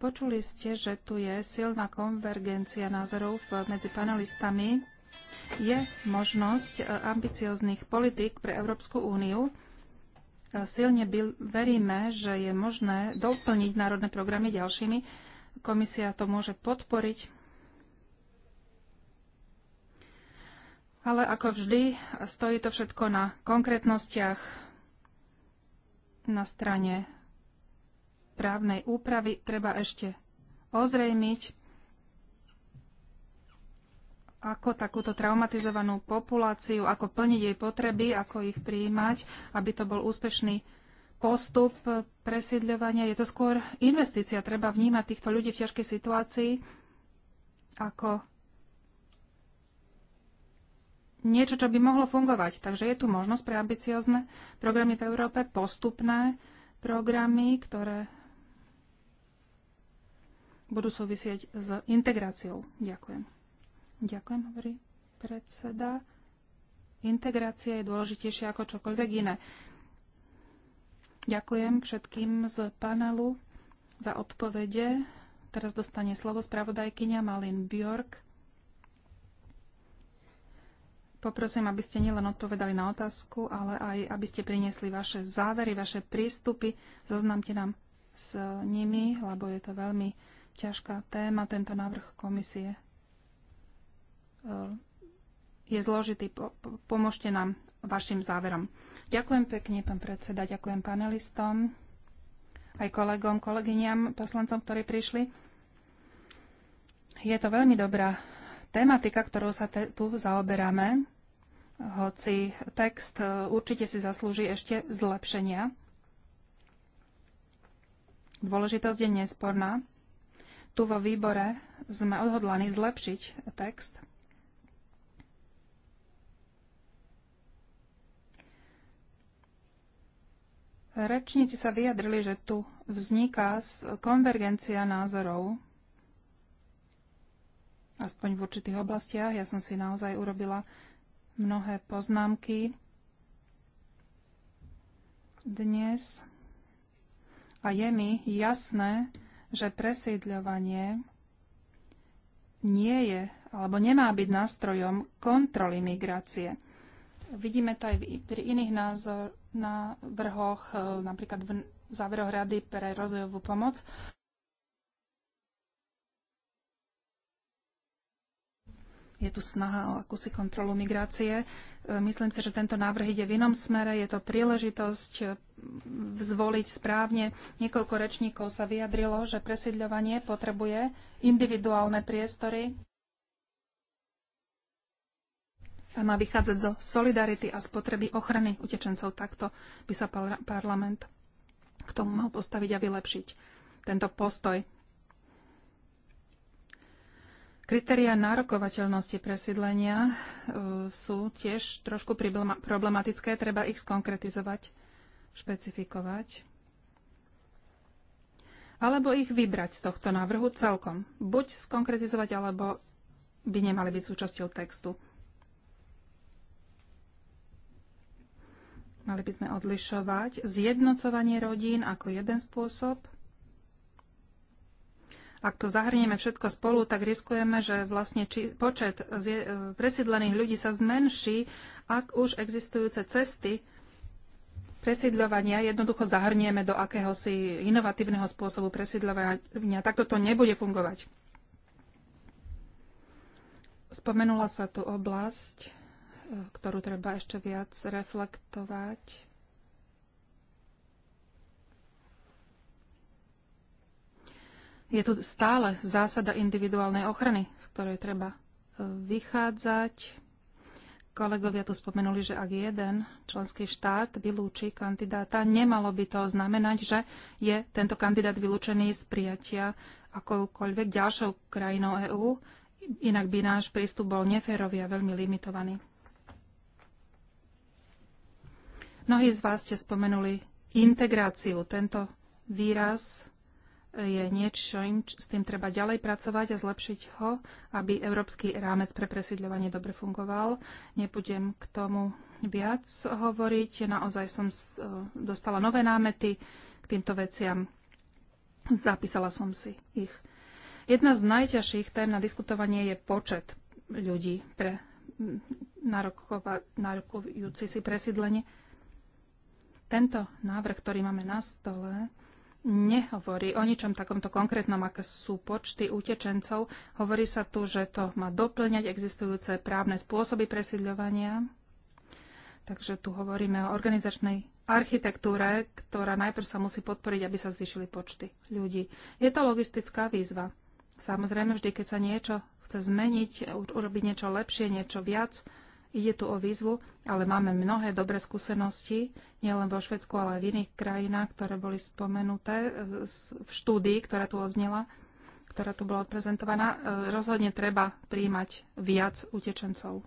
Počuli ste, že tu je silná konvergencia názorov medzi panelistami je možnosť e, ambicioznych politík pre Európsku úniu. E, silne veríme, že je možné doplniť národné programy ďalšími. Komisia to môže podporiť. Ale ako vždy, stojí to všetko na konkrétnostiach na strane právnej úpravy. Treba ešte ozrejmiť ako takúto traumatizovanú populáciu, ako plniť jej potreby, ako ich prijímať, aby to bol úspešný postup presiedľovania. Je to skôr investícia. Treba vnímať týchto ľudí v ťažkej situácii ako niečo, čo by mohlo fungovať. Takže je tu možnosť pre ambiciozne programy v Európe, postupné programy, ktoré budú súvisieť s integráciou. Ďakujem. Ďakujem, hovorí predseda. Integrácia je dôležitejšia ako čokoľvek iné. Ďakujem všetkým z panelu za odpovede. Teraz dostane slovo spravodajkyňa Malin Bjork. Poprosím, aby ste nielen odpovedali na otázku, ale aj aby ste priniesli vaše závery, vaše prístupy. Zoznamte nám s nimi, lebo je to veľmi ťažká téma, tento návrh komisie. E, je zložitý. Pomôžte nám vašim záverom. Ďakujem pekne, pán predseda, ďakujem panelistom, aj kolegom, kolegyňam, poslancom, ktorí prišli. Je to veľmi dobrá tematika, ktorou sa te, tu zaoberáme, hoci text e, určite si zaslúži ešte zlepšenia. Dôležitosť je nesporná. Tu vo výbore sme odhodlani zlepšiť text. Rečníci sa vyjadrili, že tu vzniká konvergencia názorov, aspoň v určitých oblastiach. Ja som si naozaj urobila mnohé poznámky dnes a je mi jasné, že presídľovanie nie je alebo nemá byť nástrojom kontroly migrácie. Vidíme to aj pri iných názoroch na vrhoch, e, napríklad v záveroch Rady pre rozvojovú pomoc. Je tu snaha o akúsi kontrolu migrácie. E, myslím si, že tento návrh ide v inom smere. Je to príležitosť e, zvoliť správne. Niekoľko rečníkov sa vyjadrilo, že presídľovanie potrebuje individuálne priestory, a má vychádzať zo solidarity a spotreby ochrany utečencov. Takto by sa parlament k tomu mal postaviť a vylepšiť tento postoj. Kritéria nárokovateľnosti presídlenia e, sú tiež trošku problematické, treba ich skonkretizovať, špecifikovať. Alebo ich vybrať z tohto návrhu celkom. Buď skonkretizovať, alebo by nemali byť súčasťou textu. Mali by sme odlišovať zjednocovanie rodín ako jeden spôsob. Ak to zahrnieme všetko spolu, tak riskujeme, že vlastne či, počet e, presídlených ľudí sa zmenší, ak už existujúce cesty presídľovania jednoducho zahrnieme do akéhosi inovatívneho spôsobu presídľovania. Takto to nebude fungovať. Spomenula sa tu oblasť ktorú treba ešte viac reflektovať. Je tu stále zásada individuálnej ochrany, z ktorej treba e, vychádzať. Kolegovia tu spomenuli, že ak jeden členský štát vylúči kandidáta, nemalo by to znamenať, že je tento kandidát vylúčený z prijatia akoukoľvek ďalšou krajinou EÚ, inak by náš prístup bol neférový a veľmi limitovaný. Mnohí z vás ste spomenuli integráciu. Tento výraz je niečo, s tým treba ďalej pracovať a zlepšiť ho, aby európsky rámec pre presídľovanie dobre fungoval. Nebudem k tomu viac hovoriť. Naozaj som e, dostala nové námety k týmto veciam. Zapísala som si ich. Jedna z najťažších tém na diskutovanie je počet ľudí pre narokujúci si presídlenie. Tento návrh, ktorý máme na stole, nehovorí o ničom takomto konkrétnom, aké sú počty utečencov. Hovorí sa tu, že to má doplňať existujúce právne spôsoby presídľovania. Takže tu hovoríme o organizačnej architektúre, ktorá najprv sa musí podporiť, aby sa zvyšili počty ľudí. Je to logistická výzva. Samozrejme, vždy, keď sa niečo chce zmeniť, urobiť niečo lepšie, niečo viac, Ide tu o výzvu, ale máme mnohé dobré skúsenosti, nielen vo Švedsku, ale aj v iných krajinách, ktoré boli spomenuté e, v štúdii, ktorá tu odznela, ktorá tu bola odprezentovaná. E, rozhodne treba príjmať viac utečencov.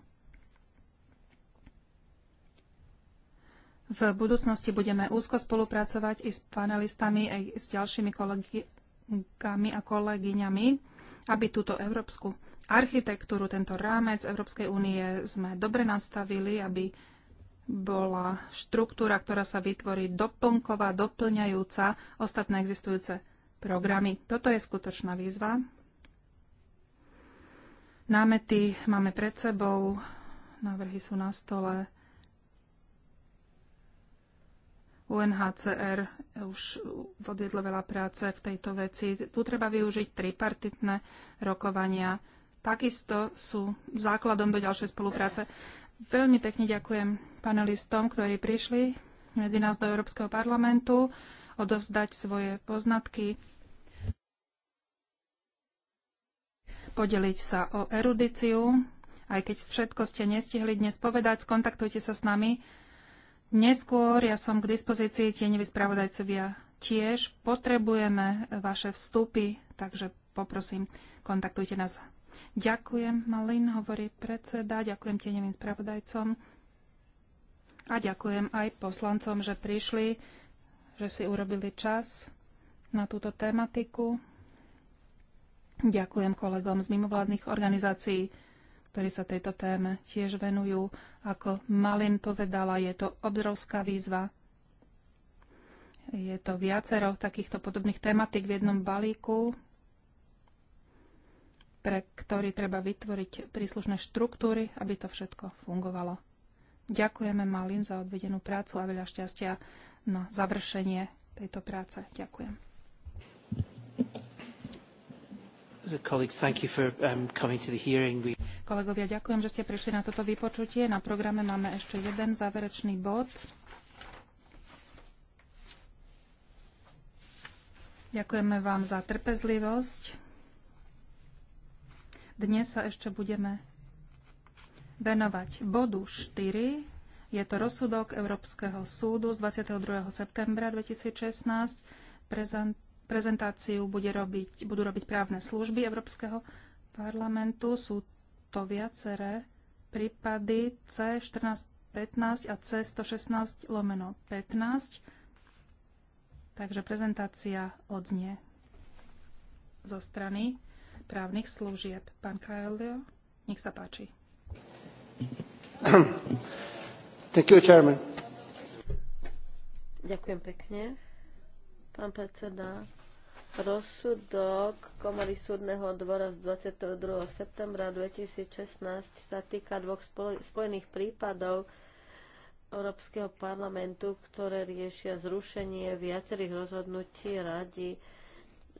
V budúcnosti budeme úzko spolupracovať i s panelistami, aj s ďalšími kolegami a kolegyňami, aby túto európsku architektúru, tento rámec Európskej únie sme dobre nastavili, aby bola štruktúra, ktorá sa vytvorí doplnková, doplňajúca ostatné existujúce programy. Toto je skutočná výzva. Námety máme pred sebou, návrhy sú na stole. UNHCR už odviedlo veľa práce v tejto veci. Tu treba využiť tripartitné rokovania takisto sú základom do ďalšej spolupráce. Veľmi pekne ďakujem panelistom, ktorí prišli medzi nás do Európskeho parlamentu odovzdať svoje poznatky, podeliť sa o erudíciu. Aj keď všetko ste nestihli dnes povedať, skontaktujte sa s nami. Neskôr ja som k dispozícii tieňovi spravodajcovia tiež. Potrebujeme vaše vstupy, takže poprosím, kontaktujte nás Ďakujem, Malin, hovorí predseda, ďakujem tieňovým spravodajcom a ďakujem aj poslancom, že prišli, že si urobili čas na túto tematiku. Ďakujem kolegom z mimovládnych organizácií, ktorí sa tejto téme tiež venujú. Ako Malin povedala, je to obrovská výzva. Je to viacero takýchto podobných tematik v jednom balíku, pre ktorý treba vytvoriť príslušné štruktúry, aby to všetko fungovalo. Ďakujeme Malin za odvedenú prácu a veľa šťastia na završenie tejto práce. Ďakujem. Um, Kolegovia, ďakujem, že ste prišli na toto vypočutie. Na programe máme ešte jeden záverečný bod. Ďakujeme vám za trpezlivosť. Dnes sa ešte budeme venovať bodu 4. Je to rozsudok Európskeho súdu z 22. septembra 2016. Prezentáciu bude robiť, budú robiť právne služby Európskeho parlamentu. Sú to viaceré prípady C1415 a C116 lomeno 15. Takže prezentácia odznie zo strany právnych služieb. Pán Kajlio, nech sa páči. Thank you, chairman. Ďakujem pekne. Pán predseda, rozsudok Komory súdneho dvora z 22. septembra 2016 sa týka dvoch spojených prípadov Európskeho parlamentu, ktoré riešia zrušenie viacerých rozhodnutí Rady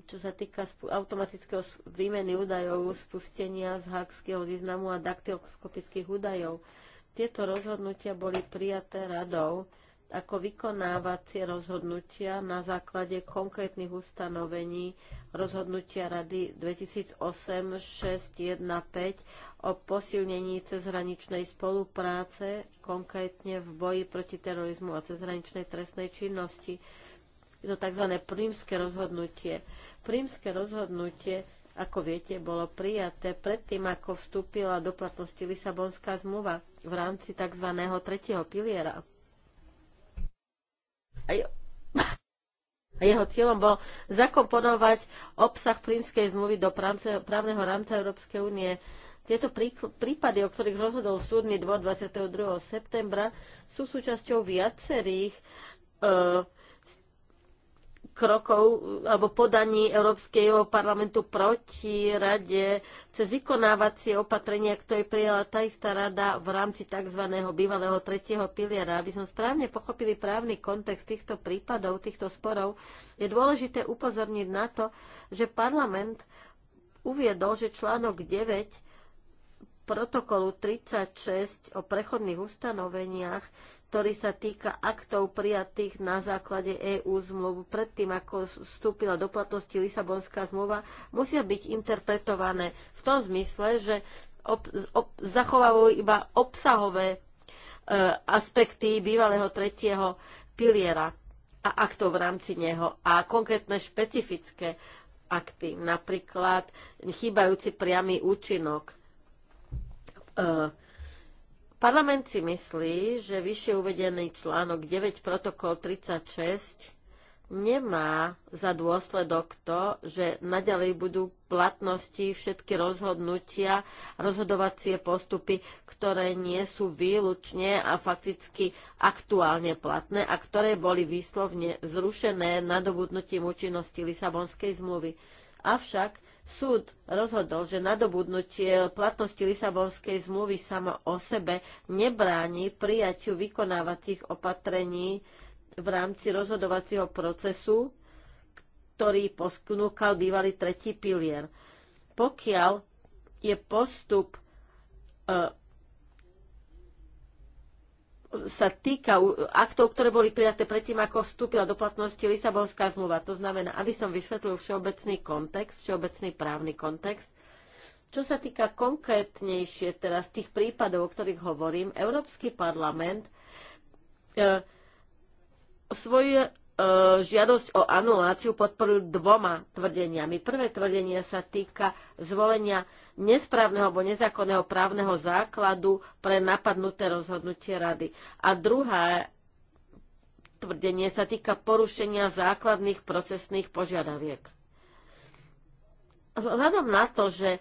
čo sa týka automatického výmeny údajov, spustenia z hakského významu a daktyloskopických údajov. Tieto rozhodnutia boli prijaté radou ako vykonávacie rozhodnutia na základe konkrétnych ustanovení rozhodnutia Rady 2008-615 o posilnení cezhraničnej spolupráce, konkrétne v boji proti terorizmu a cezhraničnej trestnej činnosti. Je to tzv. prímske rozhodnutie. Prímske rozhodnutie, ako viete, bolo prijaté predtým, ako vstúpila do platnosti Lisabonská zmluva v rámci tzv. tretieho piliera. A je... A jeho cieľom bol zakomponovať obsah prímskej zmluvy do právneho rámca Európskej únie. Tieto prípady, o ktorých rozhodol súdny dvor 22. septembra, sú súčasťou viacerých e, krokov eh, alebo podaní Európskeho parlamentu proti rade cez vykonávacie opatrenia, ktoré prijala tá istá rada v rámci tzv. bývalého tretieho piliera. Aby sme správne pochopili právny kontext týchto prípadov, týchto sporov, je dôležité upozorniť na to, že parlament uviedol, že článok 9 protokolu 36 o prechodných ustanoveniach ktorý sa týka aktov prijatých na základe EÚ zmluvu predtým, ako vstúpila do platnosti Lisabonská zmluva, musia byť interpretované v tom zmysle, že ob, ob, zachovávajú iba obsahové e, aspekty bývalého tretieho piliera a aktov v rámci neho a konkrétne špecifické akty, napríklad chýbajúci priamy účinok. E, Parlament si myslí, že vyššie uvedený článok 9 protokol 36 nemá za dôsledok to, že naďalej budú platnosti všetky rozhodnutia, rozhodovacie postupy, ktoré nie sú výlučne a fakticky aktuálne platné a ktoré boli výslovne zrušené nadobudnutím účinnosti Lisabonskej zmluvy. Avšak Súd rozhodol, že nadobudnutie platnosti Lisabonskej zmluvy sama o sebe nebráni prijaťu vykonávacích opatrení v rámci rozhodovacieho procesu, ktorý posknúkal bývalý tretí pilier. Pokiaľ je postup e, sa týka aktov, ktoré boli prijaté predtým, ako vstúpila do platnosti Lisabonská zmluva. To znamená, aby som vysvetlil všeobecný kontext, všeobecný právny kontext. Čo sa týka konkrétnejšie teraz tých prípadov, o ktorých hovorím, Európsky parlament e, svoje E, žiadosť o anuláciu podporujú dvoma tvrdeniami. Prvé tvrdenie sa týka zvolenia nesprávneho alebo nezákonného právneho základu pre napadnuté rozhodnutie rady. A druhá tvrdenie sa týka porušenia základných procesných požiadaviek. Vzhľadom na to, že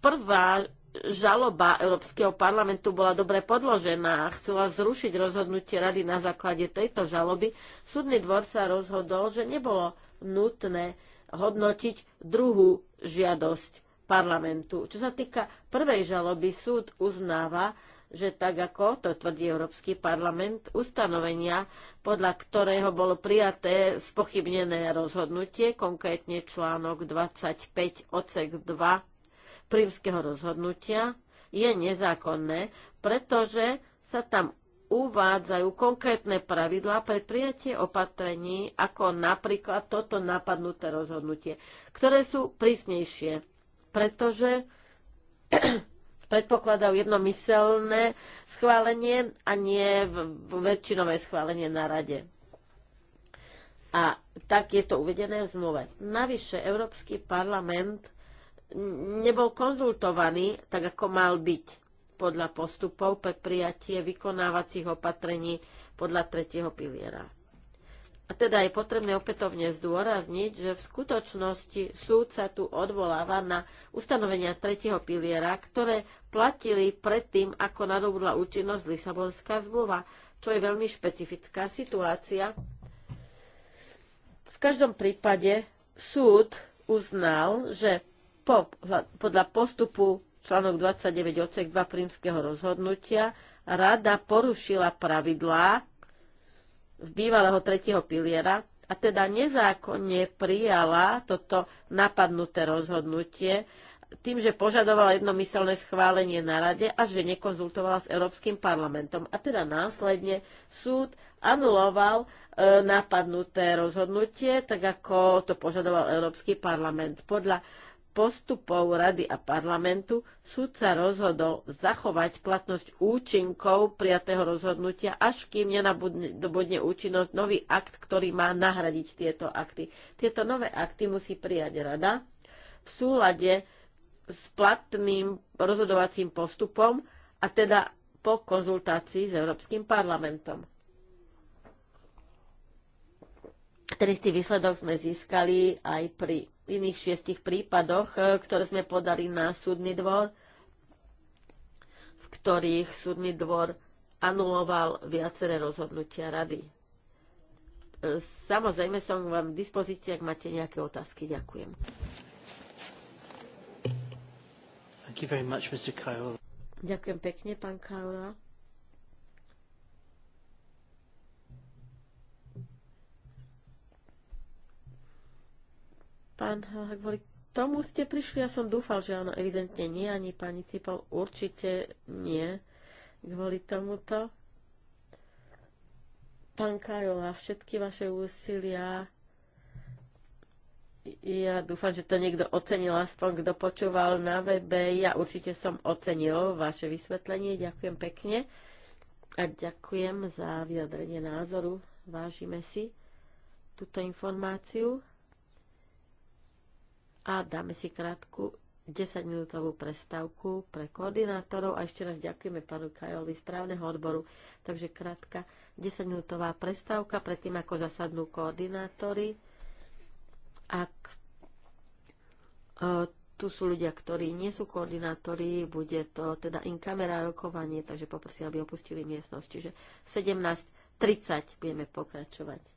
prvá žaloba Európskeho parlamentu bola dobre podložená a chcela zrušiť rozhodnutie rady na základe tejto žaloby, súdny dvor sa rozhodol, že nebolo nutné hodnotiť druhú žiadosť parlamentu. Čo sa týka prvej žaloby, súd uznáva, že tak ako to tvrdí Európsky parlament, ustanovenia, podľa ktorého bolo prijaté spochybnené rozhodnutie, konkrétne článok 25 odsek 2 prímskeho rozhodnutia je nezákonné, pretože sa tam uvádzajú konkrétne pravidlá pre prijatie opatrení, ako napríklad toto napadnuté rozhodnutie, ktoré sú prísnejšie, pretože predpokladajú jednomyselné schválenie a nie väčšinové schválenie na rade. A tak je to uvedené v zmluve. Navyše Európsky parlament nebol konzultovaný, tak ako mal byť podľa postupov pre prijatie vykonávacích opatrení podľa tretieho piliera. A teda je potrebné opätovne zdôrazniť, že v skutočnosti súd sa tu odvoláva na ustanovenia tretieho piliera, ktoré platili predtým, ako nadobudla účinnosť Lisabonská zmluva, čo je veľmi špecifická situácia. V každom prípade súd uznal, že po, podľa postupu článok 29 odsek 2 prímskeho rozhodnutia rada porušila pravidlá z bývalého tretieho piliera a teda nezákonne prijala toto napadnuté rozhodnutie tým, že požadovala jednomyselné schválenie na rade a že nekonzultovala s Európskym parlamentom. A teda následne súd anuloval e, napadnuté rozhodnutie, tak ako to požadoval Európsky parlament. Podľa postupov Rady a parlamentu súdca rozhodol zachovať platnosť účinkov prijatého rozhodnutia, až kým nenabudne účinnosť nový akt, ktorý má nahradiť tieto akty. Tieto nové akty musí prijať Rada v súlade s platným rozhodovacím postupom a teda po konzultácii s Európskym parlamentom. Ten istý výsledok sme získali aj pri iných šiestich prípadoch, e, ktoré sme podali na súdny dvor, v ktorých súdny dvor anuloval viaceré rozhodnutia rady. E, samozrejme som vám v dispozícii, ak máte nejaké otázky. Ďakujem. Much, Ďakujem pekne, pán Kajola. Pán Halhak, kvôli tomu ste prišli, ja som dúfal, že áno, evidentne nie, ani pani Cipol určite nie kvôli tomuto. Pán Kajola, všetky vaše úsilia ja dúfam, že to niekto ocenil, aspoň kto počúval na webe. Ja určite som ocenil vaše vysvetlenie. Ďakujem pekne a ďakujem za vyjadrenie názoru. Vážime si túto informáciu a dáme si krátku 10-minútovú prestávku pre koordinátorov a ešte raz ďakujeme pánu Kajovi správneho odboru. Takže krátka 10-minútová prestávka predtým, ako zasadnú koordinátory. Ak e, tu sú ľudia, ktorí nie sú koordinátori, bude to teda in kamera rokovanie, takže poprosím, aby opustili miestnosť. Čiže 17.30 budeme pokračovať.